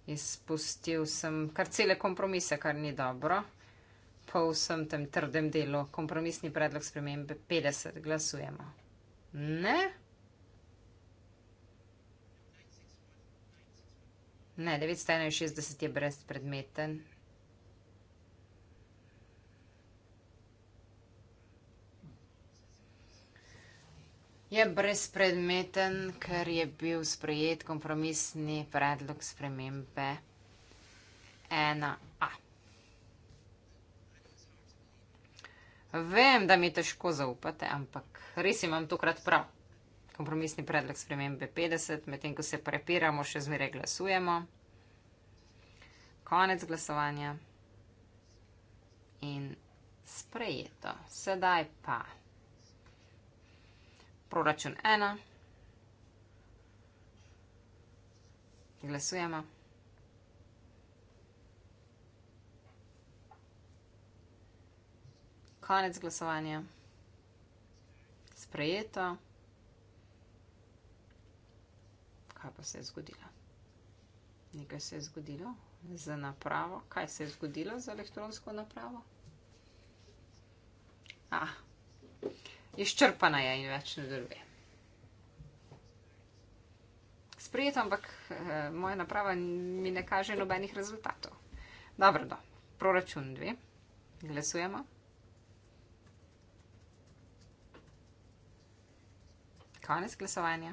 E: Izpustil sem kar cele kompromise, kar ni dobro. Po vsem tem trdem delu, kompromisni predlog spremembe 50, glasujemo. Ne? Ne, 961 je brezpredmeten, je brezpredmeten, ker je bil sprejet kompromisni predlog spremembe 1a. Vem, da mi težko zaupate, ampak res imam tokrat prav. Kompromisni predlog spremembe 50, medtem ko se prepiramo, še zmeraj glasujemo. Konec glasovanja in sprejeto. Sedaj pa proračun ena. Glasujemo. Konec glasovanja. Sprejeto. Kaj pa se je zgodilo? Nekaj se je zgodilo z napravo. Kaj se je zgodilo z elektronsko napravo? Ah izčrpana je in več ne deluje. Sprijeto, ampak e, moja naprava mi ne kaže nobenih rezultatov. Dobro, do. No. proračun dve, glasujemo. Konec glasovanja,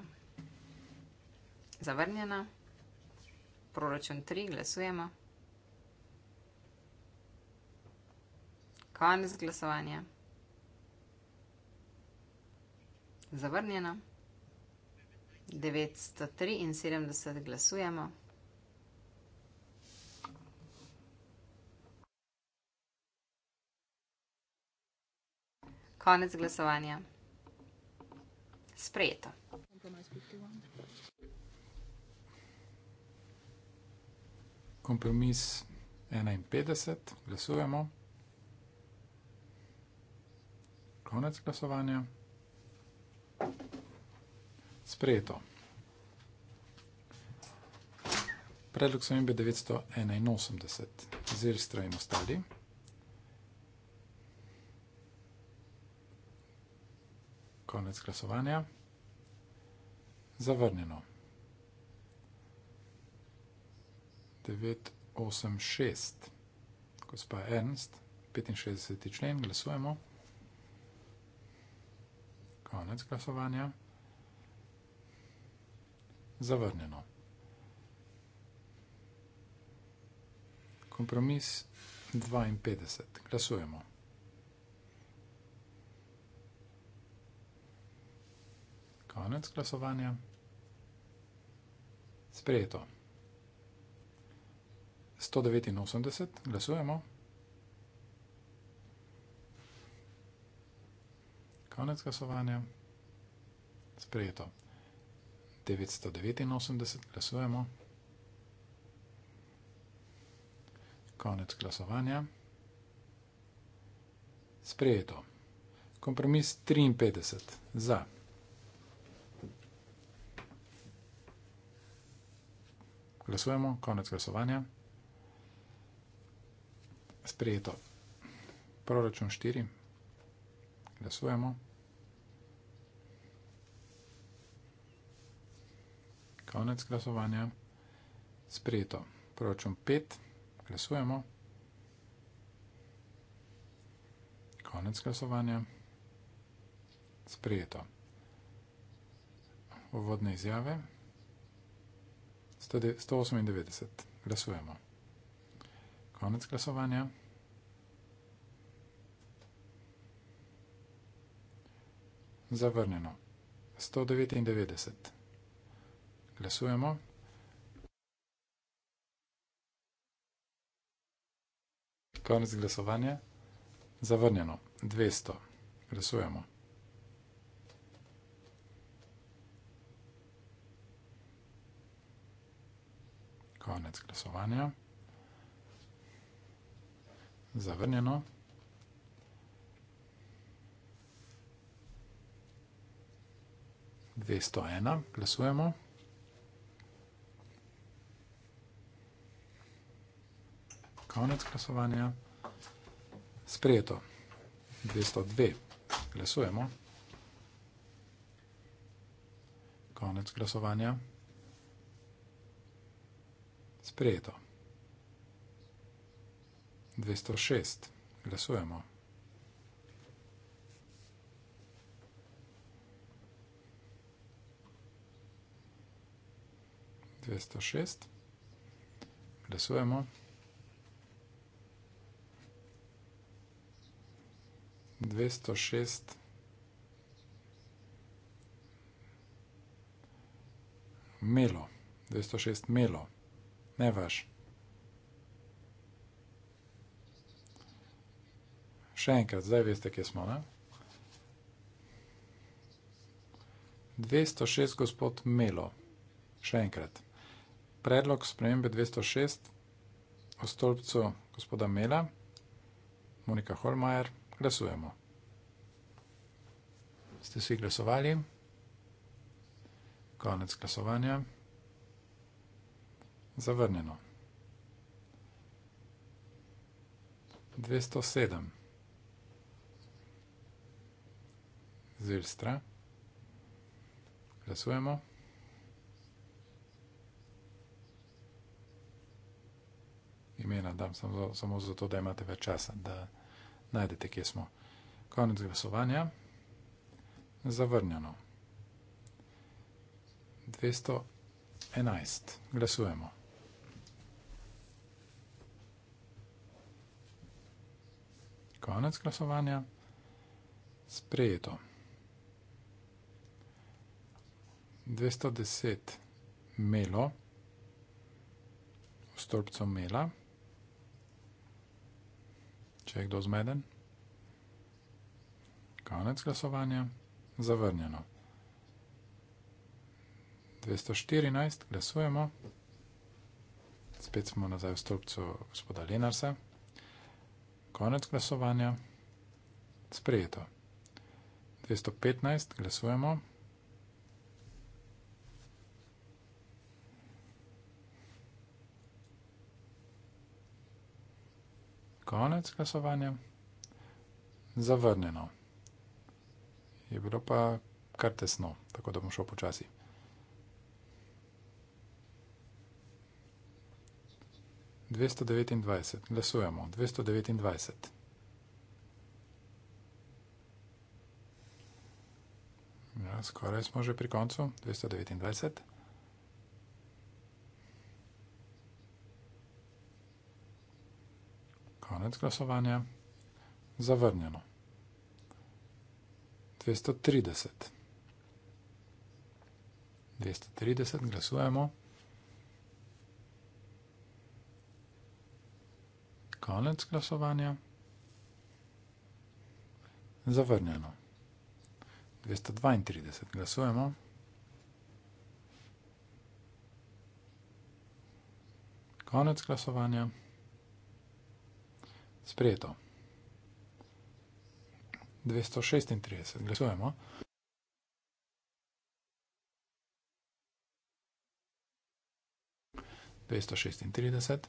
E: zavrnjena, proračun 3, glasujemo. Konec glasovanja. zavrnjeno. 973 glasujemo. Konec glasovanja. Sprejeto.
B: Kompromis 51, glasujemo. Konec glasovanja. Sprejeto. Predlog sem imbe 981. Zelstra in ostali. Konec glasovanja. Zavrnjeno. 986. Gospa Ernst, 65. člen, glasujemo. Zavrnjeno. Konec glasovanja. Zavrnjeno. Kompromis 52. Glasujemo. Konec glasovanja. Sprejeto. 189. Glasujemo. konec glasovanja. Sprejeto. 989 glasujemo. Konec glasovanja. Sprejeto. Kompromis 53 za. Glasujemo. Konec glasovanja. Sprejeto. Proračun 4. Glasujemo. Konec glasovanja. Sprejeto. Proračun 5. Glasujemo. Konec glasovanja. Sprejeto. Uvodne izjave. 198. Glasujemo. Konec glasovanja. Zavrnjeno. 199. Glasujemo. Konec glasovanja. Zavrnjeno. 200. Glasujemo. Konec glasovanja. Zavrnjeno. Dvesto ena, glasujemo. Konec glasovanja. Sprejeto. 202. Glasujemo. Konec glasovanja. Sprejeto. 206. Glasujemo. Dvesto šest. Glasujemo. dvesto šest melo, dvesto šest melo, ne vaš. Še enkrat, zdaj veste, kje smo, ne? Dvesto šest gospod melo, še enkrat. Predlog spremembe 206 o stolbcu gospoda Mela, Monika Holmajer, glasujemo. Ste vsi glasovali? Konec glasovanja. Zavrnjeno. 207. Zilstra. Glasujemo. Imena dam samo, samo zato, da imate več časa, da najdete, kje smo. Konec glasovanja. Zavrnjeno. 211. Glasujemo. Konec glasovanja. Sprejeto. 210. Melo. V stolpcu Mela. Če je kdo zmeden? Konec glasovanja. Zavrnjeno. 214 glasujemo. Spet smo nazaj v stolpcu gospoda Lenarsa. Konec glasovanja. Sprejeto. 215 glasujemo. Konec glasovanja. Zavrnjeno. Je bilo pa kar tesno, tako da bom šel počasi. Dvesto devetindvajset, glasujemo. Dvesto devetindvajset. Ja, skoraj smo že pri koncu. Dvesto devetindvajset. Konec glasovanja. Zavrnjeno. 230. 230 glasujemo. Konec glasovanja. Zavrnjeno. 232 glasujemo. Konec glasovanja. Sprejeto. 236. Glasujemo. Dvesto šestintrideset,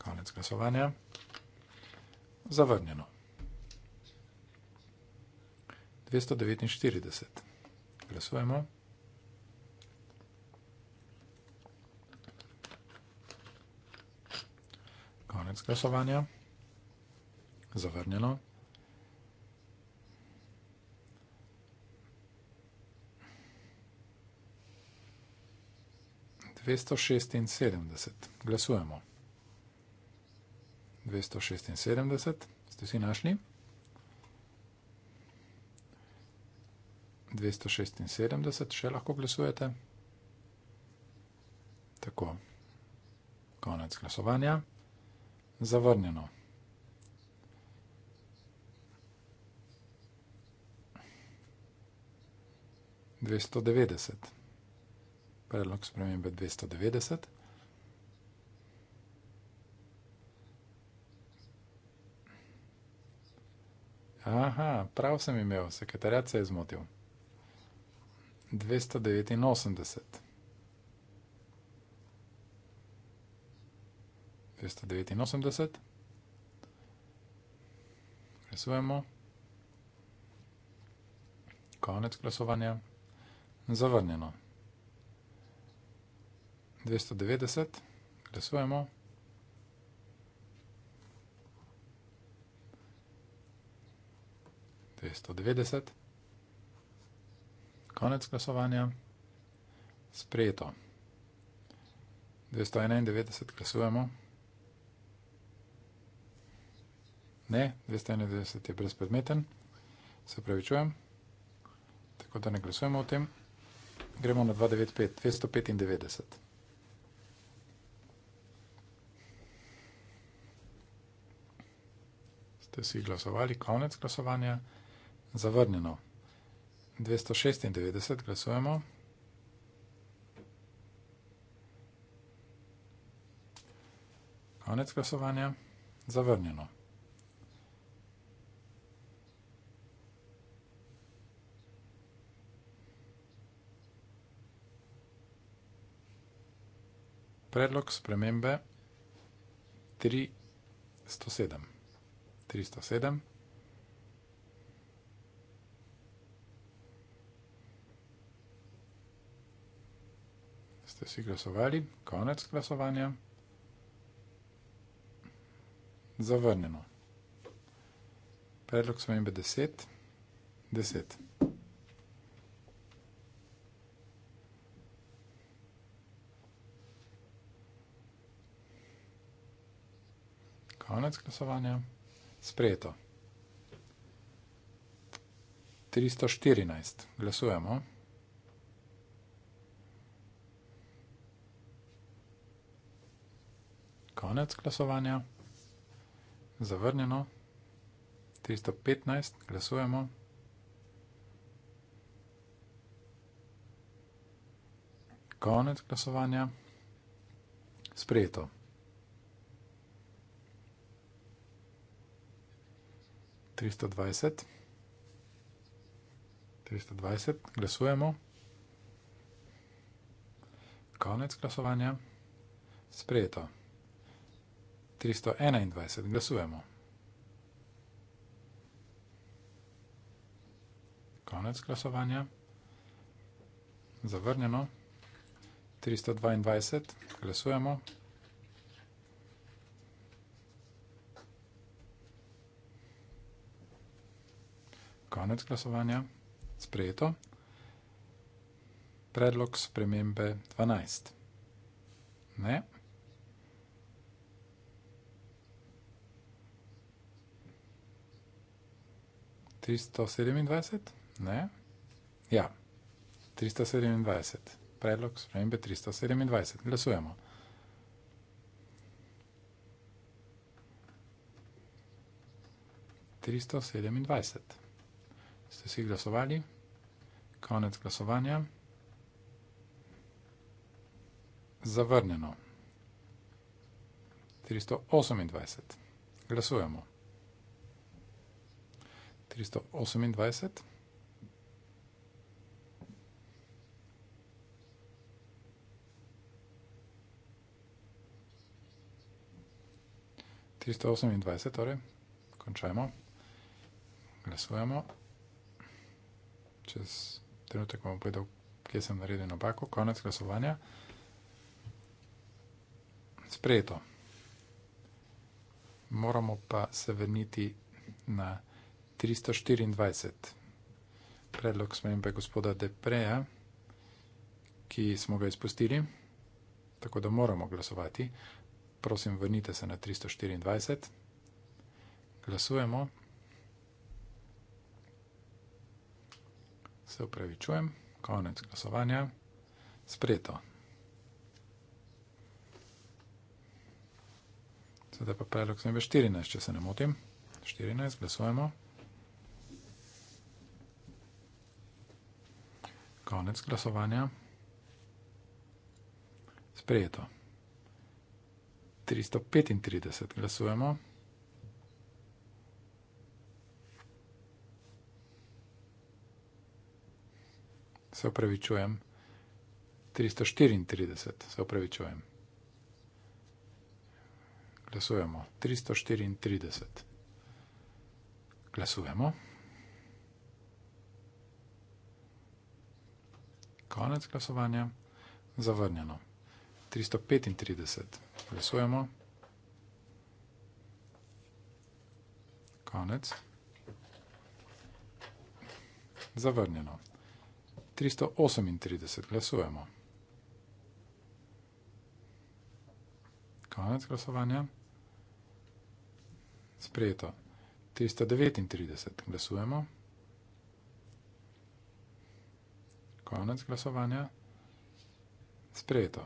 B: konec glasovanja, zavrnjeno. Dvesto devetinštirideset, glasujemo. Konec glasovanja zavrnjeno. Dvesto šestinsedemdeset. Glasujemo. Dvesto šestinsedemdeset. Ste vsi našli? Dvesto šestinsedemdeset. Še lahko glasujete? Tako. Konec glasovanja. Zavrnjeno. Zavrnjeno. 290. Predlog spremembe 290. Aha, prav sem imel, sekretarjat se je zmotil. 289. 289. Glasujemo. Konec glasovanja. Zavrnjeno. 290, glasujemo. Dvesto devetdeset, konec glasovanja, sprejeto. Dvesto enaindevetdeset, glasujemo. Ne, dvesto enaindevetdeset je brezpredmeten, se upravičujem, tako da ne glasujemo o tem. Gremo na 295, 295. Ste si glasovali, konec glasovanja, zavrnjeno. 296 glasujemo. Konec glasovanja, zavrnjeno. predlog spremembe 307. 307. Ste si glasovali? Konec glasovanja. Zavrnjeno. Predlog spremembe 10. 10. Konec glasovanja. Sprejeto. 314. Glasujemo. Konec glasovanja. Zavrnjeno. 315. Glasujemo. Konec glasovanja. Sprejeto. 320. 320, glasujemo. Konec glasovanja. Sprejeto. 321, glasujemo. Konec glasovanja. Zavrnjeno. 322, glasujemo. Konec glasovanja. Sprejeto. Predlog spremembe 12. Ne. Tristo sedemindvajset? Ne. Ja. Tristo sedemindvajset. Predlog spremembe tristo sedemindvajset. Glasujemo. Tristo sedemindvajset. Ste vsi glasovali? Konec glasovanja. Zavrnjeno. 328. Glasujemo. 328. Tristo osemindvajset, torej, končajmo, glasujemo čez trenutek bom povedal, kje sem naredil napako, konec glasovanja. Sprejeto. Moramo pa se vrniti na 324. Predlog smembe gospoda Depreja, ki smo ga izpustili, tako da moramo glasovati. Prosim, vrnite se na 324. Glasujemo. Glasujemo. Se upravičujem, konec glasovanja. Sprejeto. Zdaj pa predlog sem več 14, če se ne motim. 14, glasujemo. Konec glasovanja. Sprejeto. 335 glasujemo. se upravičujem. 334, se upravičujem. Glasujemo. 334. Glasujemo. Konec glasovanja. Zavrnjeno. 335. Glasujemo. Konec. Zavrnjeno. 338. Glasujemo. Konec glasovanja. Sprejeto. 339. Glasujemo. Konec glasovanja. Sprejeto.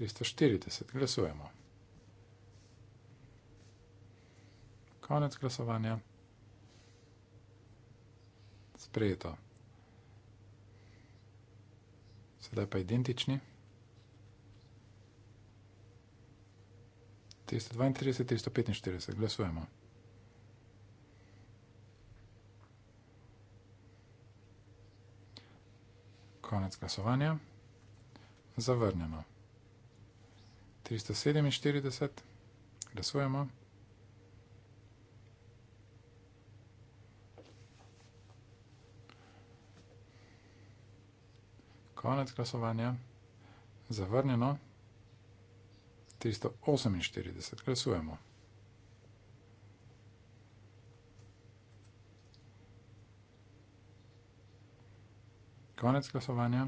B: 340. Glasujemo. Konec glasovanja. Sprejeto sedaj pa identični. 332, 345, glasujemo. Konec glasovanja. Zavrnjeno. 347, glasujemo. 347, glasujemo. Konec glasovanja. Zavrnjeno. 348. Glasujemo. Konec glasovanja.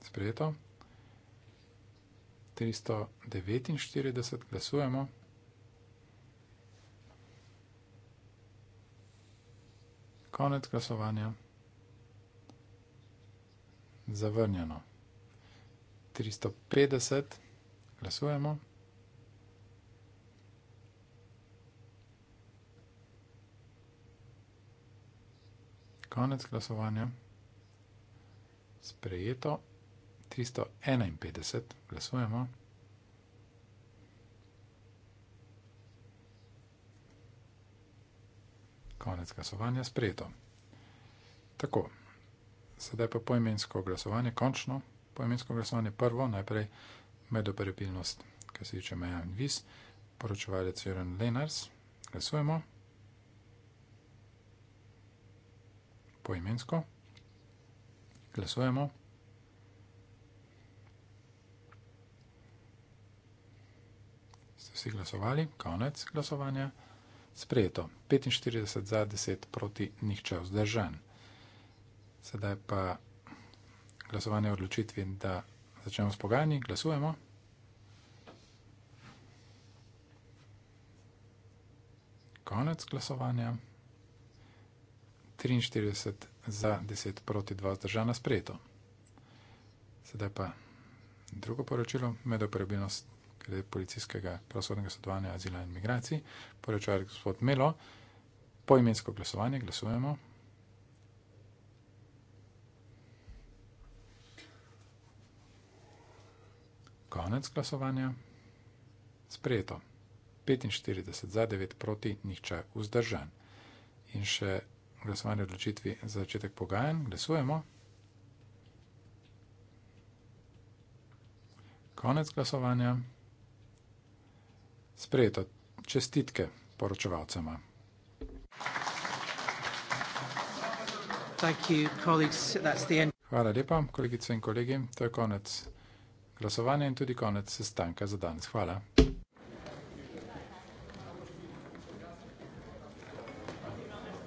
B: Sprejeto. 349. Glasujemo. Konec glasovanja zavrnjeno. 350, glasujemo. Konec glasovanja. Sprejeto. 351, glasujemo. Konec glasovanja, sprejeto. Tako. Sedaj pa poimensko glasovanje, končno poimensko glasovanje, prvo, najprej medoperabilnost, kar se tiče meja in vis, poročevalec Jeren Lenars, glasujemo. Poimensko, glasujemo. Ste vsi glasovali, konec glasovanja. Sprejeto 45 za 10 proti nihče vzdržan. Sedaj pa glasovanje o odločitvi, da začnemo s pogajanji, glasujemo. Konec glasovanja. 43 za, 10 proti, 2 zdržana, sprejeto. Sedaj pa drugo poročilo, medoprebilnost glede policijskega pravosodnega sodelovanja, azila in migracij. Poročajo gospod Melo, poimensko glasovanje, glasujemo. Konec glasovanja. Sprejeto. 45 za, 9 proti, nihče vzdržan. In še glasovanje odločitvi za začetek pogajanj. Glasujemo. Konec glasovanja. Sprejeto. Čestitke poročevalcema. Hvala lepa, kolegice in kolegi. To je konec glasovanje in tudi konec sestanka za danes. Hvala.